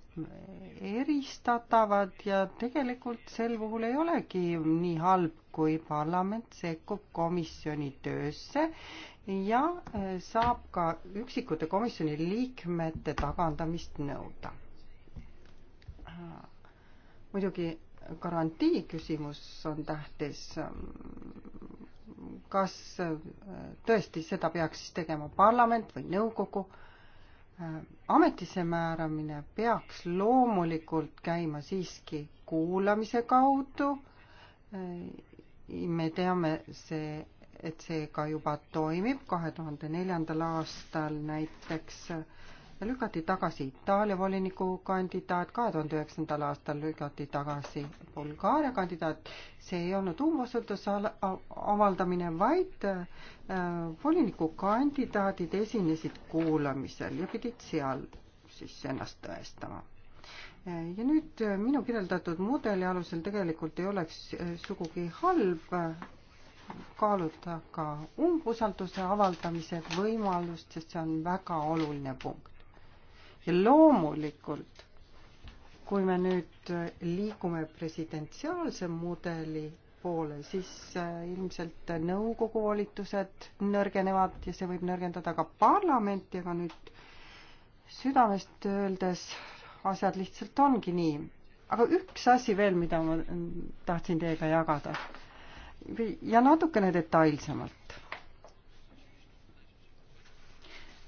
eristatavad ja tegelikult sel puhul ei olegi nii halb, kui parlament sekkub komisjoni töösse ja äh, saab ka üksikute komisjoni liikmete tagandamist nõuda muidugi garantii küsimus on tähtis. kas tõesti seda peaks siis tegema parlament või nõukogu? ametisse määramine peaks loomulikult käima siiski kuulamise kaudu. me teame see, et see ka juba toimib, kahe tuhande neljandal aastal näiteks äh, lükati tagasi Itaalia voliniku kandidaat, kahe tuhande üheksandal aastal lükati tagasi Bulgaaria kandidaat. see ei olnud umbusalduse avaldamine, vaid äh, voliniku kandidaadid esinesid kuulamisel ja pidid seal siis ennast tõestama. Äh, ja nüüd äh, minu kirjeldatud mudeli alusel tegelikult ei oleks sugugi halb kaaluda ka umbusalduse avaldamise võimalust, sest see on väga oluline punkt ja loomulikult, kui me nüüd liigume presidentsiaalse mudeli poole, siis äh, ilmselt nõukogu volitused nõrgenevad ja see võib nõrgendada ka parlamenti, aga nüüd südamest öeldes asjad lihtsalt ongi nii. aga üks asi veel, mida ma mm, tahtsin teiega jagada ja natukene detailsemalt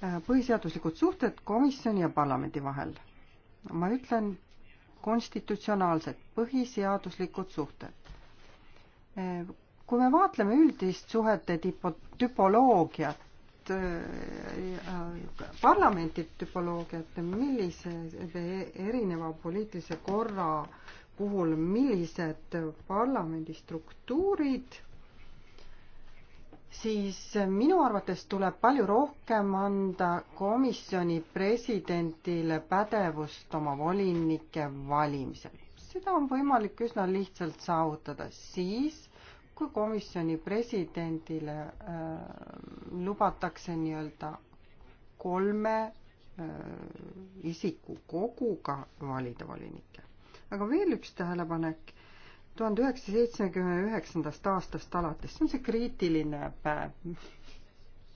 Äh, põhiseaduslikud suhted komisjoni ja parlamendi vahel. ma ütlen konstitutsionaalsed põhiseaduslikud suhted. Äh, kui me vaatleme üldist suhete tipo-, tüpoloogiat, äh, parlamenti tüpoloogiat, millise e-, erineva poliitilise korra puhul, millised parlamendi struktuurid siis minu arvates tuleb palju rohkem anda komisjoni presidendile pädevust oma volinike valimisel. seda on võimalik üsna lihtsalt saavutada siis, kui komisjoni presidendile äh, lubatakse nii-öelda kolme äh, isiku koguga valida volinikke. aga veel üks tähelepanek tuhande üheksasaja seitsmekümne üheksandast aastast alates, see on see kriitiline päev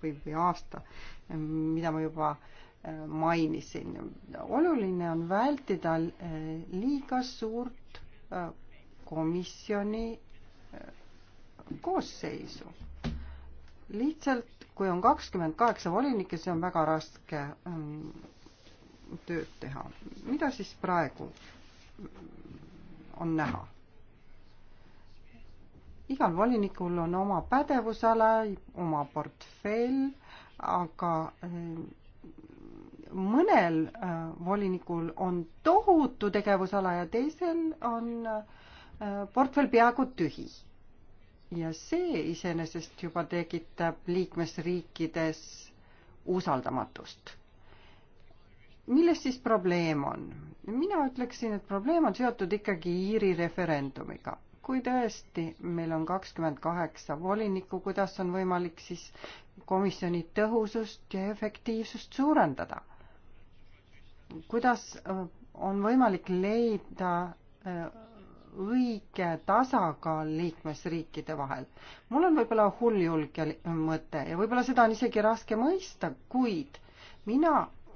või, või aasta, mida ma juba äh, mainisin. oluline on vältida äh, liiga suurt äh, komisjoni koosseisu. lihtsalt, kui on kakskümmend kaheksa volinikke, see on väga raske ähm, tööd teha. mida siis praegu on näha? igal volinikul on oma pädevusala, oma portfell, aga eh, mõnel eh, volinikul on tohutu tegevusala ja teisel on eh, portfell peaaegu tühi. ja see iseenesest juba tekitab liikmesriikides usaldamatust. milles siis probleem on? mina ütleksin, et probleem on seotud ikkagi Iiri referendumiga kui tõesti meil on kakskümmend kaheksa volinikku, kuidas on võimalik siis komisjoni tõhusust ja efektiivsust suurendada? kuidas äh, on võimalik leida äh, õige tasakaal liikmesriikide vahel. mul on võib-olla hulljulge mõte ja võib-olla seda on isegi raske mõista, kuid mina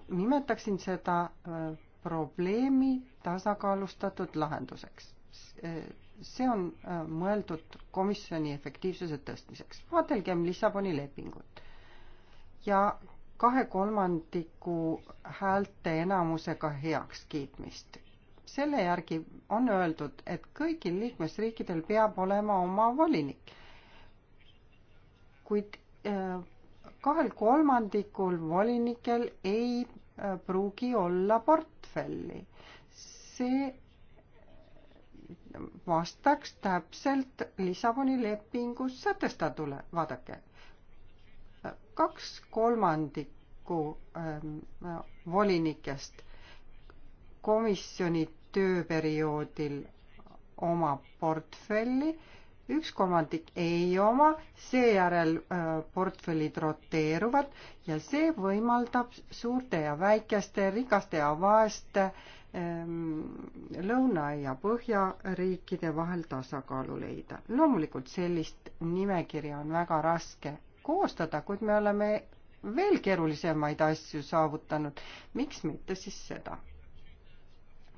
nimetaksin seda äh, probleemi tasakaalustatud lahenduseks see on äh, mõeldud komisjoni efektiivsuse tõstmiseks. vaadelgem Lissaboni lepingut ja kahe kolmandiku häälte enamusega heakskiitmist. selle järgi on öeldud, et kõigil liikmesriikidel peab olema oma volinik. kuid äh, kahel kolmandikul volinikel ei äh, pruugi olla portfelli. see vastaks täpselt Lissaboni lepingus sätestatule. vaadake, kaks kolmandikku ähm, volinikest komisjoni tööperioodil omab portfelli äh, üks kolmandik ei oma, seejärel äh, portfellid roteeruvad ja see võimaldab suurte ja väikeste, rikaste ja vaeste ähm, lõuna ja põhjariikide vahel tasakaalu leida. loomulikult sellist nimekirja on väga raske koostada, kuid me oleme veel keerulisemaid asju saavutanud. miks mitte siis seda?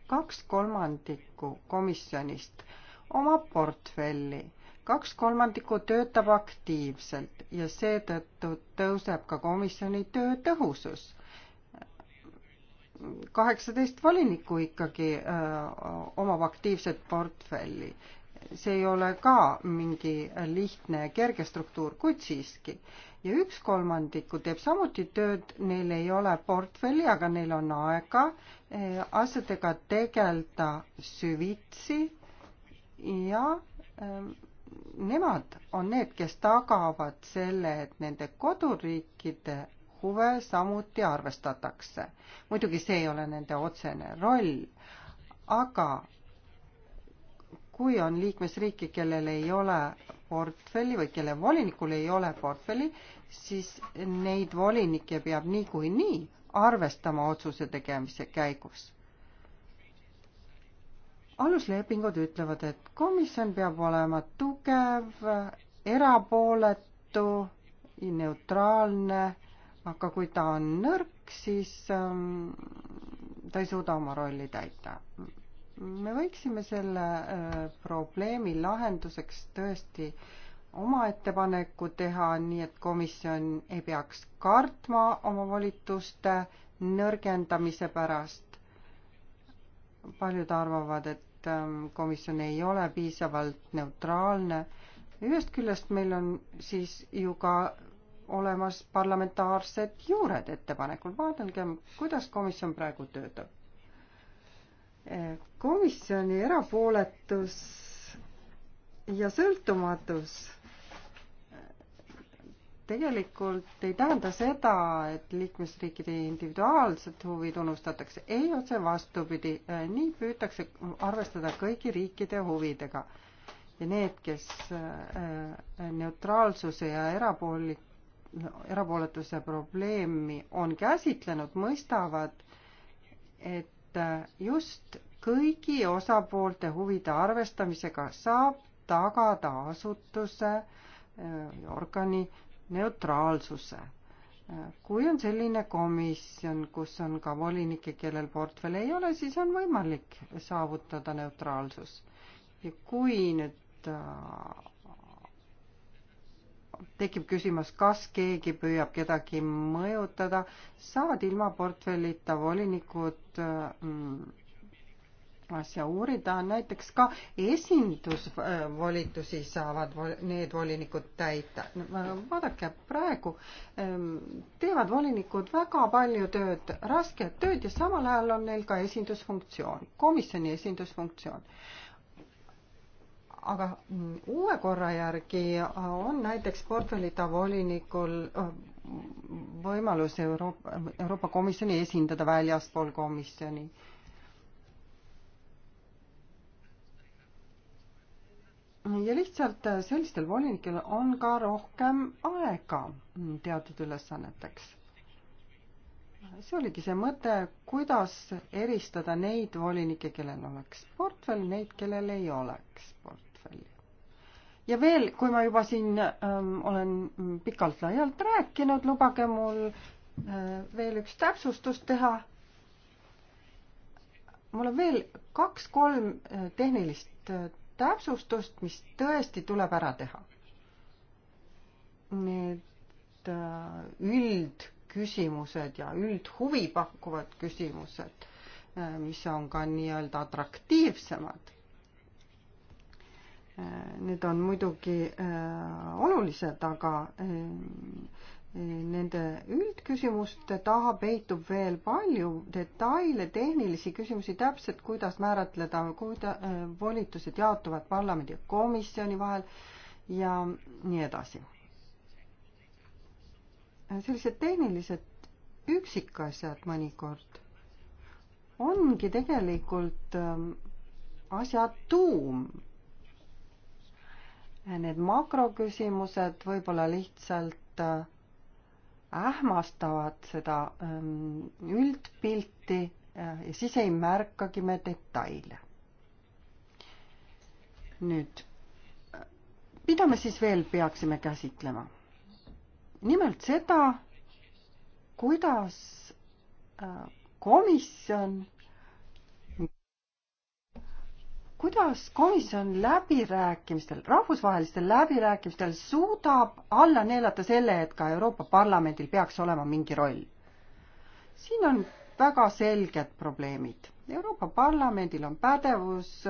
kaks kolmandikku komisjonist äh, oma portfelli. kaks kolmandikku töötab aktiivselt ja seetõttu tõuseb ka komisjoni töö tõhusus. kaheksateist volinikku ikkagi öö, omab aktiivset portfelli see ei ole ka mingi lihtne ja kerge struktuur, kuid siiski. ja üks kolmandiku teeb samuti tööd, neil ei ole portfelli, aga neil on aega asjadega tegeleda süvitsi ja ähm, nemad on need, kes tagavad selle, et nende koduriikide huve samuti arvestatakse. muidugi see ei ole nende otsene roll, aga kui on liikmesriike, kellel ei ole portfelli või kelle volinikul ei ole portfelli, siis neid volinikke peab niikuinii arvestama otsuse tegemise käigus aluslepingud ütlevad, et komisjon peab olema tugev, erapooletu, neutraalne, aga kui ta on nõrk, siis ähm, ta ei suuda oma rolli täita. me võiksime selle äh, probleemi lahenduseks tõesti oma ettepaneku teha, nii et komisjon ei peaks kartma oma volituste nõrgendamise pärast, paljud arvavad, et ähm, komisjon ei ole piisavalt neutraalne. ühest küljest meil on siis ju ka olemas parlamentaarsed juured ettepanekul, vaadelgem, kuidas komisjon praegu töötab. Äh, komisjoni erapooletus ja sõltumatus tegelikult ei tähenda seda, et liikmesriikide individuaalsed huvid unustatakse. ei, otse vastupidi, äh, nii püütakse arvestada kõigi riikide huvidega. ja need, kes äh, neutraalsuse ja erapooli, erapooletuse probleemi on käsitlenud, mõistavad, et äh, just kõigi osapoolte huvide arvestamisega saab tagada asutuse organi äh, neutraalsuse. kui on selline komisjon, kus on ka volinikke, kellel portfelle ei ole, siis on võimalik saavutada neutraalsus. ja kui nüüd äh, tekib küsimus, kas keegi püüab kedagi mõjutada, saavad ilma portfellita volinikud äh, mm, asja uurida, näiteks ka esindusvolitusi saavad need volinikud täita. vaadake, praegu ehm, teevad volinikud väga palju tööd, rasket tööd ja samal ajal on neil ka esindusfunktsioon, komisjoni esindusfunktsioon. aga mm, uue korra järgi on näiteks portfellita volinikul ehm, võimalus Euroopa, Euroopa Komisjoni esindada väljaspool komisjoni ja lihtsalt äh, sellistel volinikel on ka rohkem aega teatud ülesanneteks. see oligi see mõte, kuidas eristada neid volinikke, kellel oleks portfell, neid, kellel ei oleks portfelli. ja veel, kui ma juba siin ähm, olen pikalt-laialt rääkinud, lubage mul äh, veel üks täpsustus teha. mul on veel kaks-kolm äh, tehnilist äh, täpsustust, mis tõesti tuleb ära teha. Need äh, üldküsimused ja üldhuvi pakkuvad küsimused, äh, mis on ka nii-öelda atraktiivsemad, äh, need on muidugi olulised, aga nende üldküsimuste taha peitub veel palju detaile, tehnilisi küsimusi, täpselt kuidas määratleda, kuida-, volitused jaotuvad parlamendi ja komisjoni vahel ja nii edasi. sellised tehnilised üksikasjad mõnikord ongi tegelikult ähm, asja tuum need makroküsimused võib-olla lihtsalt äh, ähmastavad seda ähm, üldpilti äh, ja siis ei märkagi me detaile. nüüd, mida me siis veel peaksime käsitlema? nimelt seda, kuidas äh, komisjon kuidas komisjon läbirääkimistel, rahvusvahelistel läbirääkimistel suudab alla neelata selle, et ka Euroopa Parlamendil peaks olema mingi roll? siin on väga selged probleemid. Euroopa Parlamendil on pädevus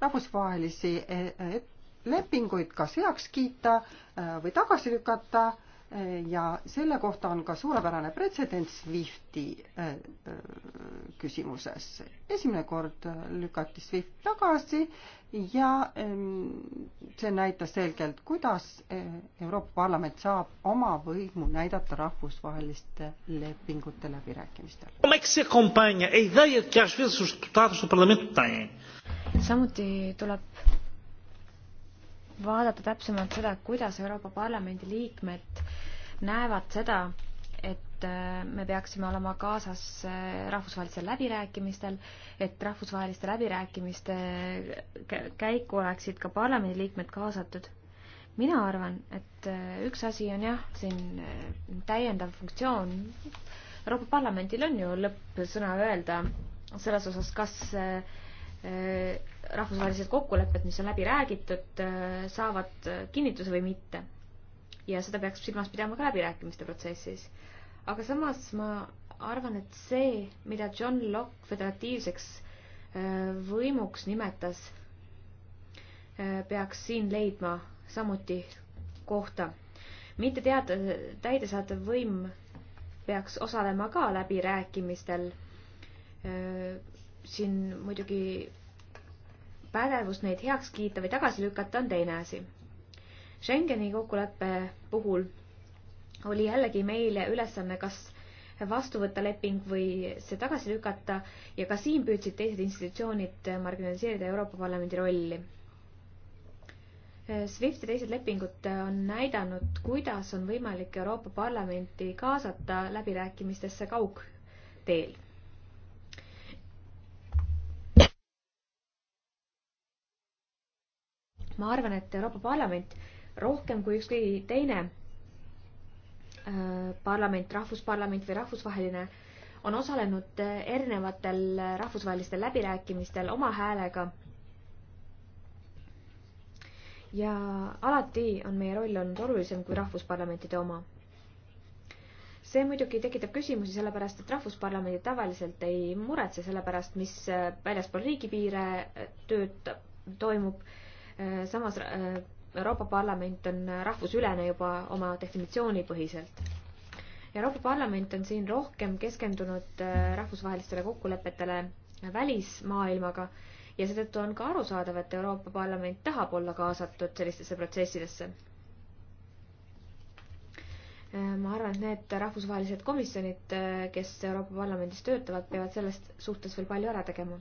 rahvusvahelisi eh, eh, lepinguid kas heaks kiita eh, või tagasi lükata ja selle kohta on ka suurepärane pretsedent SWIFTi äh, äh, küsimuses. esimene kord äh, lükati SWIFT tagasi ja ähm, see näitas selgelt, kuidas Euroopa Parlament saab oma võimu näidata rahvusvaheliste lepingute läbirääkimistel. samuti tuleb vaadata täpsemalt seda, kuidas Euroopa Parlamendi liikmed näevad seda, et äh, me peaksime olema kaasas äh, rahvusvahelistel läbirääkimistel, et rahvusvaheliste läbirääkimiste äh, käiku oleksid ka parlamendiliikmed kaasatud. mina arvan, et üks asi on jah, siin täiendav funktsioon. Euroopa Parlamendil on ju lõppsõna öelda selles osas, kas äh, Äh, rahvusvahelised kokkulepped, mis on läbi räägitud, äh, saavad kinnituse või mitte. ja seda peaks silmas pidama ka läbirääkimiste protsessis. aga samas ma arvan, et see, mida John Locke föderatiivseks äh, võimuks nimetas, peaks siin leidma samuti kohta. mitte teada, täidesaatev võim peaks osalema ka läbirääkimistel siin muidugi pädevus neid heaks kiita või tagasi lükata on teine asi. Schengeni kokkuleppe puhul oli jällegi meile ülesanne, kas vastu võtta leping või see tagasi lükata ja ka siin püüdsid teised institutsioonid marginaliseerida Euroopa Parlamendi rolli. SWIFT ja teised lepingud on näidanud, kuidas on võimalik Euroopa Parlamenti kaasata läbirääkimistesse kaugteel ma arvan, et Euroopa Parlament rohkem kui ükskõik teine äh, parlament, rahvusparlament või rahvusvaheline, on osalenud äh, erinevatel äh, rahvusvahelistel läbirääkimistel oma häälega. ja alati on meie roll olnud olulisem kui rahvusparlamentide oma. see muidugi tekitab küsimusi, sellepärast et rahvusparlamendid tavaliselt ei muretse selle pärast, mis väljaspool riigipiire töötab, toimub Äh, samas äh, Euroopa Parlament on rahvusülene juba oma definitsiooni põhiselt. Euroopa Parlament on siin rohkem keskendunud äh, rahvusvahelistele kokkulepetele välismaailmaga ja seetõttu on ka arusaadav, et Euroopa Parlament tahab olla kaasatud sellistesse protsessidesse. ma arvan, et need rahvusvahelised komisjonid, kes Euroopa Parlamendis töötavad, peavad selles suhtes veel palju ära tegema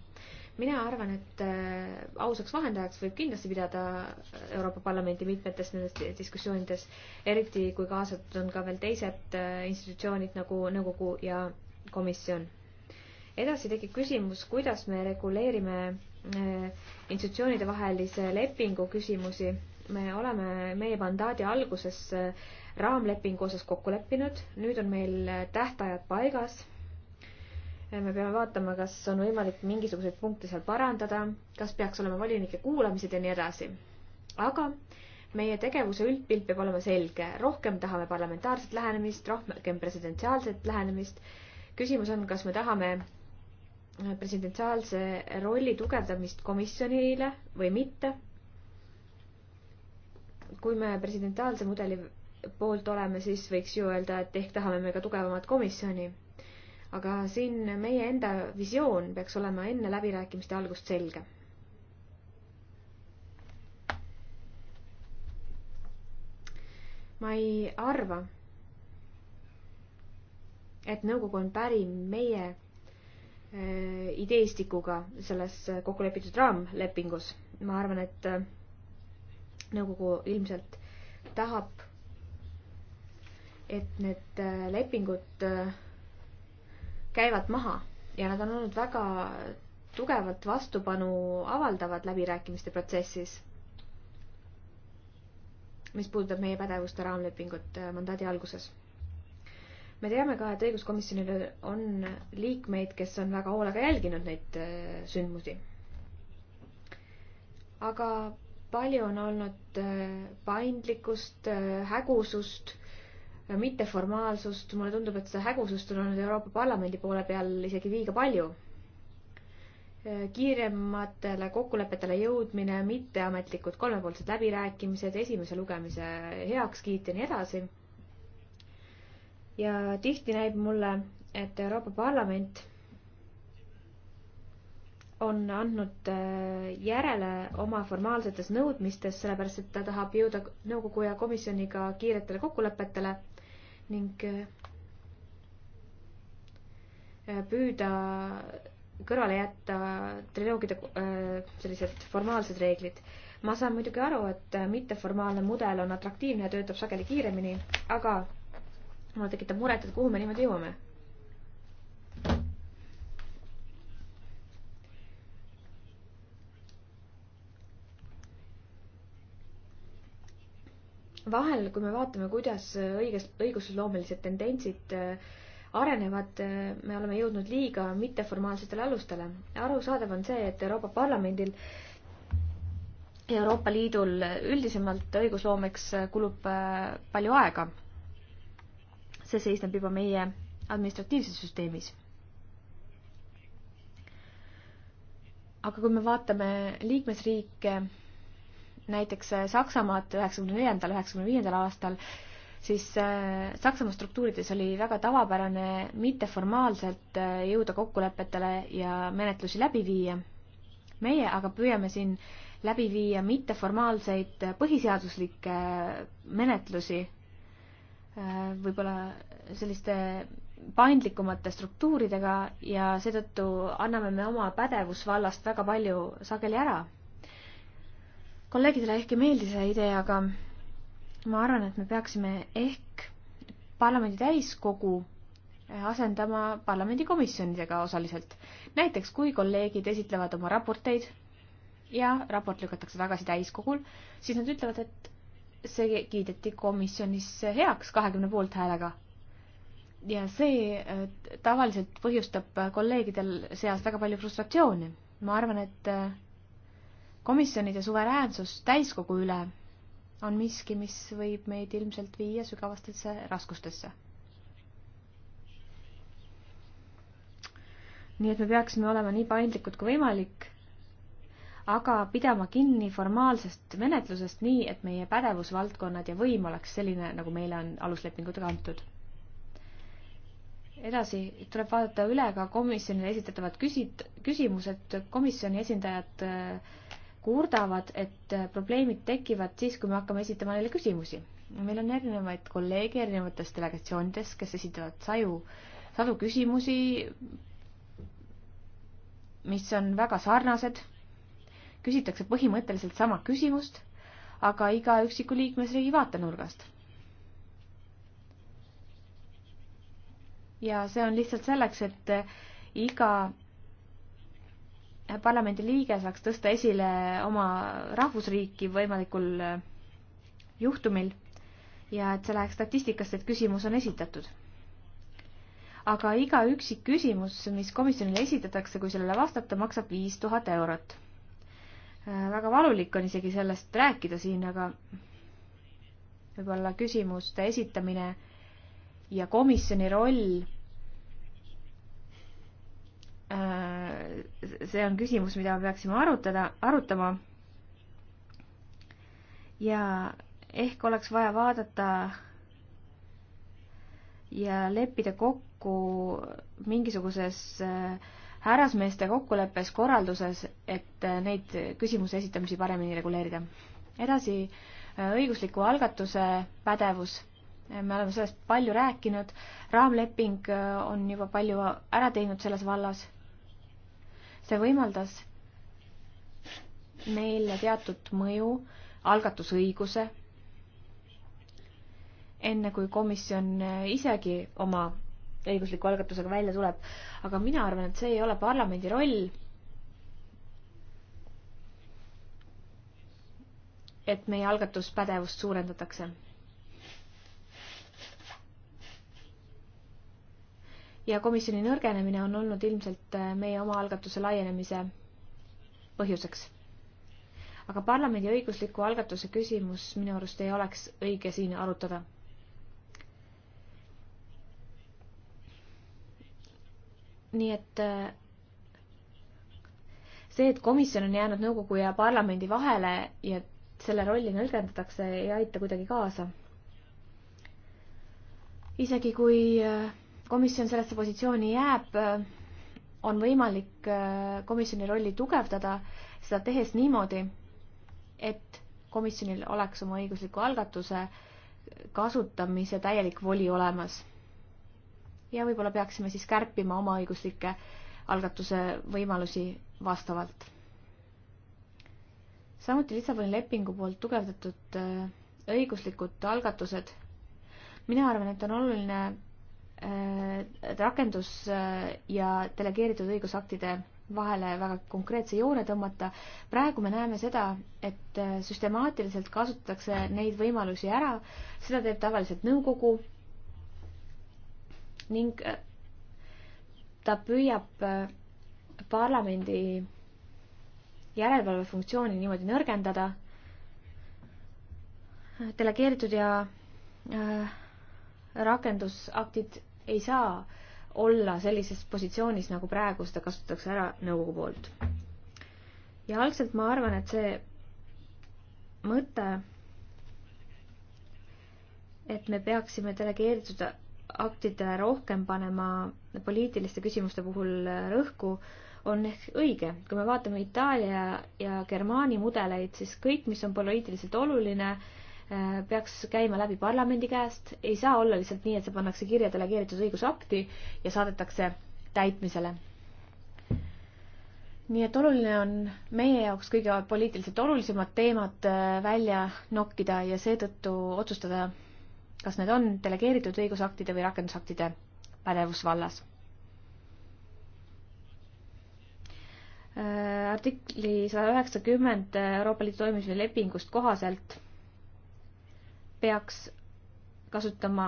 mina arvan, et äh, ausaks vahendajaks võib kindlasti pidada äh, Euroopa Parlamenti mitmetes nendes diskussioonides, eriti kui kaasatud on ka veel teised äh, institutsioonid nagu nõukogu ja komisjon. edasi tekib küsimus, kuidas me reguleerime institutsioonide vahelise lepingu küsimusi. me oleme meie mandaadi alguses raamlepingu osas kokku leppinud, nüüd on meil tähtajad paigas me peame vaatama, kas on võimalik mingisuguseid punkte seal parandada, kas peaks olema volinike kuulamised ja nii edasi. aga meie tegevuse üldpilt peab olema selge, rohkem tahame parlamentaarset lähenemist, rohkem presidentsiaalset lähenemist. küsimus on, kas me tahame presidentsiaalse rolli tugevdamist komisjonile või mitte. kui me presidentsiaalse mudeli poolt oleme, siis võiks ju öelda, et ehk tahame me ka tugevamat komisjoni aga siin meie enda visioon peaks olema enne läbirääkimiste algust selge. ma ei arva, et nõukogu on pärim meie äh, ideestikuga selles kokku lepitud raamlepingus. ma arvan, et äh, nõukogu ilmselt tahab, et need äh, lepingud äh, käivad maha ja nad on olnud väga tugevalt vastupanu avaldavad läbirääkimiste protsessis, mis puudutab meie pädevuste raamlepingut äh, mandaadi alguses. me teame ka, et õiguskomisjonil on liikmeid, kes on väga hoolega jälginud neid äh, sündmusi. aga palju on olnud äh, paindlikkust, hägusust mitteformaalsust, mulle tundub, et seda hägusust on olnud Euroopa Parlamendi poole peal isegi liiga palju. kiirematele kokkulepetele jõudmine, mitteametlikud kolmepoolsed läbirääkimised, esimese lugemise heakskiit ja nii edasi. ja tihti näib mulle, et Euroopa Parlament on andnud järele oma formaalsetes nõudmistes, sellepärast et ta tahab jõuda nõukogu ja komisjoniga kiiretele kokkulepetele ning äh, äh, püüda kõrvale jätta triloogide äh, sellised formaalsed reeglid. ma saan muidugi aru, et mitteformaalne mudel on atraktiivne ja töötab sageli kiiremini, aga mulle tekitab muret, et kuhu me niimoodi jõuame vahel, kui me vaatame, kuidas õiges, õigusloomelised tendentsid äh, arenevad, äh, me oleme jõudnud liiga mitteformaalsetele alustele. arusaadav on see, et Euroopa Parlamendil ja Euroopa Liidul üldisemalt õigusloomeks äh, kulub palju aega. see seisneb juba meie administratiivses süsteemis. aga kui me vaatame liikmesriike näiteks äh, Saksamaad üheksakümne neljandal, üheksakümne viiendal aastal, siis äh, Saksamaa struktuurides oli väga tavapärane mitteformaalselt äh, jõuda kokkulepetele ja menetlusi läbi viia. meie aga püüame siin läbi viia mitteformaalseid põhiseaduslikke menetlusi, võib-olla selliste paindlikumate struktuuridega ja seetõttu anname me oma pädevusvallast väga palju sageli ära kolleegidele ehk ei meeldi see idee, aga ma arvan, et me peaksime ehk parlamendi täiskogu asendama parlamendikomisjonidega osaliselt. näiteks kui kolleegid esitlevad oma raporteid ja raport lükatakse tagasi täiskogul, siis nad ütlevad, et see kiideti komisjonis heaks kahekümne poolthäälega. ja see äh, tavaliselt põhjustab kolleegidel seas väga palju frustratsiooni. ma arvan, et äh, komisjonide suveräänsus täiskogu üle on miski, mis võib meid ilmselt viia sügavastesse raskustesse. nii et me peaksime olema nii paindlikud kui võimalik, aga pidama kinni formaalsest menetlusest nii, et meie pädevusvaldkonnad ja võim oleks selline, nagu meile on aluslepingutega antud. edasi tuleb vaadata üle ka komisjonile esitatavad küsit-, küsimused, komisjoni esindajad äh, kurdavad, et äh, probleemid tekivad siis, kui me hakkame esitama neile küsimusi. meil on erinevaid kolleege erinevates delegatsioonides, kes esitavad saju, sadu küsimusi, mis on väga sarnased. küsitakse põhimõtteliselt sama küsimust, aga iga üksiku liikmesriigi vaatenurgast. ja see on lihtsalt selleks, et äh, iga parlamendi liige saaks tõsta esile oma rahvusriiki võimalikul äh, juhtumil ja et see läheks statistikasse, et küsimus on esitatud. aga iga üksik küsimus, mis komisjonile esitatakse, kui sellele vastata, maksab viis tuhat eurot. Äh, väga valulik on isegi sellest rääkida siin, aga võib-olla küsimuste esitamine ja komisjoni roll Äh, see on küsimus, mida me peaksime arutada, arutama. ja ehk oleks vaja vaadata ja leppida kokku mingisuguses äh, härrasmeeste kokkuleppes, korralduses, et äh, neid küsimuse esitamisi paremini reguleerida. edasi, õigusliku algatuse pädevus me oleme sellest palju rääkinud, raamleping on juba palju ära teinud selles vallas see võimaldas meile teatud mõju, algatusõiguse, enne kui komisjon isegi oma õigusliku algatusega välja tuleb. aga mina arvan, et see ei ole parlamendi roll. et meie algatuspädevust suurendatakse ja komisjoni nõrgenemine on olnud ilmselt äh, meie omaalgatuse laienemise põhjuseks. aga parlamendi õigusliku algatuse küsimus minu arust ei oleks õige siin arutada. nii et äh, see, et komisjon on jäänud nõukogu ja parlamendi vahele ja selle rolli nõlgendatakse, ei aita kuidagi kaasa. isegi kui äh, komisjon sellesse positsiooni jääb, on võimalik äh, komisjoni rolli tugevdada, seda tehes niimoodi, et komisjonil oleks oma õigusliku algatuse kasutamise täielik voli olemas. ja võib-olla peaksime siis kärpima oma õiguslikke algatuse võimalusi vastavalt. samuti Lissaboni lepingu poolt tugevdatud äh, õiguslikud algatused. mina arvan, et on oluline Äh, rakendus- äh, ja delegeeritud õigusaktide vahele väga konkreetse joone tõmmata. praegu me näeme seda, et äh, süstemaatiliselt kasutatakse neid võimalusi ära, seda teeb tavaliselt nõukogu ning ta püüab parlamendi järelevalvefunktsiooni niimoodi nõrgendada. delegeeritud ja rakendusaktid ei saa olla sellises positsioonis, nagu praegu seda kasutatakse ära nõukogu poolt. ja algselt ma arvan, et see mõte, et me peaksime delegeeritud aktide rohkem panema poliitiliste küsimuste puhul rõhku, on ehk õige. kui me vaatame Itaalia ja Germaani mudeleid, siis kõik, mis on poliitiliselt oluline, peaks käima läbi parlamendi käest, ei saa olla lihtsalt nii, et see pannakse kirja delegeeritud õigusakti ja saadetakse täitmisele. nii et oluline on meie jaoks kõige poliitiliselt olulisemad teemad äh, välja nokkida ja seetõttu otsustada, kas need on delegeeritud õigusaktide või rakendusaktide pädevusvallas äh, artikli sada üheksakümmend Euroopa Liidu toimimise lepingust kohaselt peaks kasutama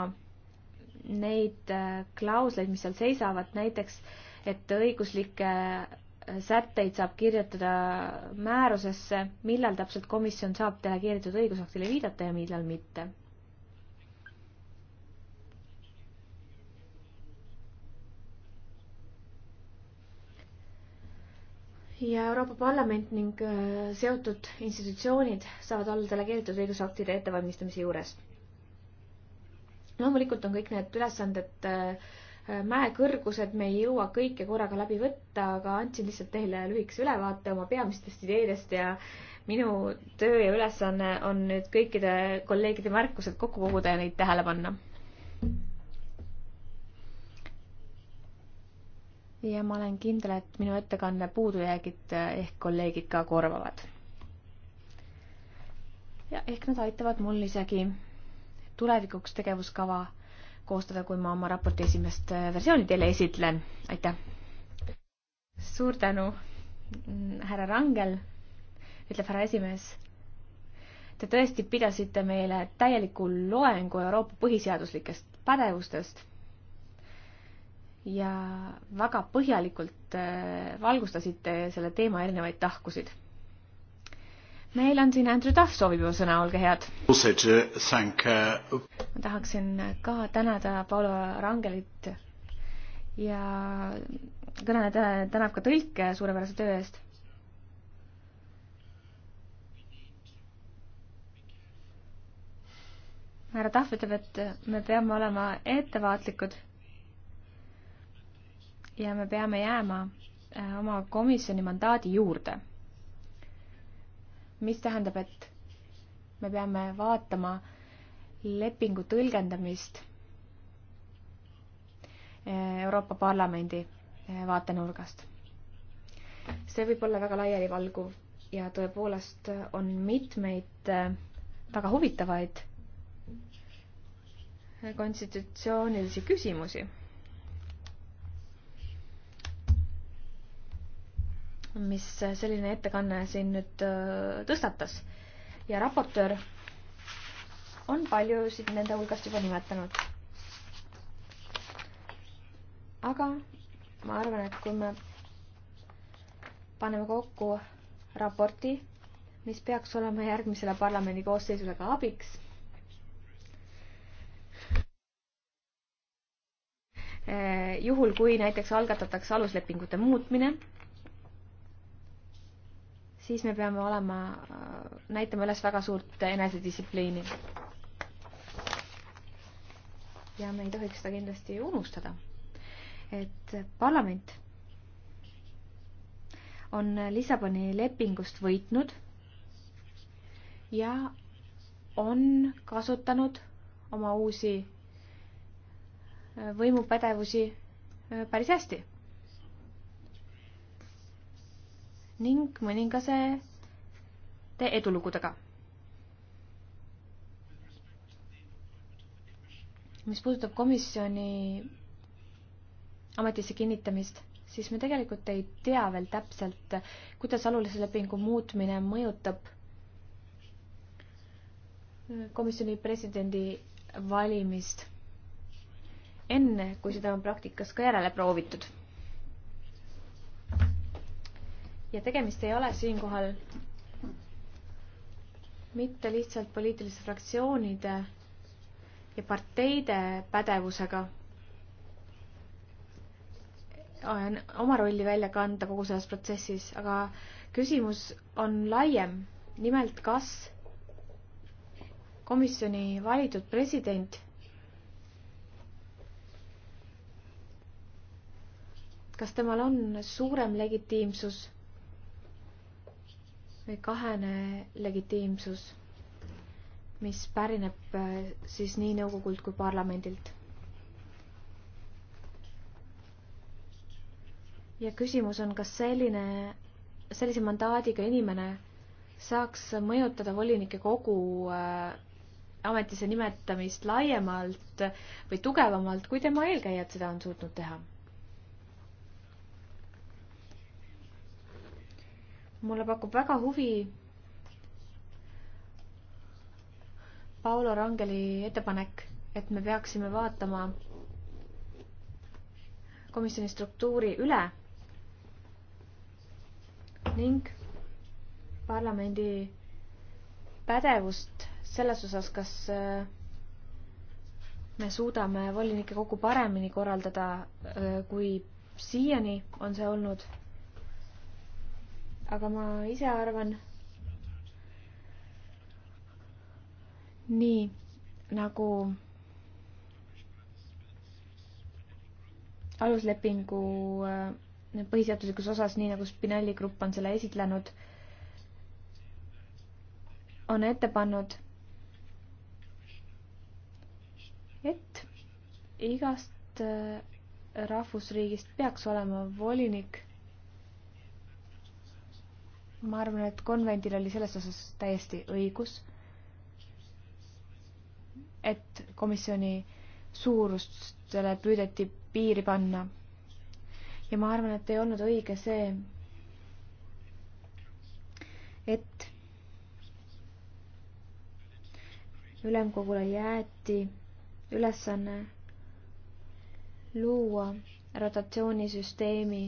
neid äh, klausleid, mis seal seisavad, näiteks et õiguslikke äh, sätteid saab kirjutada määrusesse, millal täpselt komisjon saab delegeeritud õigusaktile viidata ja millal mitte ja Euroopa Parlament ning äh, seotud institutsioonid saavad olla delegeeritud õigusaktide ettevalmistamise juures. loomulikult on kõik need ülesanded äh, mäekõrgused, me ei jõua kõike korraga läbi võtta, aga andsin lihtsalt teile lühikese ülevaate oma peamistest ideedest ja minu töö ja ülesanne on nüüd kõikide kolleegide märkused kokku koguda ja neid tähele panna ja ma olen kindel, et minu ettekande puudujäägid eh, ehk kolleegid ka korvavad. ja ehk nad aitavad mul isegi tulevikuks tegevuskava koostada, kui ma oma raporti esimest eh, versiooni teile esitlen. aitäh! suur tänu, mm, härra Rangel, ütleb härra esimees. Te tõesti pidasite meile täieliku loengu Euroopa põhiseaduslikest pädevustest ja väga põhjalikult äh, valgustasite selle teema erinevaid tahkusid. meil on siin Andrew Duff soovib juba sõna, olge head. Äh, ma tahaksin ka tänada Paolo Rangelit ja kõneleja tänab ka tõlke suurepärase töö eest härra Tahv ütleb, et me peame olema ettevaatlikud ja me peame jääma äh, oma komisjoni mandaadi juurde. mis tähendab, et me peame vaatama lepingu tõlgendamist äh, Euroopa Parlamendi äh, vaatenurgast. see võib olla väga laialivalguv ja tõepoolest on mitmeid väga huvitavaid konstitutsioonilisi küsimusi mis selline ettekanne siin nüüd äh, tõstatas. ja raportöör on paljusid nende hulgast juba nimetanud. aga ma arvan, et kui me paneme kokku raporti, mis peaks olema järgmisele parlamendi koosseisule ka abiks, äh, juhul kui näiteks algatatakse aluslepingute muutmine siis me peame olema, äh, näitama üles väga suurt enesedistsipliini. ja me ei tohiks seda kindlasti unustada, et parlament on Lissaboni lepingust võitnud ja on kasutanud oma uusi äh, võimupädevusi äh, päris hästi ning mõningase edulugudega. mis puudutab komisjoni ametisse kinnitamist, siis me tegelikult ei tea veel täpselt, kuidas alulise lepingu muutmine mõjutab komisjoni presidendi valimist enne, kui seda on praktikas ka järele proovitud ja tegemist ei ole siinkohal mitte lihtsalt poliitiliste fraktsioonide ja parteide pädevusega oma rolli välja kanda kogu selles protsessis, aga küsimus on laiem. nimelt, kas komisjoni valitud president kas temal on suurem legitiimsus või kahene legitiimsus, mis pärineb äh, siis nii nõukogult kui parlamendilt. ja küsimus on, kas selline, sellise mandaadiga inimene saaks mõjutada volinike kogu äh, ametisse nimetamist laiemalt või tugevamalt, kui tema eelkäijad seda on suutnud teha mulle pakub väga huvi Paolo Rangeli ettepanek, et me peaksime vaatama komisjoni struktuuri üle ning parlamendi pädevust selles osas, kas äh, me suudame volinike kogu paremini korraldada, äh, kui siiani on see olnud aga ma ise arvan nii nagu aluslepingu äh, põhiseaduslikus osas, nii nagu Spinelli grupp on selle esitlenud, on ette pannud, et igast äh, rahvusriigist peaks olema volinik ma arvan, et konvendil oli selles osas täiesti õigus, et komisjoni suurustele püüdeti piiri panna. ja ma arvan, et ei olnud õige see, et ülemkogule jäeti ülesanne luua rotatsioonisüsteemi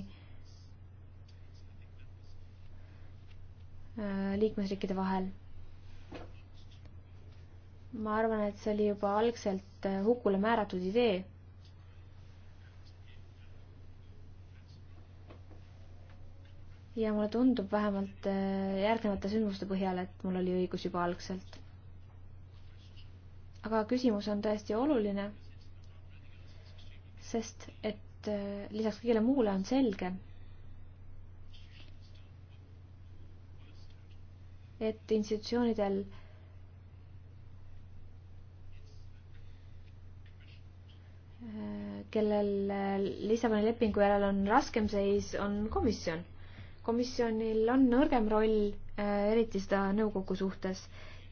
Äh, liikmesriikide vahel. ma arvan, et see oli juba algselt äh, hukule määratud idee. ja mulle tundub vähemalt äh, järgnevate sündmuste põhjal, et mul oli õigus juba algselt. aga küsimus on tõesti oluline, sest et lisaks kõigele muule on selge et institutsioonidel kellel Lissaboni lepingu järel on raskem seis, on komisjon. komisjonil on nõrgem roll, äh, eriti seda nõukogu suhtes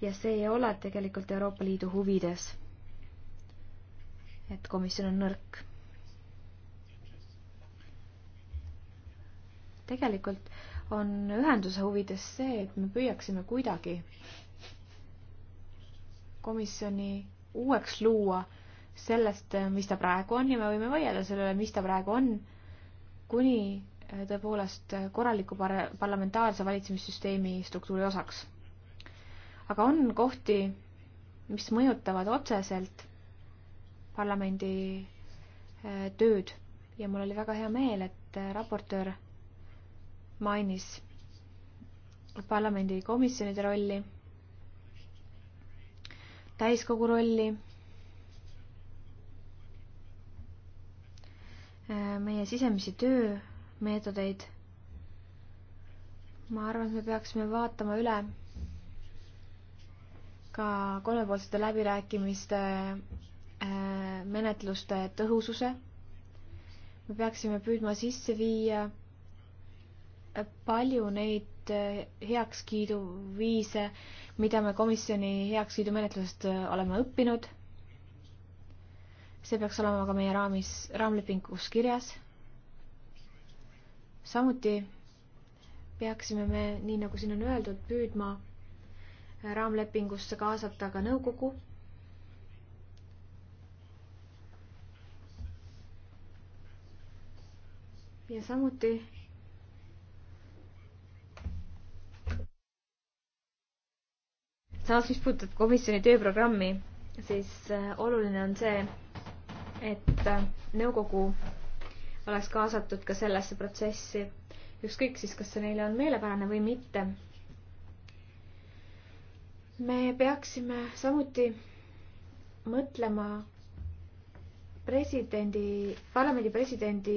ja see ei ole tegelikult Euroopa Liidu huvides. et komisjon on nõrk. tegelikult on ühenduse huvides see, et me püüaksime kuidagi komisjoni uueks luua sellest, mis ta praegu on ja me võime vaielda sellele, mis ta praegu on, kuni äh, tõepoolest korraliku par-, parlamentaarse valitsemissüsteemi struktuuri osaks. aga on kohti, mis mõjutavad otseselt parlamendi äh, tööd ja mul oli väga hea meel, et äh, raportöör mainis parlamendi komisjonide rolli, täiskogu rolli, meie sisemisi töömeetodeid. ma arvan, et me peaksime vaatama üle ka kolmepoolsete läbirääkimiste äh, menetluste tõhususe. me peaksime püüdma sisse viia palju neid eh, heakskiiduviise, mida me komisjoni heakskiidumenetlusest eh, oleme õppinud. see peaks olema ka meie raamis, raamlepingus kirjas. samuti peaksime me, nii nagu siin on öeldud, püüdma raamlepingusse kaasata ka nõukogu ja samuti samas, mis puudutab komisjoni tööprogrammi, siis äh, oluline on see, et äh, nõukogu oleks kaasatud ka sellesse protsessi, ükskõik siis, kas see neile on meelepärane või mitte. me peaksime samuti mõtlema presidendi, parlamendi presidendi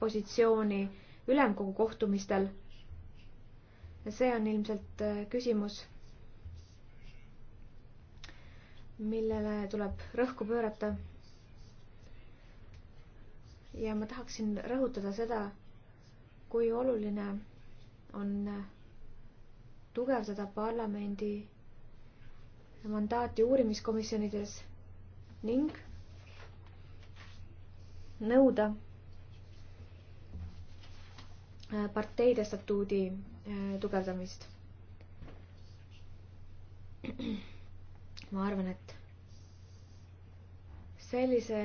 positsiooni ülemkogu kohtumistel. see on ilmselt äh, küsimus millele tuleb rõhku pöörata. ja ma tahaksin rõhutada seda, kui oluline on tugevdada parlamendi mandaati uurimiskomisjonides ning nõuda parteide statuudi tugevdamist ma arvan, et sellise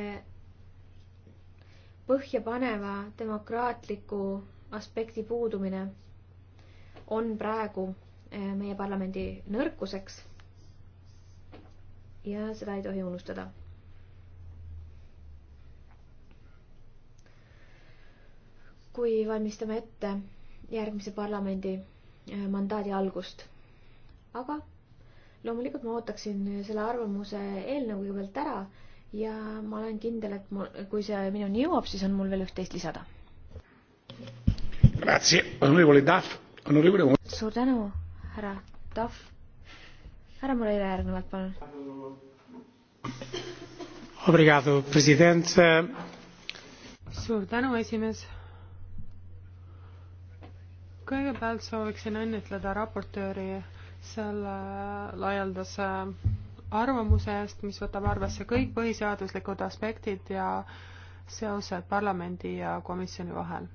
põhjapaneva demokraatliku aspekti puudumine on praegu eh, meie parlamendi nõrkuseks. ja seda ei tohi unustada. kui valmistame ette järgmise parlamendi eh, mandaadi algust, aga loomulikult ma ootaksin selle arvamuse eelnõu kõigepealt ära ja ma olen kindel, et mul, kui see minuni jõuab, siis on mul veel üht-teist lisada. suur tänu, härra Tahv. härra Moreira järgnevalt, palun. suur tänu, esimees kõigepealt sooviksin õnnitleda raportööri selle laialdase arvamuse eest, mis võtab arvesse kõik põhiseaduslikud aspektid ja seosed parlamendi ja komisjoni vahel.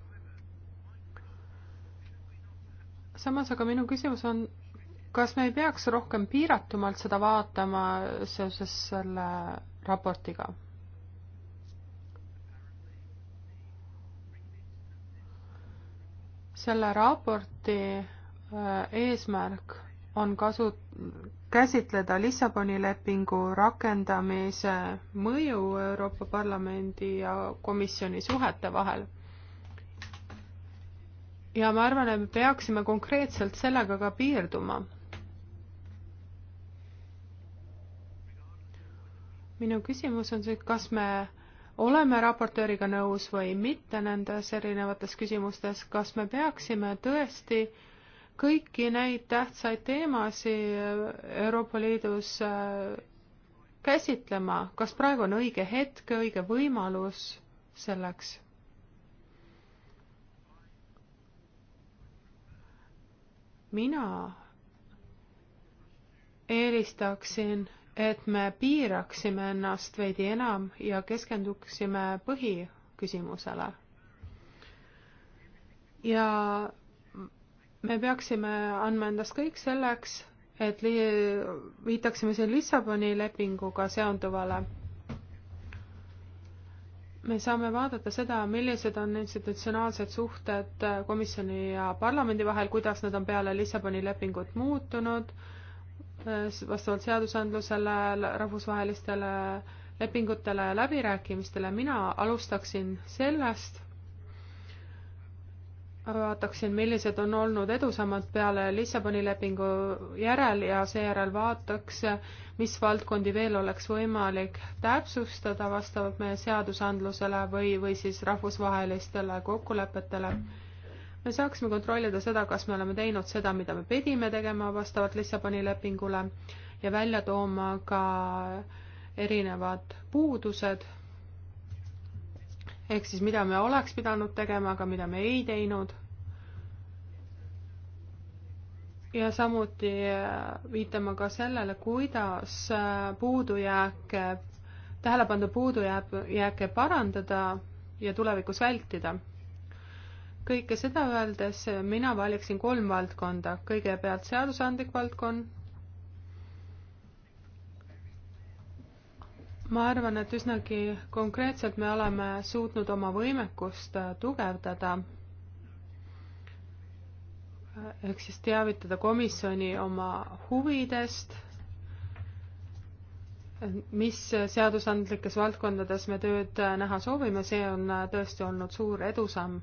samas aga minu küsimus on, kas me ei peaks rohkem piiratumalt seda vaatama seoses selle raportiga? selle raporti äh, eesmärk on kasu, käsitleda Lissaboni lepingu rakendamise mõju Euroopa Parlamendi ja komisjoni suhete vahel. ja ma arvan, et me peaksime konkreetselt sellega ka piirduma. minu küsimus on see, kas me oleme raportööriga nõus või mitte nendes erinevates küsimustes, kas me peaksime tõesti äh, kõiki neid tähtsaid teemasid Euroopa Liidus äh, käsitlema, kas praegu on õige hetk, õige võimalus selleks? mina eelistaksin, et me piiraksime ennast veidi enam ja keskenduksime põhiküsimusele. ja me peaksime andma endast kõik selleks, et li-, viitaksime siin Lissaboni lepinguga seonduvale. me saame vaadata seda, millised on institutsionaalsed suhted komisjoni ja parlamendi vahel, kuidas nad on peale Lissaboni lepingut muutunud, vastavalt seadusandlusele, rahvusvahelistele lepingutele ja läbirääkimistele, mina alustaksin sellest vaataksin, millised on olnud edusammad peale Lissaboni lepingu järel ja seejärel vaataks, mis valdkondi veel oleks võimalik täpsustada vastavalt meie seadusandlusele või, või siis rahvusvahelistele kokkulepetele. me saaksime kontrollida seda, kas me oleme teinud seda, mida me pidime tegema vastavalt Lissaboni lepingule ja välja tooma ka erinevad puudused ehk siis mida me oleks pidanud tegema, aga mida me ei teinud. ja samuti äh, viitama ka sellele, kuidas äh, puudujääke, tähele pandud puudujääke parandada ja tulevikus vältida. kõike seda öeldes mina valiksin kolm valdkonda, kõigepealt seadusandlik valdkond ma arvan, et üsnagi konkreetselt me oleme suutnud oma võimekust äh, tugevdada, äh, ehk siis teavitada komisjoni oma huvidest, mis seadusandlikes valdkondades me tööd äh, näha soovime, see on tõesti olnud suur edusamm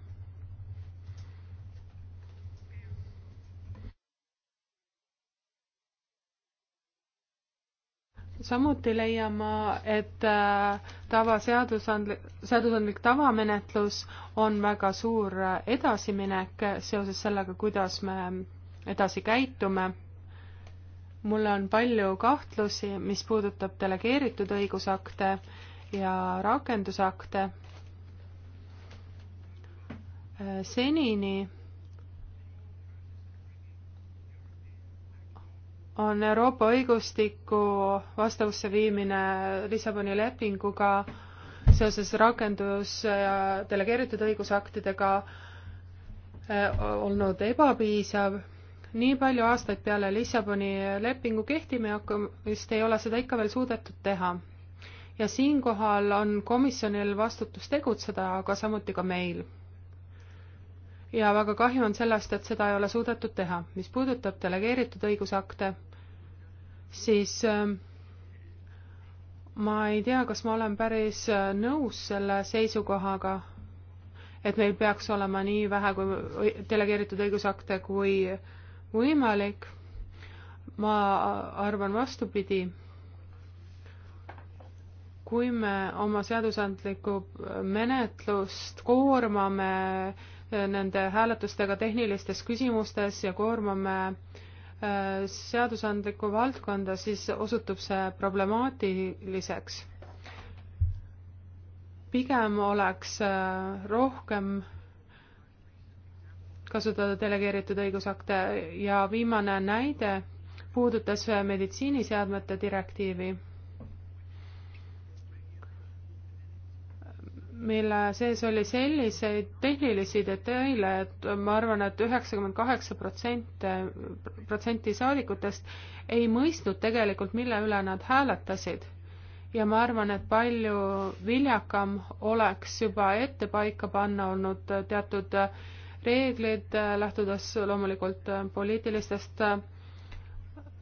samuti leian ma, et äh, tavaseadusandlik, seadusandlik tavamenetlus on väga suur äh, edasiminek seoses sellega, kuidas me edasi käitume. mul on palju kahtlusi, mis puudutab delegeeritud õigusakte ja rakendusakte. Äh, senini on Euroopa õigustiku vastavusse viimine Lissaboni lepinguga seoses rakendus- ja delegeeritud õigusaktidega eh, olnud ebapiisav. nii palju aastaid peale Lissaboni lepingu kehtima hakkamist ei ole seda ikka veel suudetud teha. ja siinkohal on komisjonil vastutus tegutseda, aga samuti ka meil ja väga kahju on sellest, et seda ei ole suudetud teha. mis puudutab delegeeritud õigusakte, siis ähm, ma ei tea, kas ma olen päris äh, nõus selle seisukohaga, et meil peaks olema nii vähe kui delegeeritud õigusakte kui võimalik. ma arvan vastupidi. kui me oma seadusandlikku äh, menetlust koormame äh, nende hääletustega tehnilistes küsimustes ja koormame äh, Äh, seadusandlikku valdkonda, siis osutub see problemaatiliseks. pigem oleks äh, rohkem kasutada delegeeritud õigusakte ja viimane näide puudutas meditsiiniseadmete direktiivi mille sees oli selliseid tehnilisi detaile, et ma arvan et, et üheksakümmend kaheksa protsenti, protsenti saadikutest ei mõistnud tegelikult, mille üle nad hääletasid. ja ma arvan, et palju viljakam oleks juba ette paika panna olnud teatud reeglid, lähtudes loomulikult poliitilistest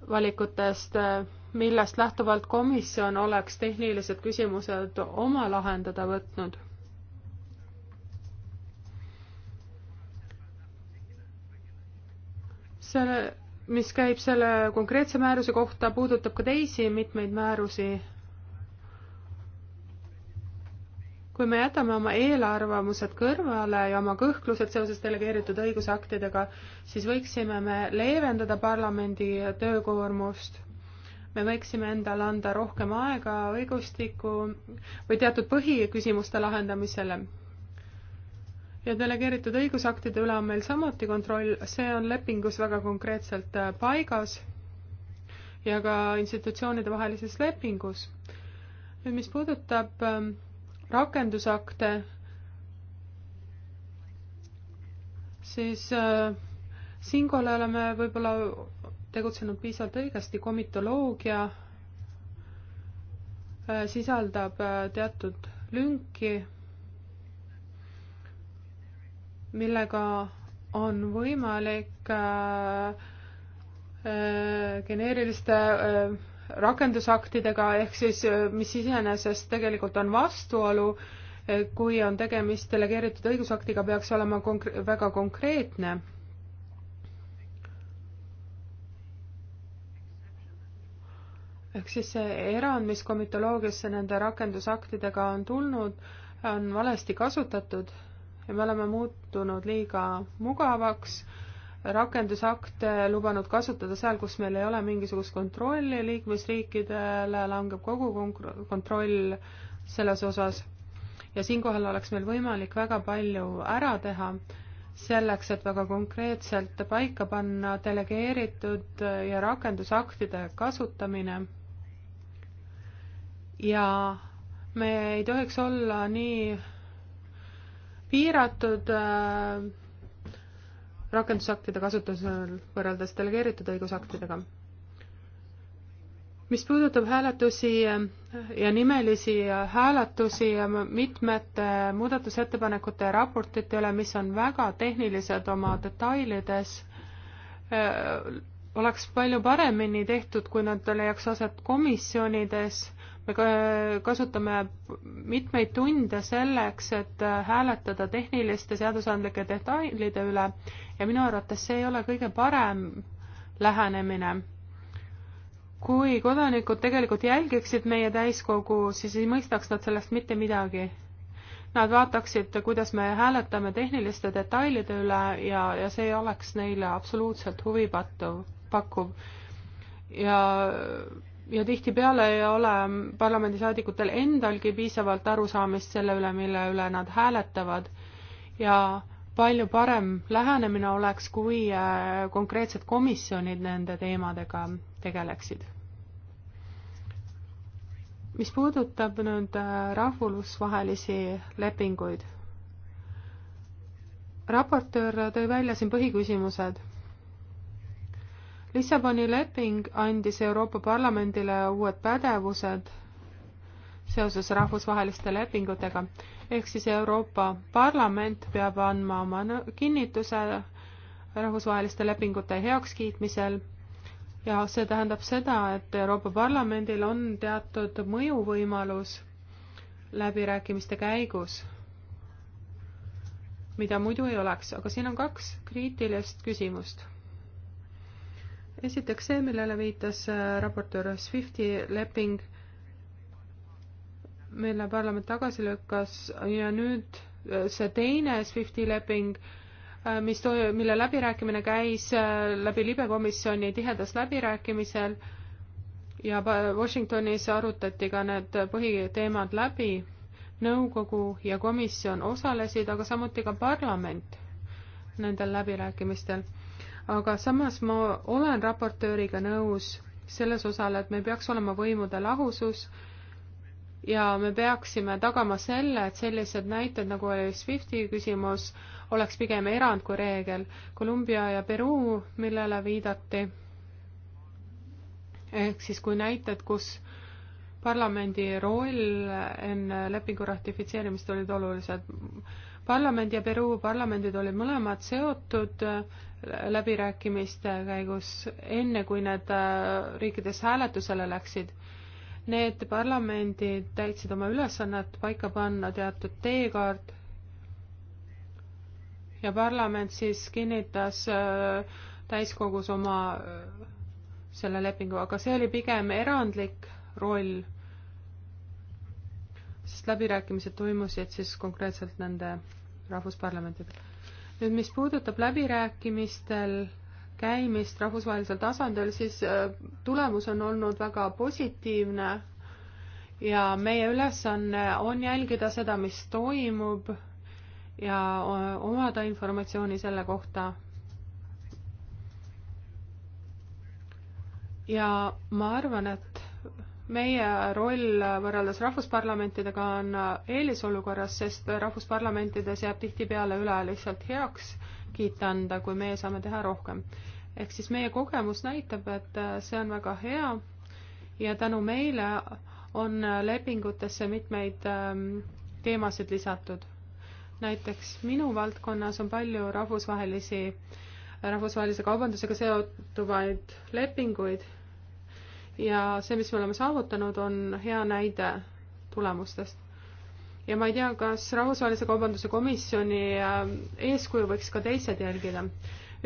valikutest, millest lähtuvalt komisjon oleks tehnilised küsimused oma lahendada võtnud selle, mis käib selle konkreetse määruse kohta, puudutab ka teisi mitmeid määrusi. kui me jätame oma eelarvamused kõrvale ja oma kõhklused seoses delegeeritud õigusaktidega, siis võiksime me leevendada parlamendi töökoormust me võiksime endale anda rohkem aega õigustiku või teatud põhiküsimuste lahendamisele ja delegeeritud õigusaktide üle on meil samuti kontroll, see on lepingus väga konkreetselt äh, paigas ja ka institutsioonide vahelises lepingus. nüüd, mis puudutab ähm, rakendusakte, siis äh, siinkohal oleme võib-olla tegutsenud piisavalt õigesti, komitoloogia äh, sisaldab äh, teatud lünki millega on võimalik äh, äh, geneeriliste äh, rakendusaktidega ehk siis, äh, mis iseenesest tegelikult on vastuolu, äh, kui on tegemist delegeeritud õigusaktiga, peaks olema konkre-, väga konkreetne. ehk siis see erand, mis komitoloogiasse nende rakendusaktidega on tulnud, on valesti kasutatud ja me oleme muutunud liiga mugavaks, rakendusakte lubanud kasutada seal, kus meil ei ole mingisugust kontrolli, liikmesriikidele langeb kogu kontroll selles osas ja siinkohal oleks meil võimalik väga palju ära teha, selleks, et väga konkreetselt paika panna delegeeritud ja rakendusaktide kasutamine. ja me ei tohiks olla nii piiratud äh, rakendusaktide kasutusel võrreldes delegeeritud õigusaktidega. mis puudutab hääletusi äh, ja nimelisi äh, hääletusi mitmete muudatusettepanekute ja raportite üle, mis on väga tehnilised oma detailides, oleks palju paremini tehtud, kui nad leiaks aset komisjonides me kasutame mitmeid tunde selleks, et hääletada tehniliste seadusandlike detailide üle ja minu arvates see ei ole kõige parem lähenemine. kui kodanikud tegelikult jälgiksid meie täiskogu, siis ei mõistaks nad sellest mitte midagi. Nad vaataksid, kuidas me hääletame tehniliste detailide üle ja, ja see oleks neile absoluutselt huvipattuv, pakkuv. ja ja tihtipeale ei ole parlamendisaadikutel endalgi piisavalt arusaamist selle üle, mille üle nad hääletavad ja palju parem lähenemine oleks, kui äh, konkreetsed komisjonid nende teemadega tegeleksid. mis puudutab nüüd äh, rahvusvahelisi lepinguid, raportöör tõi välja siin põhiküsimused Lissaboni leping andis Euroopa Parlamendile uued pädevused seoses rahvusvaheliste lepingutega, ehk siis Euroopa Parlament peab andma oma kinnituse rahvusvaheliste lepingute heakskiitmisel ja see tähendab seda, et Euroopa Parlamendil on teatud mõjuvõimalus läbirääkimiste käigus, mida muidu ei oleks, aga siin on kaks kriitilist küsimust esiteks see, millele viitas äh, raportöör Swifti leping, mille parlament tagasi lükkas ja nüüd äh, see teine Swifti leping, äh, mis, mille läbirääkimine käis läbi libekomisjoni tihedas läbirääkimisel ja Washingtonis arutati ka need põhiteemad läbi. nõukogu ja komisjon osalesid, aga samuti ka parlament nendel läbirääkimistel aga samas ma olen raportööriga nõus selles osal, et meil peaks olema võimude lahusus ja me peaksime tagama selle, et sellised näited, nagu oli Swifti küsimus, oleks pigem erand kui reegel. Kolumbia ja Peruu, millele viidati, ehk siis kui näited, kus parlamendi roll enne lepingu ratifitseerimist olid olulised parlament ja Peruu parlamendid olid mõlemad seotud äh, läbirääkimiste käigus, enne kui need äh, riikides hääletusele läksid. Need parlamendid täitsid oma ülesannet paika panna teatud teekaart ja parlament siis kinnitas äh, täiskogus oma selle lepingu, aga see oli pigem erandlik roll sest läbirääkimised toimusid siis konkreetselt nende rahvusparlamentidel. nüüd, mis puudutab läbirääkimistel käimist rahvusvahelisel tasandil, siis äh, tulemus on olnud väga positiivne ja meie ülesanne on, on jälgida seda, mis toimub ja äh, omada informatsiooni selle kohta. ja ma arvan, et meie roll võrreldes rahvusparlamentidega on eelisolukorras, sest rahvusparlamentides jääb tihtipeale üle lihtsalt heaks kiita anda, kui meie saame teha rohkem. ehk siis meie kogemus näitab, et see on väga hea ja tänu meile on lepingutesse mitmeid ähm, teemasid lisatud. näiteks minu valdkonnas on palju rahvusvahelisi, rahvusvahelise kaubandusega seotuvaid lepinguid ja see, mis me oleme saavutanud, on hea näide tulemustest. ja ma ei tea, kas Rahvusvahelise Kaubanduse Komisjoni äh, eeskuju võiks ka teised jälgida.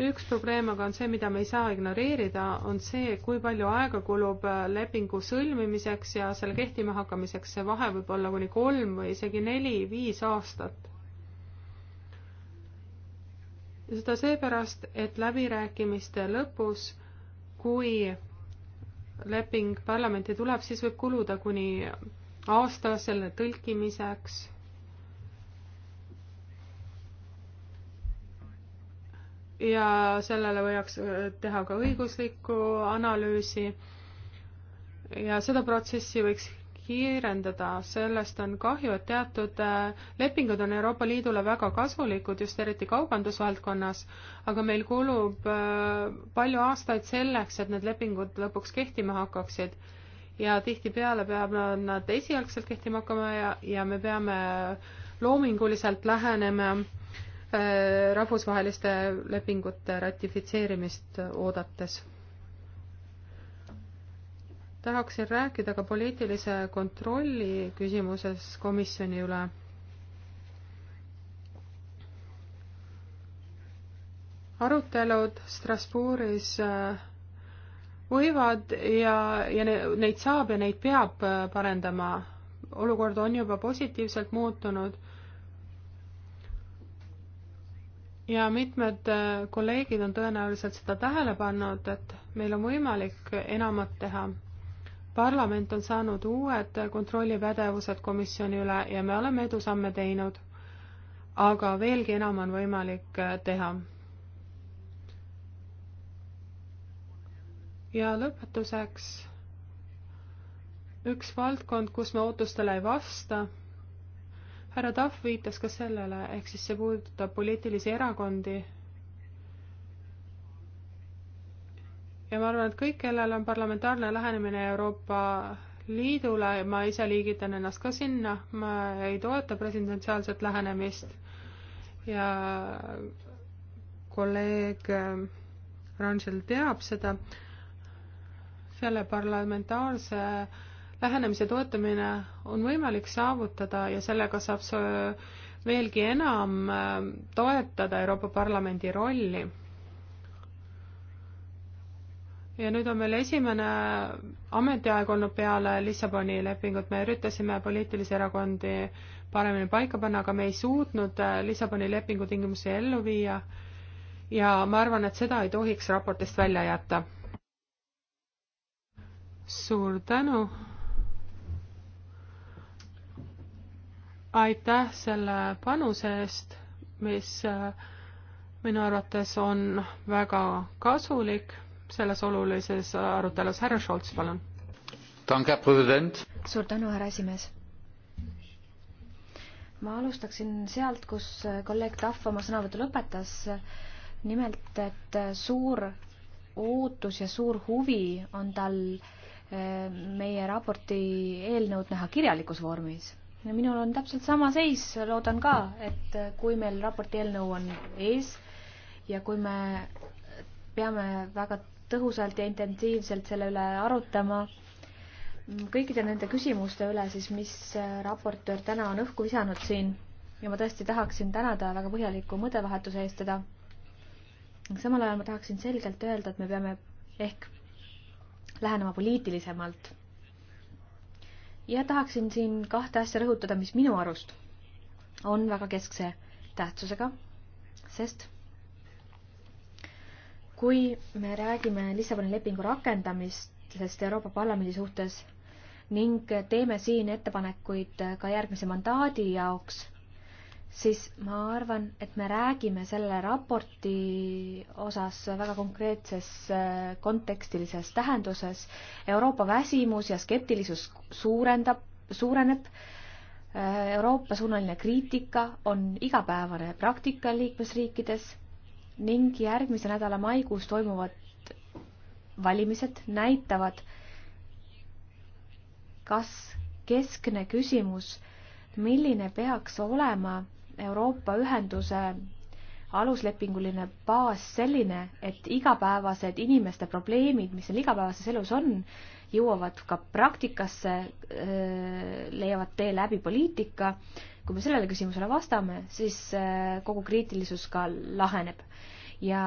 üks probleem aga on see, mida me ei saa ignoreerida, on see, kui palju aega kulub äh, lepingu sõlmimiseks ja selle kehtima hakkamiseks, see vahe võib olla kuni kolm või isegi neli-viis aastat. seda seepärast, et läbirääkimiste lõpus, kui leping parlamenti tuleb, siis võib kuluda kuni aasta selle tõlkimiseks. ja sellele võiks teha ka õiguslikku analüüsi. ja seda protsessi võiks kiirendada, sellest on kahju, et teatud äh, lepingud on Euroopa Liidule väga kasulikud, just eriti kaubandusvaldkonnas, aga meil kulub äh, palju aastaid selleks, et need lepingud lõpuks kehtima hakkaksid. ja tihtipeale peab nad esialgselt kehtima hakkama ja, ja me peame loominguliselt lähenema äh, rahvusvaheliste lepingute ratifitseerimist oodates tahaksin rääkida ka poliitilise kontrolli küsimuses komisjoni üle. arutelud Strasbourgis äh, võivad ja, ja neid saab ja neid peab äh, parendama. olukord on juba positiivselt muutunud ja mitmed äh, kolleegid on tõenäoliselt seda tähele pannud, et meil on võimalik enamat teha parlament on saanud uued kontrollipädevused komisjoni üle ja me oleme edusamme teinud, aga veelgi enam on võimalik äh, teha. ja lõpetuseks üks valdkond, kus me ootustele ei vasta, härra Tahv viitas ka sellele, ehk siis see puudutab poliitilisi erakondi ja ma arvan, et kõik, kellel on parlamentaarne lähenemine Euroopa Liidule, ma ise liigitan ennast ka sinna, ma ei toeta presidentsiaalset lähenemist ja kolleeg äh, Rangel teab seda, selle parlamentaarse lähenemise toetamine on võimalik saavutada ja sellega saab veelgi enam äh, toetada Euroopa Parlamendi rolli ja nüüd on meil esimene ametiaeg olnud peale Lissaboni lepingut, me üritasime poliitilisi erakondi paremini paika panna, aga me ei suutnud äh, Lissaboni lepingu tingimusi ellu viia ja ma arvan, et seda ei tohiks raportist välja jätta. suur tänu. aitäh selle panuse eest, mis äh, minu arvates on väga kasulik selles olulises arutelus. härra Scholz, palun. suur tänu, härra esimees. ma alustaksin sealt, kus kolleeg Tahv oma sõnavõtu lõpetas. nimelt, et suur ootus ja suur huvi on tal eh, meie raporti eelnõud näha kirjalikus vormis ja minul on täpselt sama seis, loodan ka, et kui meil raporti eelnõu on ees ja kui me peame väga tõhusalt ja intensiivselt selle üle arutama. kõikide nende küsimuste üle siis, mis äh, raportöör täna on õhku visanud siin ja ma tõesti tahaksin tänada väga põhjaliku mõttevahetuse eest teda. samal ajal ma tahaksin selgelt öelda, et me peame ehk lähenema poliitilisemalt. ja tahaksin siin kahte asja rõhutada, mis minu arust on väga keskse tähtsusega, sest kui me räägime Lissaboni lepingu rakendamisest Euroopa Parlamendi suhtes ning teeme siin ettepanekuid ka järgmise mandaadi jaoks, siis ma arvan, et me räägime selle raporti osas väga konkreetses äh, kontekstilises tähenduses. Euroopa väsimus ja skeptilisus suurendab, suureneb äh, Euroopa suunaline kriitika on igapäevane praktika liikmesriikides ning järgmise nädala maikuus toimuvad valimised näitavad, kas keskne küsimus, milline peaks olema Euroopa Ühenduse aluslepinguline baas selline, et igapäevased inimeste probleemid, mis seal igapäevases elus on, jõuavad ka praktikasse, leiavad tee läbi poliitika kui me sellele küsimusele vastame, siis äh, kogu kriitilisus ka laheneb. ja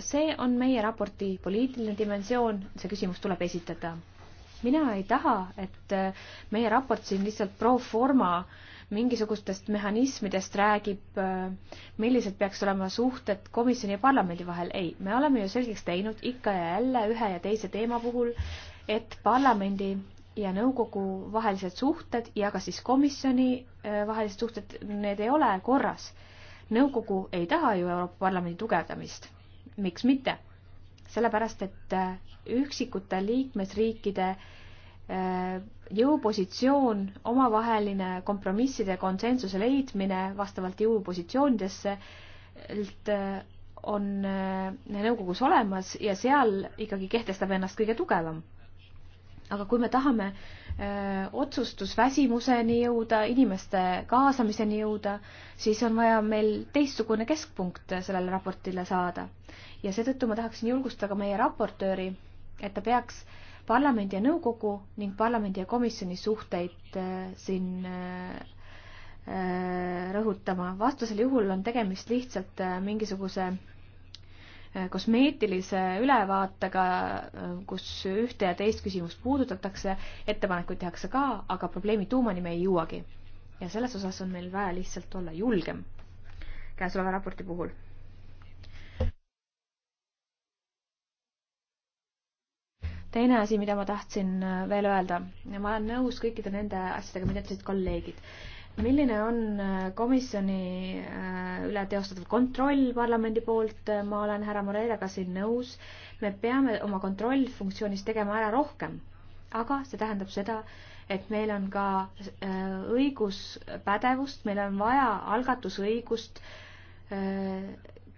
see on meie raporti poliitiline dimensioon, see küsimus tuleb esitada. mina ei taha, et äh, meie raport siin lihtsalt pro forma mingisugustest mehhanismidest räägib, äh, millised peaks olema suhted komisjoni ja parlamendi vahel. ei, me oleme ju selgeks teinud ikka ja jälle ühe ja teise teema puhul, et parlamendi ja nõukogu vahelised suhted ja ka siis komisjoni äh, vahelised suhted, need ei ole korras. nõukogu ei taha ju Euroopa Parlamendi tugevdamist. miks mitte? sellepärast, et äh, üksikute liikmesriikide äh, jõupositsioon, omavaheline kompromisside konsensuse leidmine vastavalt jõupositsioonidesse on nõukogus olemas ja seal ikkagi kehtestab ennast kõige tugevam aga kui me tahame öö, äh, otsustusväsimuseni jõuda, inimeste kaasamiseni jõuda, siis on vaja meil teistsugune keskpunkt sellele raportile saada. ja seetõttu ma tahaksin julgustada meie raportööri, et ta peaks parlamendi ja nõukogu ning parlamendi ja komisjoni suhteid öö, äh, siin öö, äh, rõhutama, vastasel juhul on tegemist lihtsalt mingisuguse Äh, kosmeetilise ülevaatega, äh, kus ühte ja teist küsimust puudutatakse, ettepanekuid tehakse ka, aga probleemi tuumani me ei jõuagi. ja selles osas on meil vaja lihtsalt olla julgem käesoleva raporti puhul. teine asi, mida ma tahtsin äh, veel öelda, ma olen nõus kõikide nende asjadega, mida ütlesid kolleegid milline on äh, komisjoni äh, üle teostatav kontroll parlamendi poolt, äh, ma olen härra Moreiraga siin nõus, me peame oma kontrollfunktsioonis tegema ära rohkem. aga see tähendab seda, et meil on ka õiguspädevust, meil on vaja algatusõigust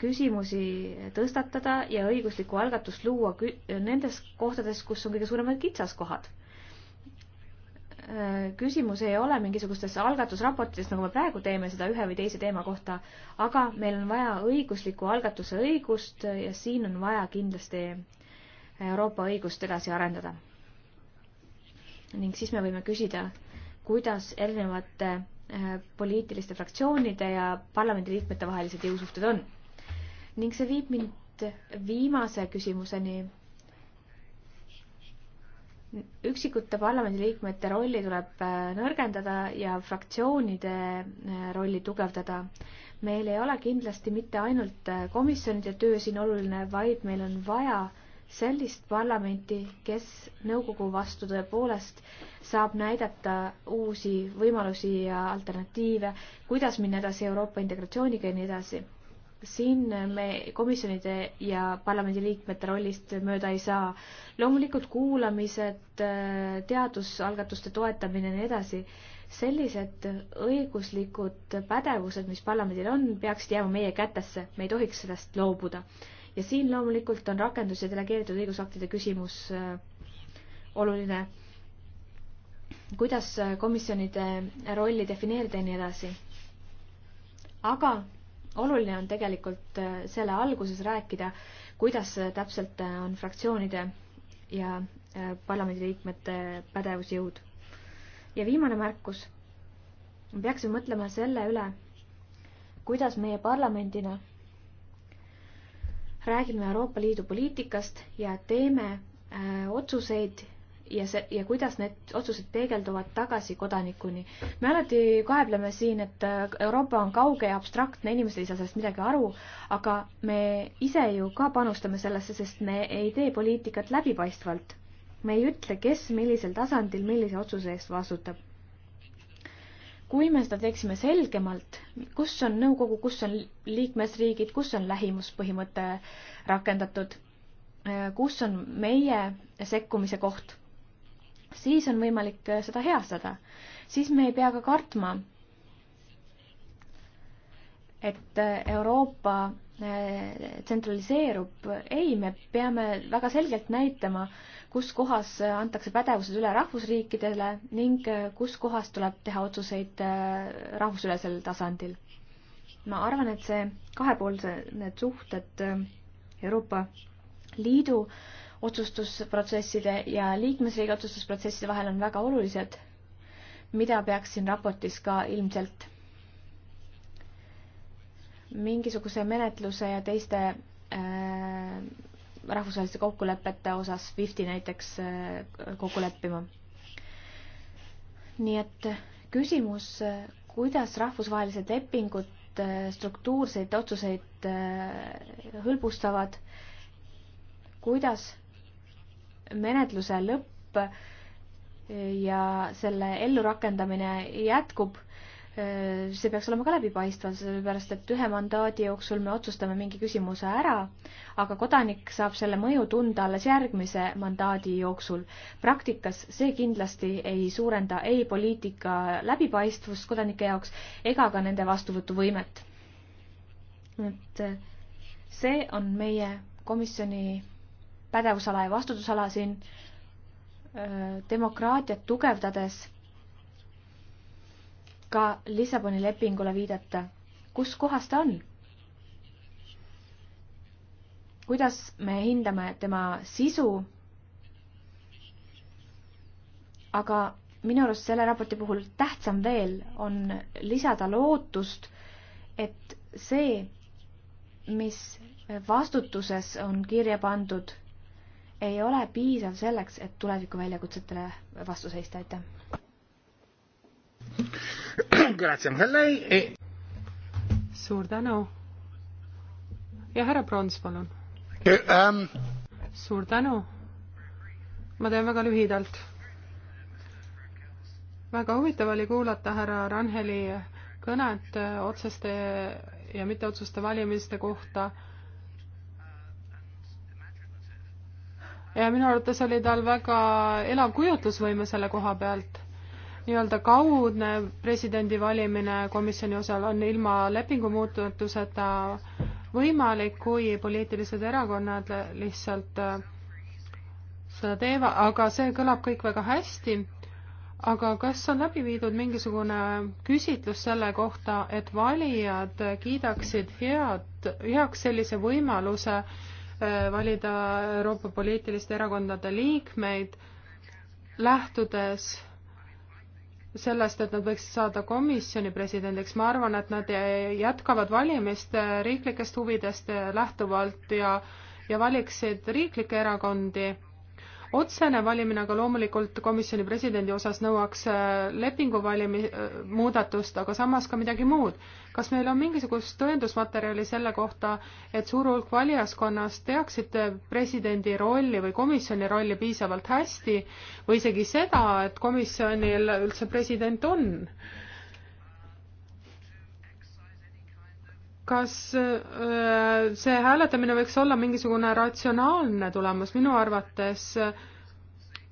küsimusi tõstatada ja õiguslikku algatust luua nendes kohtades, kus on kõige suuremad kitsaskohad küsimus ei ole mingisugustes algatusraportites, nagu me praegu teeme seda ühe või teise teema kohta, aga meil on vaja õiguslikku algatuse õigust ja siin on vaja kindlasti Euroopa õigust edasi arendada. ning siis me võime küsida, kuidas erinevate äh, poliitiliste fraktsioonide ja parlamendiliikmete vahelised jõusuhted on. ning see viib mind viimase küsimuseni üksikute parlamendiliikmete rolli tuleb äh, nõrgendada ja fraktsioonide äh, rolli tugevdada. meil ei ole kindlasti mitte ainult äh, komisjonide töö siin oluline, vaid meil on vaja sellist parlamenti, kes nõukogu vastu tõepoolest saab näidata uusi võimalusi ja alternatiive, kuidas minna edasi Euroopa integratsiooniga ja nii edasi siin me komisjonide ja parlamendiliikmete rollist mööda ei saa. loomulikult kuulamised, teadusalgatuste toetamine ja nii edasi, sellised õiguslikud pädevused, mis parlamendil on, peaksid jääma meie kätesse, me ei tohiks sellest loobuda. ja siin loomulikult on rakendus- ja delegeeritud õigusaktide küsimus äh, oluline. kuidas äh, komisjonide rolli defineerida ja nii edasi. aga oluline on tegelikult äh, selle alguses rääkida, kuidas äh, täpselt äh, on fraktsioonide ja parlamendiliikmete pädevusjõud. ja viimane märkus. me peaksime mõtlema selle üle, kuidas meie parlamendina räägime Euroopa Liidu poliitikast ja teeme otsuseid ja see, ja kuidas need otsused peegelduvad tagasi kodanikuni. me alati kaebleme siin, et äh, Euroopa on kauge ja abstraktne, inimesed ei saa sellest midagi aru, aga me ise ju ka panustame sellesse, sest me ei tee poliitikat läbipaistvalt. me ei ütle, kes millisel tasandil millise otsuse eest vastutab. kui me seda teeksime selgemalt, kus on nõukogu, kus on liikmesriigid, kus on lähimuspõhimõte rakendatud, äh, kus on meie sekkumise koht siis on võimalik äh, seda heastada. siis me ei pea ka kartma, et äh, Euroopa äh, tsentraliseerub. ei, me peame väga selgelt näitama, kus kohas antakse pädevused üle rahvusriikidele ning kus kohas tuleb teha otsuseid rahvusülesel tasandil. ma arvan, et see kahepoolsed suhted Euroopa Liidu äh, otsustusprotsesside ja liikmesriigi otsustusprotsesside vahel on väga olulised, mida peaks siin raportis ka ilmselt mingisuguse menetluse ja teiste äh, rahvusvaheliste kokkulepete osas Swifti näiteks äh, kokku leppima. nii et küsimus, kuidas rahvusvahelised lepingud äh, struktuurseid otsuseid äh, hõlbustavad, kuidas menetluse lõpp ja selle ellurakendamine jätkub, see peaks olema ka läbipaistvam, sellepärast et ühe mandaadi jooksul me otsustame mingi küsimuse ära, aga kodanik saab selle mõju tunda alles järgmise mandaadi jooksul. praktikas see kindlasti ei suurenda ei poliitika läbipaistvust kodanike jaoks ega ka nende vastuvõtuvõimet. et see on meie komisjoni pädevusala ja vastutusala siin demokraatiat tugevdades ka Lissaboni lepingule viidata. kus kohas ta on? kuidas me hindame tema sisu? aga minu arust selle raporti puhul tähtsam veel on lisada lootust, et see, mis vastutuses on kirja pandud ei ole piisav selleks, et tuleviku väljakutsetele vastu seista, aitäh. E- suur tänu. ja härra Prons, palun. E, ehm, suur tänu. ma teen väga lühidalt. väga huvitav oli kuulata härra Ranheli kõnet eh, otseste ja mitteotsuste valimiste kohta ja minu arvates oli tal väga elav kujutlusvõime selle koha pealt. nii-öelda kaudne presidendi valimine komisjoni osal on ilma lepingu muutuseta võimalik, kui poliitilised erakonnad lihtsalt äh, seda teevad, aga see kõlab kõik väga hästi. aga kas on läbi viidud mingisugune küsitlus selle kohta, et valijad kiidaksid head, heaks sellise võimaluse äh, Äh, valida Euroopa poliitiliste erakondade liikmeid, lähtudes sellest, et nad võiksid saada komisjoni presidendiks, ma arvan, et nad jätkavad valimist riiklikest huvidest lähtuvalt ja, ja valiksid riiklikke erakondi otsene valimine aga loomulikult komisjoni presidendi osas nõuaks äh, lepingu valimi-, äh, muudatust, aga samas ka midagi muud. kas meil on mingisugust tõendusmaterjali selle kohta, et suur hulk valijaskonnast teaksid presidendi rolli või komisjoni rolli piisavalt hästi või isegi seda, et komisjonil üldse president on? kas äh, see hääletamine võiks olla mingisugune ratsionaalne tulemus, minu arvates äh,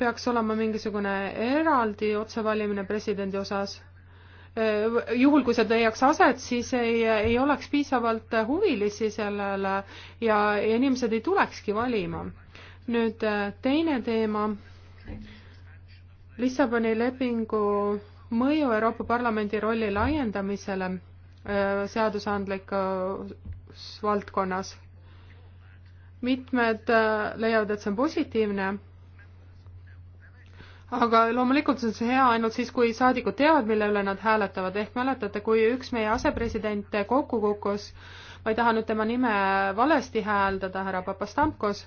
peaks olema mingisugune eraldi otsevalimine presidendi osas. Äh, juhul, kui see leiaks aset, siis ei, ei oleks piisavalt huvilisi sellele ja inimesed ei tulekski valima. nüüd teine teema, Lissaboni lepingu mõju Euroopa Parlamendi rolli laiendamisele Äh, seadusandlikus valdkonnas. mitmed äh, leiavad, et see on positiivne, aga loomulikult on see hea ainult siis, kui saadikud teavad, mille üle nad hääletavad, ehk mäletate, kui üks meie asepresident kokku kukkus, ma ei taha nüüd tema nime valesti hääldada, härra Papastamkos,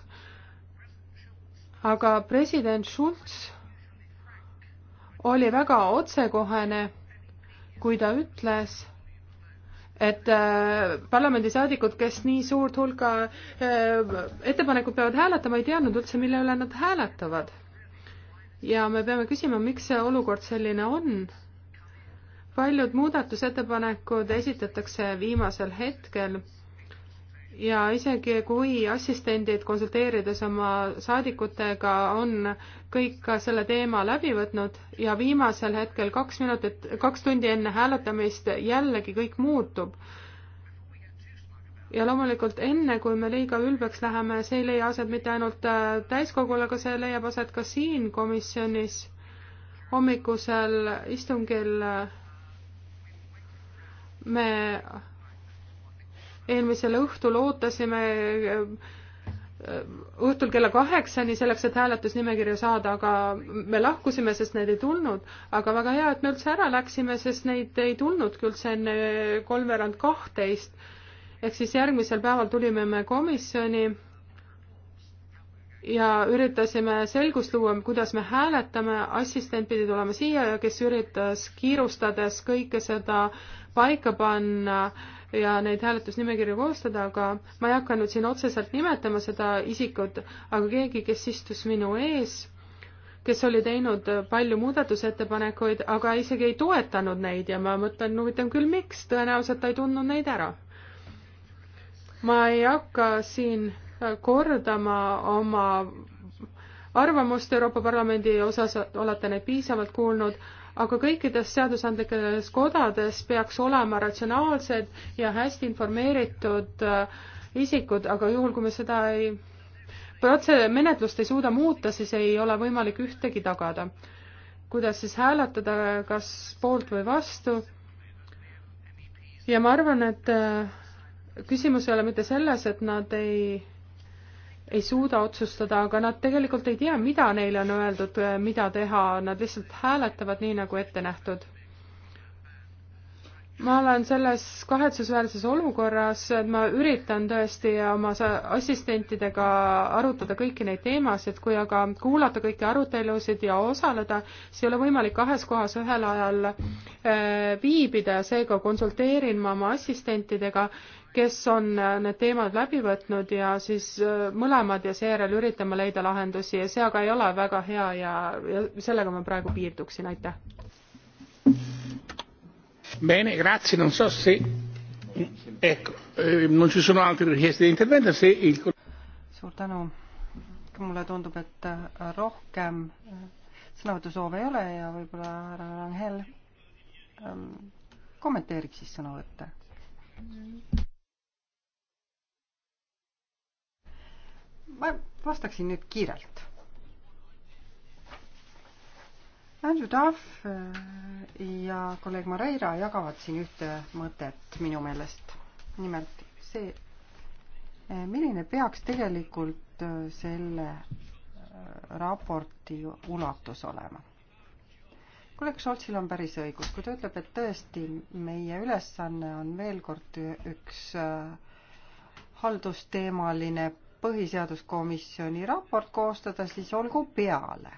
aga president Schulz oli väga otsekohene, kui ta ütles, et äh, parlamendisaadikud, kes nii suurt hulka äh, ettepanekut peavad hääletama, ei teadnud üldse, mille üle nad hääletavad. ja me peame küsima, miks see olukord selline on. paljud muudatusettepanekud esitatakse viimasel hetkel ja isegi kui assistendid konsulteerides oma saadikutega on kõik ka selle teema läbi võtnud ja viimasel hetkel kaks minutit, kaks tundi enne hääletamist jällegi kõik muutub. ja loomulikult enne, kui me liiga ülbeks läheme, see ei leia aset mitte ainult äh, täiskogul, aga see leiab aset ka siin komisjonis hommikusel istungil äh, me eelmisel õhtul ootasime äh, õhtul kella kaheksani selleks, et hääletusnimekirja saada, aga me lahkusime, sest need ei tulnud. aga väga hea, et me üldse ära läksime, sest neid ei tulnudki üldse enne kolmveerand kahtteist. ehk siis järgmisel päeval tulime me komisjoni ja üritasime selgust luua, kuidas me hääletame, assistent pidi tulema siia ja kes üritas kiirustades kõike seda paika panna äh, ja neid hääletusnimekirju koostada, aga ma ei hakanud siin otseselt nimetama seda isikut, aga keegi, kes istus minu ees, kes oli teinud palju muudatusettepanekuid, aga isegi ei toetanud neid ja ma mõtlen, huvitav küll, miks, tõenäoliselt ta ei tundnud neid ära. ma ei hakka siin äh, kordama oma arvamust Euroopa Parlamendi osas, olete neid piisavalt kuulnud aga kõikides seadusandlikes kodades peaks olema ratsionaalsed ja hästi informeeritud äh, isikud, aga juhul, kui me seda ei, protse-, menetlust ei suuda muuta, siis ei ole võimalik ühtegi tagada. kuidas siis hääletada, kas poolt või vastu? ja ma arvan, et äh, küsimus ei ole mitte selles, et nad ei ei suuda otsustada, aga nad tegelikult ei tea, mida neile on öeldud, mida teha, nad lihtsalt hääletavad nii, nagu ette nähtud ma olen selles kahetsusväärses olukorras, et ma üritan tõesti oma assistentidega arutada kõiki neid teemasid, kui aga kuulata kõiki arutelusid ja osaleda, siis ei ole võimalik kahes kohas ühel ajal äh, viibida ja seega konsulteerin ma oma assistentidega, kes on äh, need teemad läbi võtnud ja siis äh, mõlemad ja seejärel üritame leida lahendusi ja see aga ei ole väga hea ja, ja sellega ma praegu piirduksin, aitäh. Bene, grazie, non so se ecco, eh, non ci sono altre richieste di intervento, se il suur tänu. mulle tundub, et äh, rohkem äh, sõnavõtusoove ei ole ja võib-olla härra Rangel ähm, kommenteeriks siis sõnavõtte. ma vastaksin nüüd kiirelt Andrew Duff äh, ja kolleeg Moreira jagavad siin ühte mõtet minu meelest. nimelt see, äh, milline peaks tegelikult äh, selle raporti ulatus olema kolleeg Šoltsil on päris õigus, kui ta ütleb, et tõesti, meie ülesanne on veel kord üks haldusteemaline põhiseaduskomisjoni raport koostada, siis olgu peale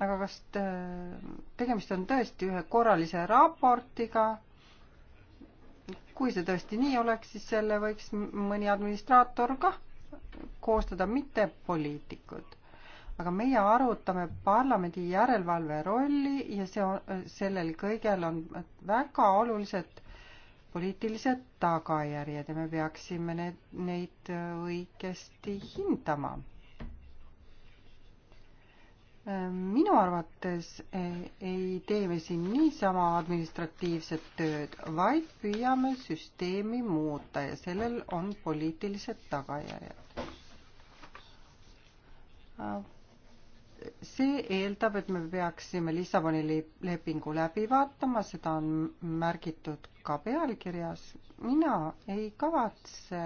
aga kas äh, tegemist on tõesti ühe korralise raportiga? kui see tõesti nii oleks, siis selle võiks mõni administraator kah koostada, mitte poliitikud. aga meie arutame parlamendi järelevalve rolli ja see on, sellel kõigel on väga olulised poliitilised tagajärjed ja me peaksime need, neid õigesti hindama Ehm, minu arvates eh, ei tee me siin niisama administratiivset tööd, vaid püüame süsteemi muuta ja sellel on poliitilised tagajärjed. Ah, see eeldab, et me peaksime Lissaboni lepingu läbi vaatama, seda on märgitud ka pealkirjas. mina ei kavatse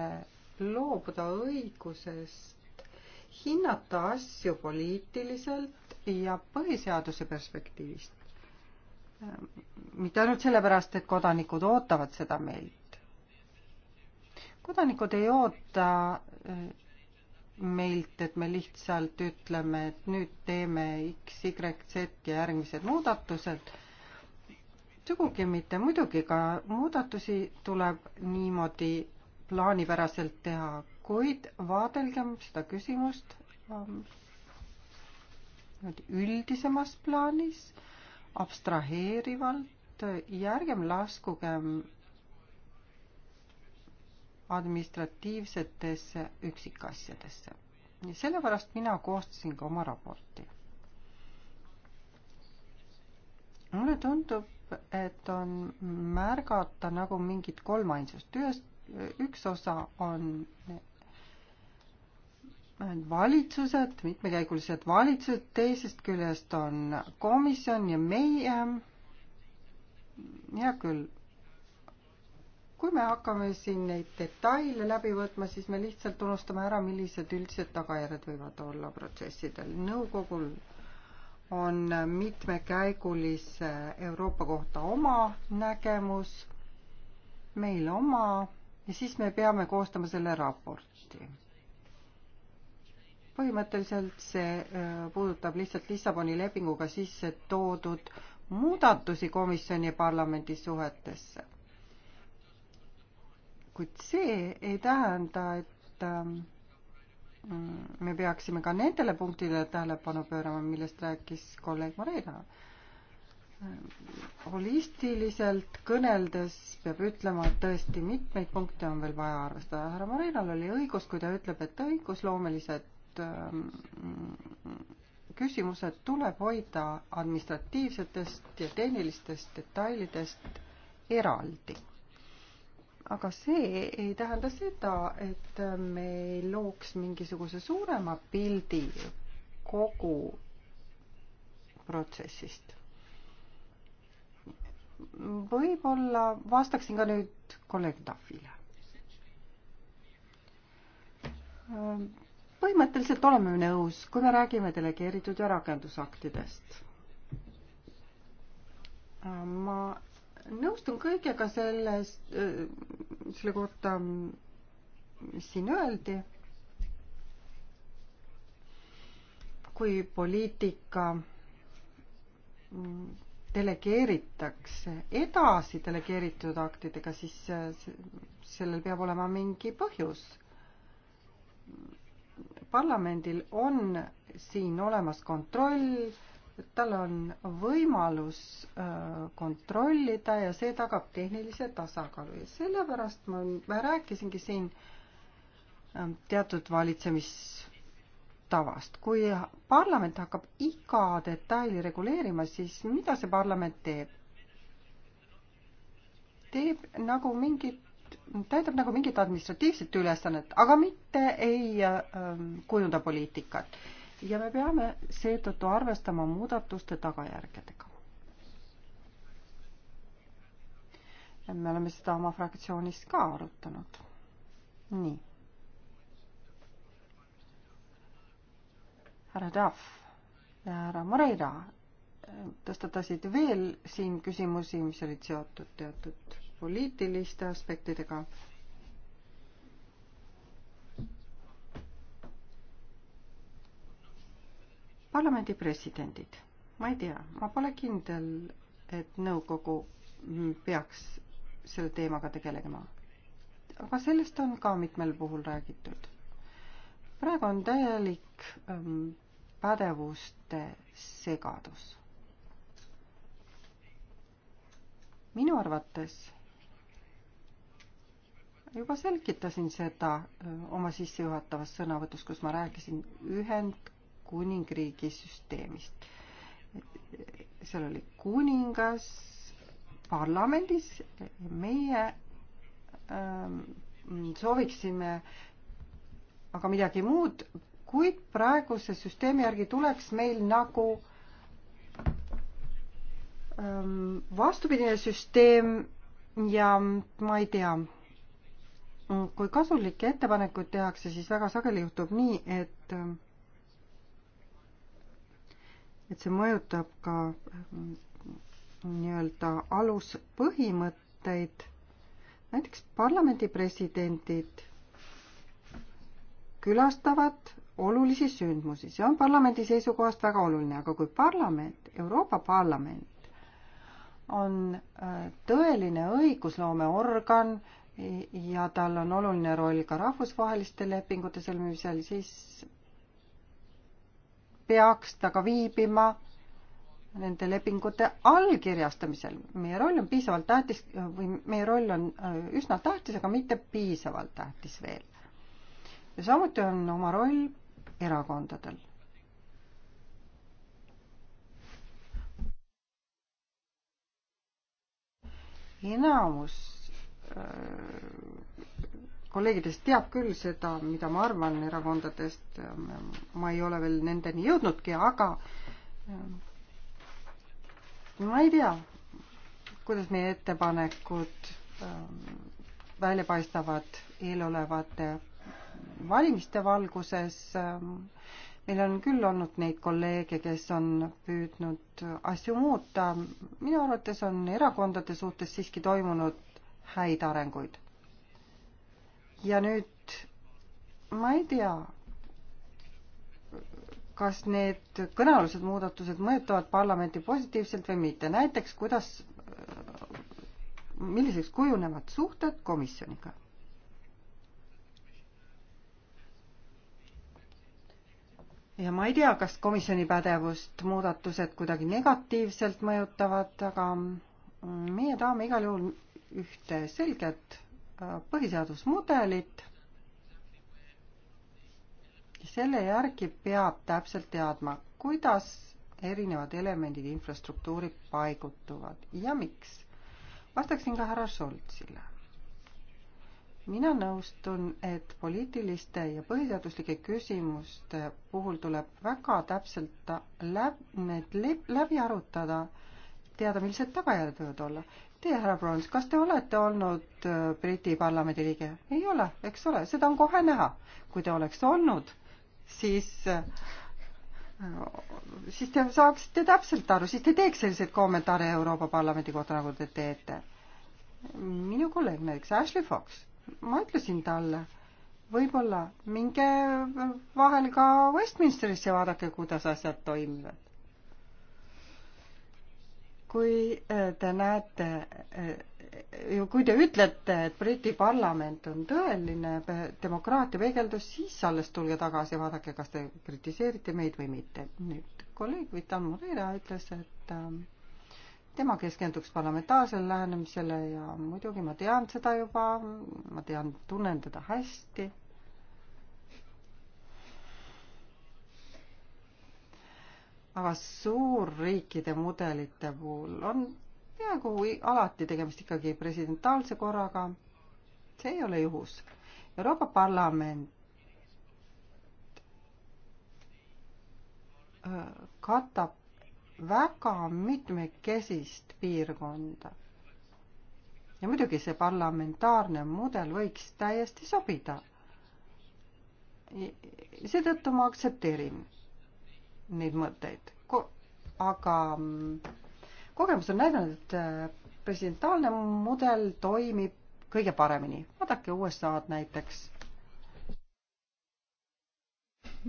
loobuda õigusest hinnata asju poliitiliselt, ja põhiseaduse perspektiivist. mitte ainult sellepärast, et kodanikud ootavad seda meilt. kodanikud ei oota eh, meilt, et me lihtsalt ütleme, et nüüd teeme X, Y, Z ja järgmised muudatused. sugugi mitte, muidugi ka muudatusi tuleb niimoodi plaanipäraselt teha, kuid vaadelgem seda küsimust ähm, nüüd üldisemas plaanis, abstraheerivalt ja ärgem laskugem administratiivsetesse üksikasjadesse. sellepärast mina koostasin ka oma raporti. mulle tundub, et on märgata nagu mingit kolmainsust, ühest, üks osa on valitsused, mitmekäigulised valitsused, teisest küljest on komisjon ja meie. hea küll, kui me hakkame siin neid detaile läbi võtma, siis me lihtsalt unustame ära, millised üldised tagajärjed võivad olla protsessidel. nõukogul on mitmekäigulise Euroopa kohta oma nägemus, meil oma ja siis me peame koostama selle raporti põhimõtteliselt see äh, puudutab lihtsalt Lissaboni lepinguga sisse toodud muudatusi komisjoni ja parlamendi suhetesse. kuid see ei tähenda, et ähm, me peaksime ka nendele punktidele tähelepanu pöörama, millest rääkis kolleeg Marina. Ähm, holistiliselt kõneldes peab ütlema, et tõesti mitmeid punkte on veel vaja arvestada. härra Marinal oli õigus, kui ta ütleb, et õigusloomelised Mm, küsimused tuleb hoida administratiivsetest ja tehnilistest detailidest eraldi. aga see ei tähenda seda, et me ei looks mingisuguse suurema pildi kogu protsessist. võib-olla vastaksin ka nüüd kolleeg Tahvile põhimõtteliselt oleme me nõus, kui me räägime delegeeritud ja rakendusaktidest. ma nõustun kõigega selles, selle kohta, mis siin öeldi. kui poliitika delegeeritakse edasi delegeeritud aktidega, siis sellel peab olema mingi põhjus parlamendil on siin olemas kontroll, tal on võimalus äh, kontrollida ja see tagab tehnilise tasakaalu ja sellepärast ma, ma rääkisingi siin ähm, teatud valitsemistavast. kui parlament hakkab iga detaili reguleerima, siis mida see parlament teeb? teeb nagu mingit täidab nagu mingit administratiivset ülesannet, aga mitte ei ähm, kujunda poliitikat. ja me peame seetõttu arvestama muudatuste tagajärgedega. me oleme seda oma fraktsioonis ka arutanud. nii. härra Tahv ja härra Moreira tõstatasid veel siin küsimusi, mis olid seotud teatud poliitiliste aspektidega. parlamendi presidendid, ma ei tea, ma pole kindel, et nõukogu peaks selle teemaga tegelema. aga sellest on ka mitmel puhul räägitud. praegu on täielik ähm, pädevuste segadus. minu arvates juba selgitasin seda oma sissejuhatavas sõnavõtus, kus ma rääkisin Ühendkuningriigi süsteemist. seal oli kuningas parlamendis, meie ähm, sooviksime aga midagi muud, kuid praeguse süsteemi järgi tuleks meil nagu ähm, vastupidine süsteem ja ma ei tea kui kasulikke ettepanekuid tehakse, siis väga sageli juhtub nii, et et see mõjutab ka mm, nii-öelda aluspõhimõtteid. näiteks parlamendi presidendid külastavad olulisi sündmusi, see on parlamendi seisukohast väga oluline, aga kui parlament, Euroopa Parlament on äh, tõeline õigusloomeorgan, ja tal on oluline roll ka rahvusvaheliste lepingute sõlmimisel, siis peaks ta ka viibima nende lepingute allkirjastamisel. meie roll on piisavalt tähtis või meie roll on äh, üsna tähtis, aga mitte piisavalt tähtis veel. ja samuti on oma roll erakondadel enamus kolleegidest teab küll seda, mida ma arvan erakondadest. ma ei ole veel nendeni jõudnudki, aga ähm, ma ei tea, kuidas meie ettepanekud ähm, välja paistavad eelolevate valimiste valguses. Ähm, meil on küll olnud neid kolleege, kes on püüdnud asju muuta. minu arvates on erakondade suhtes siiski toimunud häid arenguid. ja nüüd ma ei tea, kas need kõnealused muudatused mõjutavad parlamenti positiivselt või mitte, näiteks kuidas, milliseks kujunevad suhted komisjoniga? ja ma ei tea, kas komisjoni pädevust muudatused kuidagi negatiivselt mõjutavad, aga meie tahame igal juhul ühte selget äh, põhiseadusmudelit. selle järgi peab täpselt teadma, kuidas erinevad elemendid infrastruktuuri paigutuvad ja miks. vastaksin ka härra Šoltsile. mina nõustun, et poliitiliste ja põhiseaduslike küsimuste puhul tuleb väga täpselt läb-, need läbi arutada, teada, millised tagajärjed võivad olla. Teie, härra Browns, kas te olete olnud äh, Briti parlamendi liige? ei ole, eks ole, seda on kohe näha. kui te oleks olnud, siis, äh, siis te saaksite täpselt aru, siis te teeks selliseid kommentaare Euroopa Parlamendi kohta, nagu te teete. minu kolleeg näiteks Ashley Fox, ma ütlesin talle, võib-olla minge vahel ka Westminsterisse, vaadake, kuidas asjad toimivad kui äh, te näete, äh, kui te ütlete, et Briti parlament on tõeline demokraatia peegeldus, siis alles tulge tagasi ja vaadake, kas te kritiseerite meid või mitte. nüüd kolleeg Vital Moreira ütles, et ähm, tema keskenduks parlamentaarsele lähenemisele ja muidugi ma tean seda juba, ma tean, tunnen teda hästi aga suurriikide mudelite puhul on peaaegu alati tegemist ikkagi presidentaalse korraga. see ei ole juhus. Euroopa Parlament äh, katab väga mitmekesist piirkonda. ja muidugi see parlamentaarne mudel võiks täiesti sobida. seetõttu ma aktsepteerin neid mõtteid Ko. aga mm, kogemus on näidanud, et äh, presidentaalne mudel toimib kõige paremini. vaadake USA-d näiteks.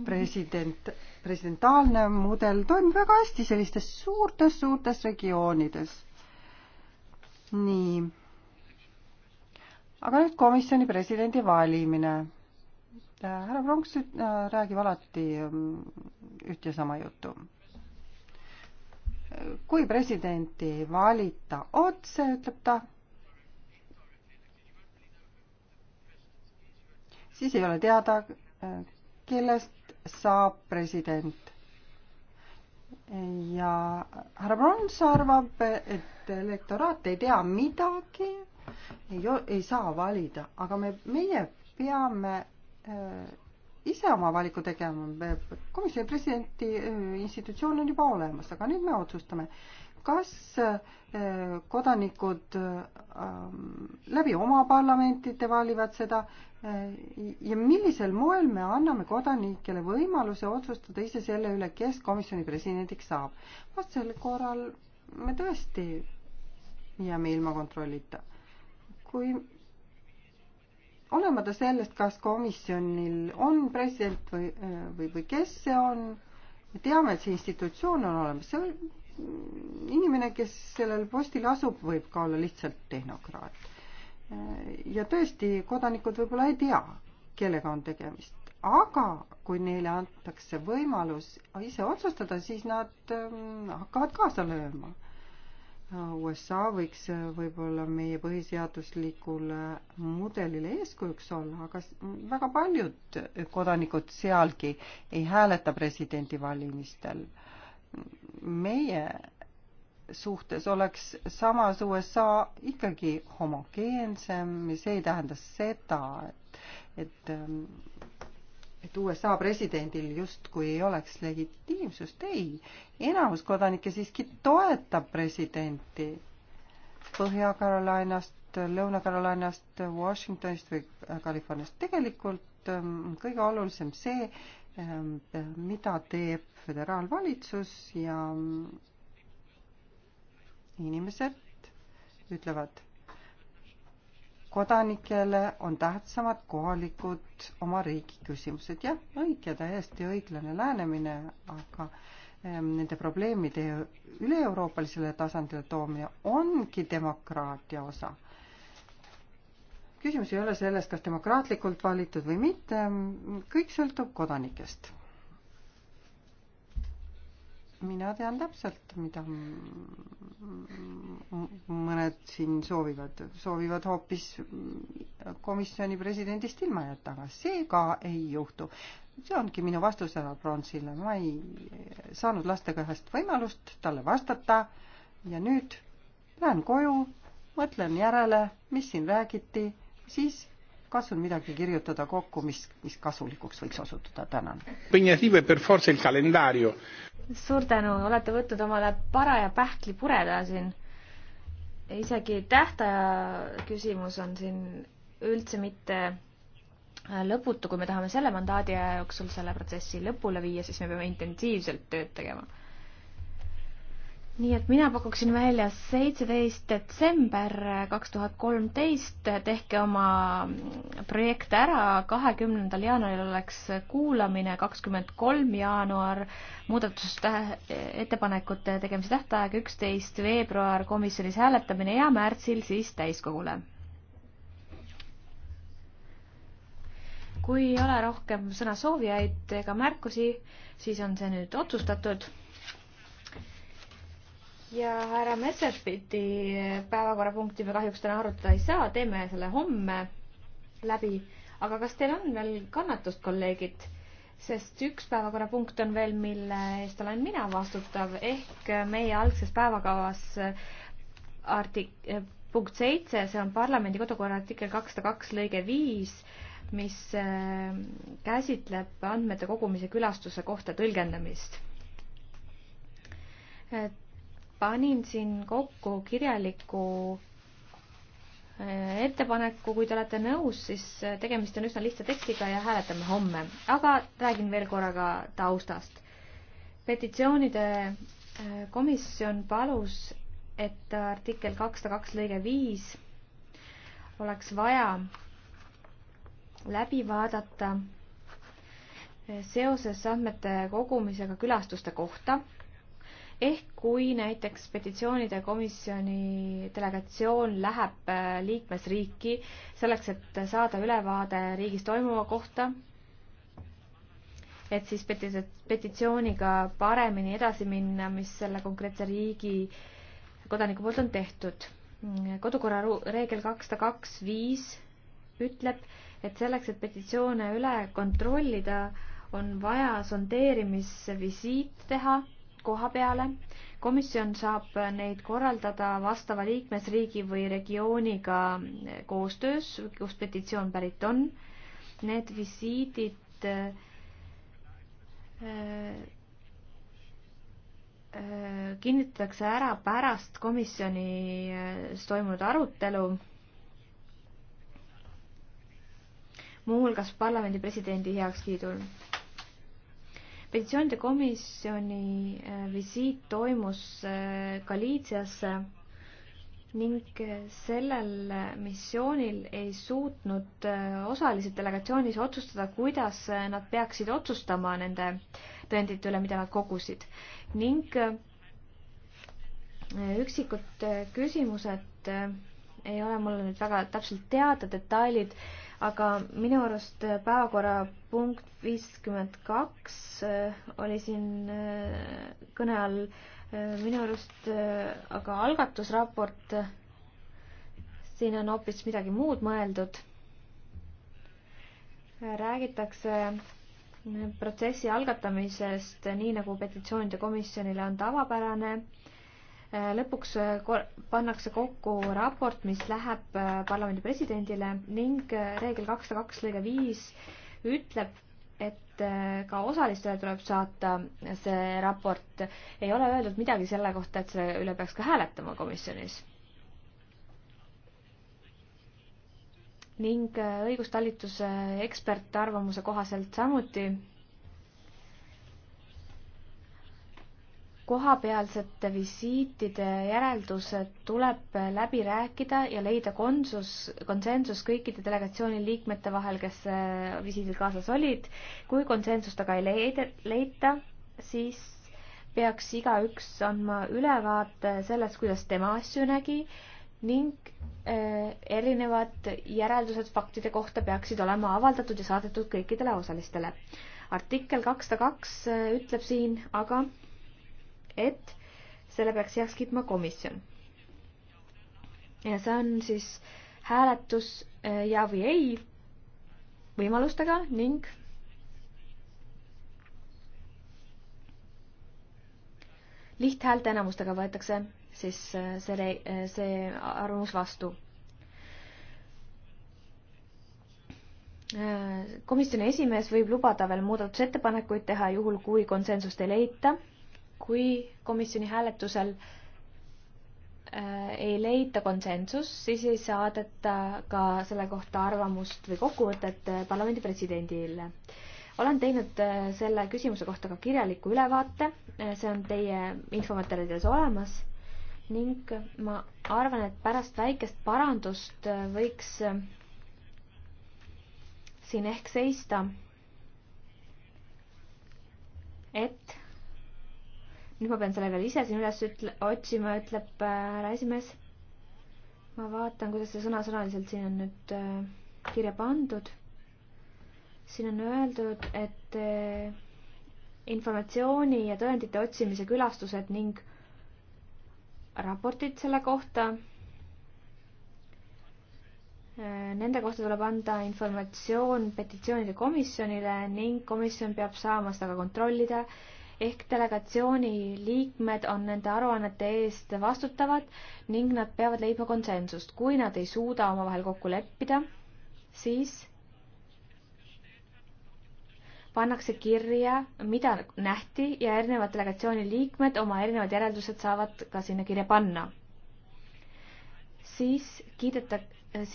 president, presidentaalne mudel toimib väga hästi sellistes suurtes-suurtes regioonides. nii. aga nüüd komisjoni presidendi valimine härra Pronks äh, räägib alati ähm, üht ja sama juttu. kui presidenti ei valita otse, ütleb ta, siis ei ole teada, äh, kellest saab president. ja härra Brons arvab, et elektoraat ei tea midagi, ei, ei saa valida, aga me, meie peame Äh, ise oma valiku tegema, komisjoni presidenti äh, institutsioon on juba olemas, aga nüüd me otsustame, kas äh, kodanikud läbi oma parlamentide valivad seda ja millisel moel me anname kodanikele võimaluse otsustada ise selle üle, kes komisjoni presidendiks saab. vastasel korral me tõesti jääme ilma kontrollita. kui olemata sellest, kas komisjonil on president või, või, või kes see on, me teame, et see institutsioon on olemas, see inimene, kes sellel postil asub, võib ka olla lihtsalt tehnokraat. ja tõesti, kodanikud võib-olla ei tea, kellega on tegemist, aga kui neile antakse võimalus ise otsustada, siis nad ähm, hakkavad kaasa lööma USA võiks äh, võib-olla meie põhiseaduslikule mudelile eeskujuks olla, aga väga paljud kodanikud sealgi ei hääleta presidendivalimistel. meie suhtes oleks samas USA ikkagi homogeensem ja see ei tähenda seda, et, et ähm, et USA presidendil justkui ei oleks legitiimsust, ei, enamus kodanikke siiski toetab presidenti Põhja-Carolinast, Lõuna-Carolinast, Washingtonist või Californiast. tegelikult ähm, kõige olulisem see, ähm, mida teeb föderaalvalitsus ja ähm, inimesed ütlevad kodanikele on tähtsamad kohalikud oma riigi küsimused. jah, õige, täiesti õiglane lähenemine, aga ehm, nende probleemide üle-euroopalisele tasandile toomine ongi demokraatia osa. küsimus ei ole selles, kas demokraatlikult valitud või mitte, kõik sõltub kodanikest mina tean täpselt, mida mõned siin soovivad, soovivad hoopis komisjoni presidendist ilma jätta, aga see ka ei juhtu. see ongi minu vastus härra Bronsile, ma ei saanud lasta käest võimalust talle vastata ja nüüd lähen koju, mõtlen järele, mis siin räägiti, siis katsun midagi kirjutada kokku, mis, mis kasulikuks võiks osutuda, tänan suur tänu, olete võtnud omale paraja pähklipureda siin. isegi tähtaja küsimus on siin üldse mitte lõputu, kui me tahame selle mandaadi aja jooksul selle protsessi lõpule viia, siis me peame intensiivselt tööd tegema nii et mina pakuksin välja seitseteist detsember kaks tuhat kolmteist, tehke oma projekt ära, kahekümnendal jaanuaril oleks kuulamine, kakskümmend kolm jaanuar muudatustähe, ettepanekute tegemise tähtaeg, üksteist veebruar komisjonis hääletamine ja märtsil siis täiskogule. kui ei ole rohkem sõnasoovijaid ega märkusi, siis on see nüüd otsustatud ja härra Messerschmitti päevakorrapunkti me kahjuks täna arutada ei saa, teeme selle homme läbi. aga kas teil on veel kannatust, kolleegid? sest üks päevakorrapunkt on veel, mille eest olen mina vastutav, ehk meie algses päevakavas eh, artik-, eh, punkt seitse, see on parlamendi kodukorra artikkel kakssada kaks lõige viis, mis eh, käsitleb andmete kogumise külastuse kohta tõlgendamist panin siin kokku kirjaliku äh, ettepaneku, kui te olete nõus, siis äh, tegemist on üsna lihtsa tekstiga ja hääletame homme. aga räägin veel korra ka taustast. petitsioonide äh, komisjon palus, et artikkel kakssada kaks lõige viis oleks vaja läbi vaadata seoses andmete kogumisega külastuste kohta ehk kui näiteks petitsioonide komisjoni delegatsioon läheb äh, liikmesriiki selleks, et saada ülevaade riigis toimuva kohta, et siis petitsiooniga paremini edasi minna, mis selle konkreetse riigi kodaniku poolt on tehtud. kodukorra reegel kakssada kaks viis ütleb, et selleks, et petitsioone üle kontrollida, on vaja sondeerimisvisiit teha koha peale. komisjon saab neid korraldada vastava liikmesriigi või regiooniga koostöös, kust petitsioon pärit on. Need visiidid äh, äh, kinnitatakse ära pärast komisjonis toimunud arutelu muuhulgas parlamendi presidendi heakskiidul petitsioonide komisjoni äh, visiit toimus äh, Galiitsiasse ning äh, sellel missioonil ei suutnud osalised delegatsioonis otsustada, kuidas nad peaksid otsustama nende tõendite üle, mida nad kogusid. ning üksikud küsimused ei ole mulle nüüd väga täpselt teada, detailid aga minu arust äh, päevakorrapunkt viiskümmend kaks äh, oli siin äh, kõne all minu arust, aga algatusraport, siin on hoopis midagi muud mõeldud. räägitakse protsessi algatamisest, nii nagu petitsioonide komisjonile on tavapärane Äh, lõpuks äh, pannakse kokku raport, mis läheb äh, parlamendi presidendile ning reegel kakssada kaks lõige viis ütleb, et ka osalistele tuleb saata see raport. ei ole öeldud midagi selle kohta, et selle üle peaks ka hääletama komisjonis. ning õigustalituse ekspertarvamuse kohaselt samuti kohapealsete visiitide järeldused tuleb läbi rääkida ja leida konsus, konsensus kõikide delegatsiooni liikmete vahel, kes äh, visiidil kaasas olid. kui konsensust aga ei leida, leita, siis peaks igaüks andma ülevaate sellest, kuidas tema asju nägi ning äh, erinevad järeldused faktide kohta peaksid olema avaldatud ja saadetud kõikidele osalistele. artikkel kakssada kaks äh, ütleb siin aga et selle peaks heaks kiitma komisjon. ja see on siis hääletus äh, ja või ei võimalustega ning lihthäälte enamustega võetakse siis äh, selle, äh, see arvamus vastu. komisjoni esimees võib lubada veel muudatusettepanekuid teha, juhul kui konsensust ei leita kui komisjoni hääletusel äh, ei leita konsensust, siis ei saadeta ka selle kohta arvamust või kokkuvõtet äh, parlamendi presidendile. olen teinud äh, selle küsimuse kohta ka kirjaliku ülevaate, see on teie infomaterjalides olemas ning ma arvan, et pärast väikest parandust võiks siin ehk seista, et nüüd ma pean selle veel ise siin üles ütle, otsima, ütleb äh, härra esimees. ma vaatan, kuidas see sõna-sõnaliselt siin on nüüd äh, kirja pandud. siin on öeldud, et äh, informatsiooni ja tõendite otsimise külastused ning raportid selle kohta. Nende kohta tuleb anda informatsioon petitsioonide komisjonile ning komisjon peab saama seda ka kontrollida ehk delegatsiooni liikmed on nende aruannete eest vastutavad ning nad peavad leidma konsensust. kui nad ei suuda omavahel kokku leppida, siis pannakse kirja, mida nähti ja erinevad delegatsiooni liikmed oma erinevad järeldused saavad ka sinna kirja panna. siis kiideta-,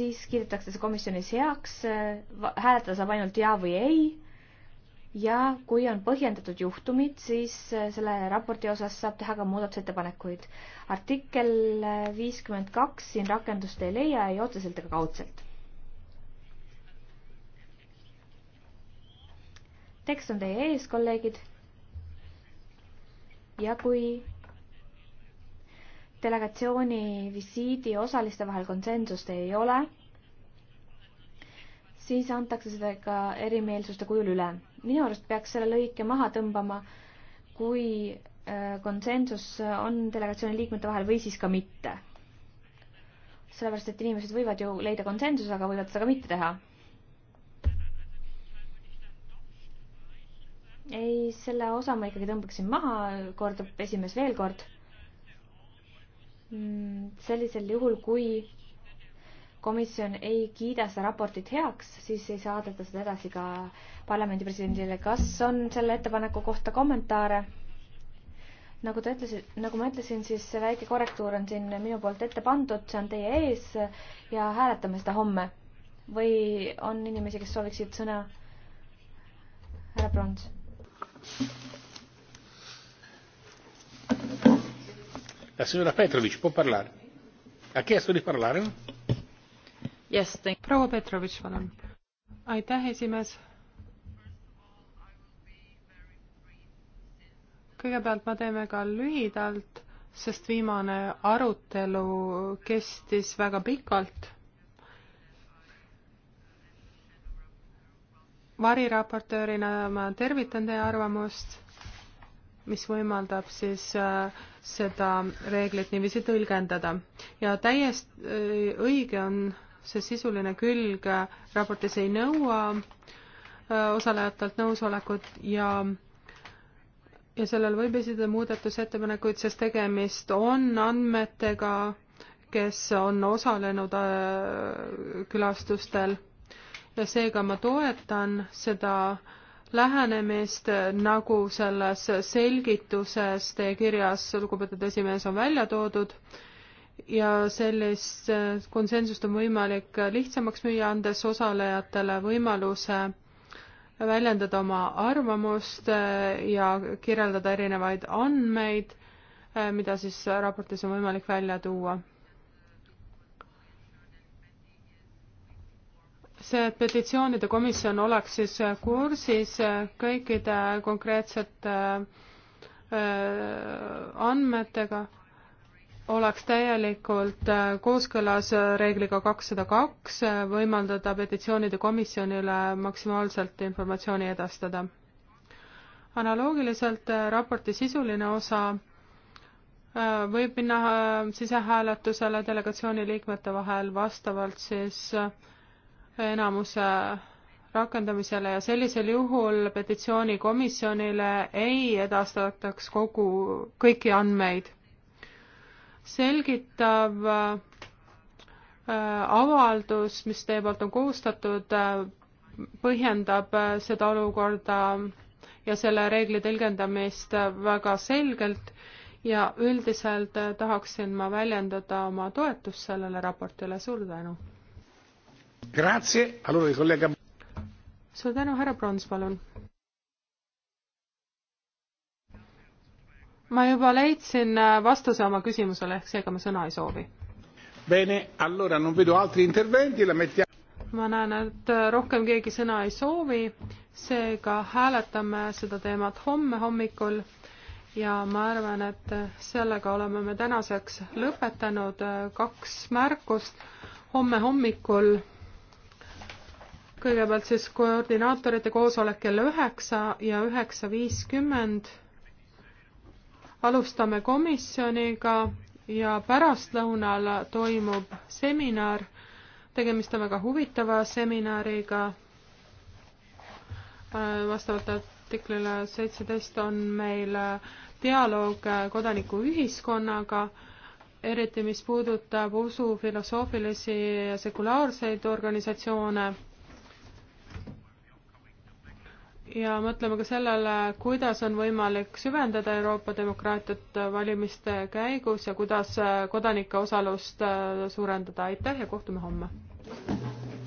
siis kiidetakse see komisjonis heaks, hääletada saab ainult jaa või ei ja kui on põhjendatud juhtumid, siis äh, selle raporti osas saab teha ka muudatusettepanekuid. artikkel äh, viiskümmend kaks siin rakendust ei leia ei otseselt ega kaudselt. tekst on teie ees, kolleegid. ja kui delegatsiooni visiidi osaliste vahel konsensust ei ole, siis antakse seda ka erimeelsuste kujul üle minu arust peaks selle lõike maha tõmbama, kui äh, konsensus on delegatsiooni liikmete vahel või siis ka mitte. sellepärast, et inimesed võivad ju leida konsensuse, aga võivad seda ka mitte teha. ei, selle osa ma ikkagi tõmbaksin maha, kordab esimees veel kord. Mm, sellisel juhul, kui komisjon ei kiida seda raportit heaks, siis ei saadeta seda edasi ka parlamendi presidendile. kas on selle ettepaneku kohta kommentaare? nagu ta ütles, nagu ma ütlesin, siis see väike korrektuur on siin minu poolt ette pandud, see on teie ees ja hääletame seda homme. või on inimesi, kes sooviksid sõna? härra Prons. La signora Petrovic può parlare. Ha chiesto di parlare? yes,. proua Petrovitš, palun. aitäh, esimees. kõigepealt ma teen väga lühidalt, sest viimane arutelu kestis väga pikalt. variraportöörina ma tervitan teie arvamust mis võimaldab siis äh, seda reeglit niiviisi tõlgendada. ja täiesti õige on see sisuline külg raportis ei nõua äh, osalejatelt nõusolekut ja ja sellel võib esitada muudatusettepanekuid, sest tegemist on andmetega, kes on osalenud äh, külastustel ja seega ma toetan seda lähenemist, nagu selles selgituses teie kirjas, lugupeetud esimees, on välja toodud ja sellist äh, konsensust on võimalik lihtsamaks müüa, andes osalejatele võimaluse väljendada oma arvamust äh, ja kirjeldada erinevaid andmeid, äh, mida siis raportis on võimalik välja tuua. see, et petitsioonide komisjon oleks siis kursis kõikide konkreetsete andmetega oleks täielikult äh, kooskõlas äh, reegliga kakssada kaks äh, võimaldada petitsioonide komisjonile maksimaalselt informatsiooni edastada. analoogiliselt raporti sisuline osa võib minna sisehääletusele delegatsiooni liikmete vahel vastavalt siis enamuse rakendamisele ja sellisel juhul petitsioonikomisjonile ei edastataks kogu, kõiki andmeid selgitav äh, avaldus, mis teie poolt on koostatud, äh, põhjendab äh, seda olukorda ja selle reegli tõlgendamist väga selgelt ja üldiselt tahaksin ma väljendada oma toetust sellele raportile, suur tänu. suur tänu, härra Prons, palun. ma juba leidsin äh, vastuse oma küsimusele, ehk seega ma sõna ei soovi. Bene, allora non vedo altri interventi, la mettiamo. ma näen, et äh, rohkem keegi sõna ei soovi, seega hääletame seda teemat homme hommikul ja ma arvan, et äh, sellega oleme me tänaseks lõpetanud kaks märkust. homme hommikul kõigepealt siis koordinaatorite koosolek kell üheksa ja üheksa viiskümmend alustame komisjoniga ja pärastlõunal toimub seminar. tegemist on väga huvitava seminariga. Äh, vastavalt artiklile seitseteist on meil äh, dialoog äh, kodanikuühiskonnaga, eriti mis puudutab usufilosoofilisi ja sekulaarseid organisatsioone ja mõtlema ka sellele, kuidas on võimalik süvendada Euroopa demokraatiat valimiste käigus ja kuidas kodanike osalust suurendada. aitäh ja kohtume homme!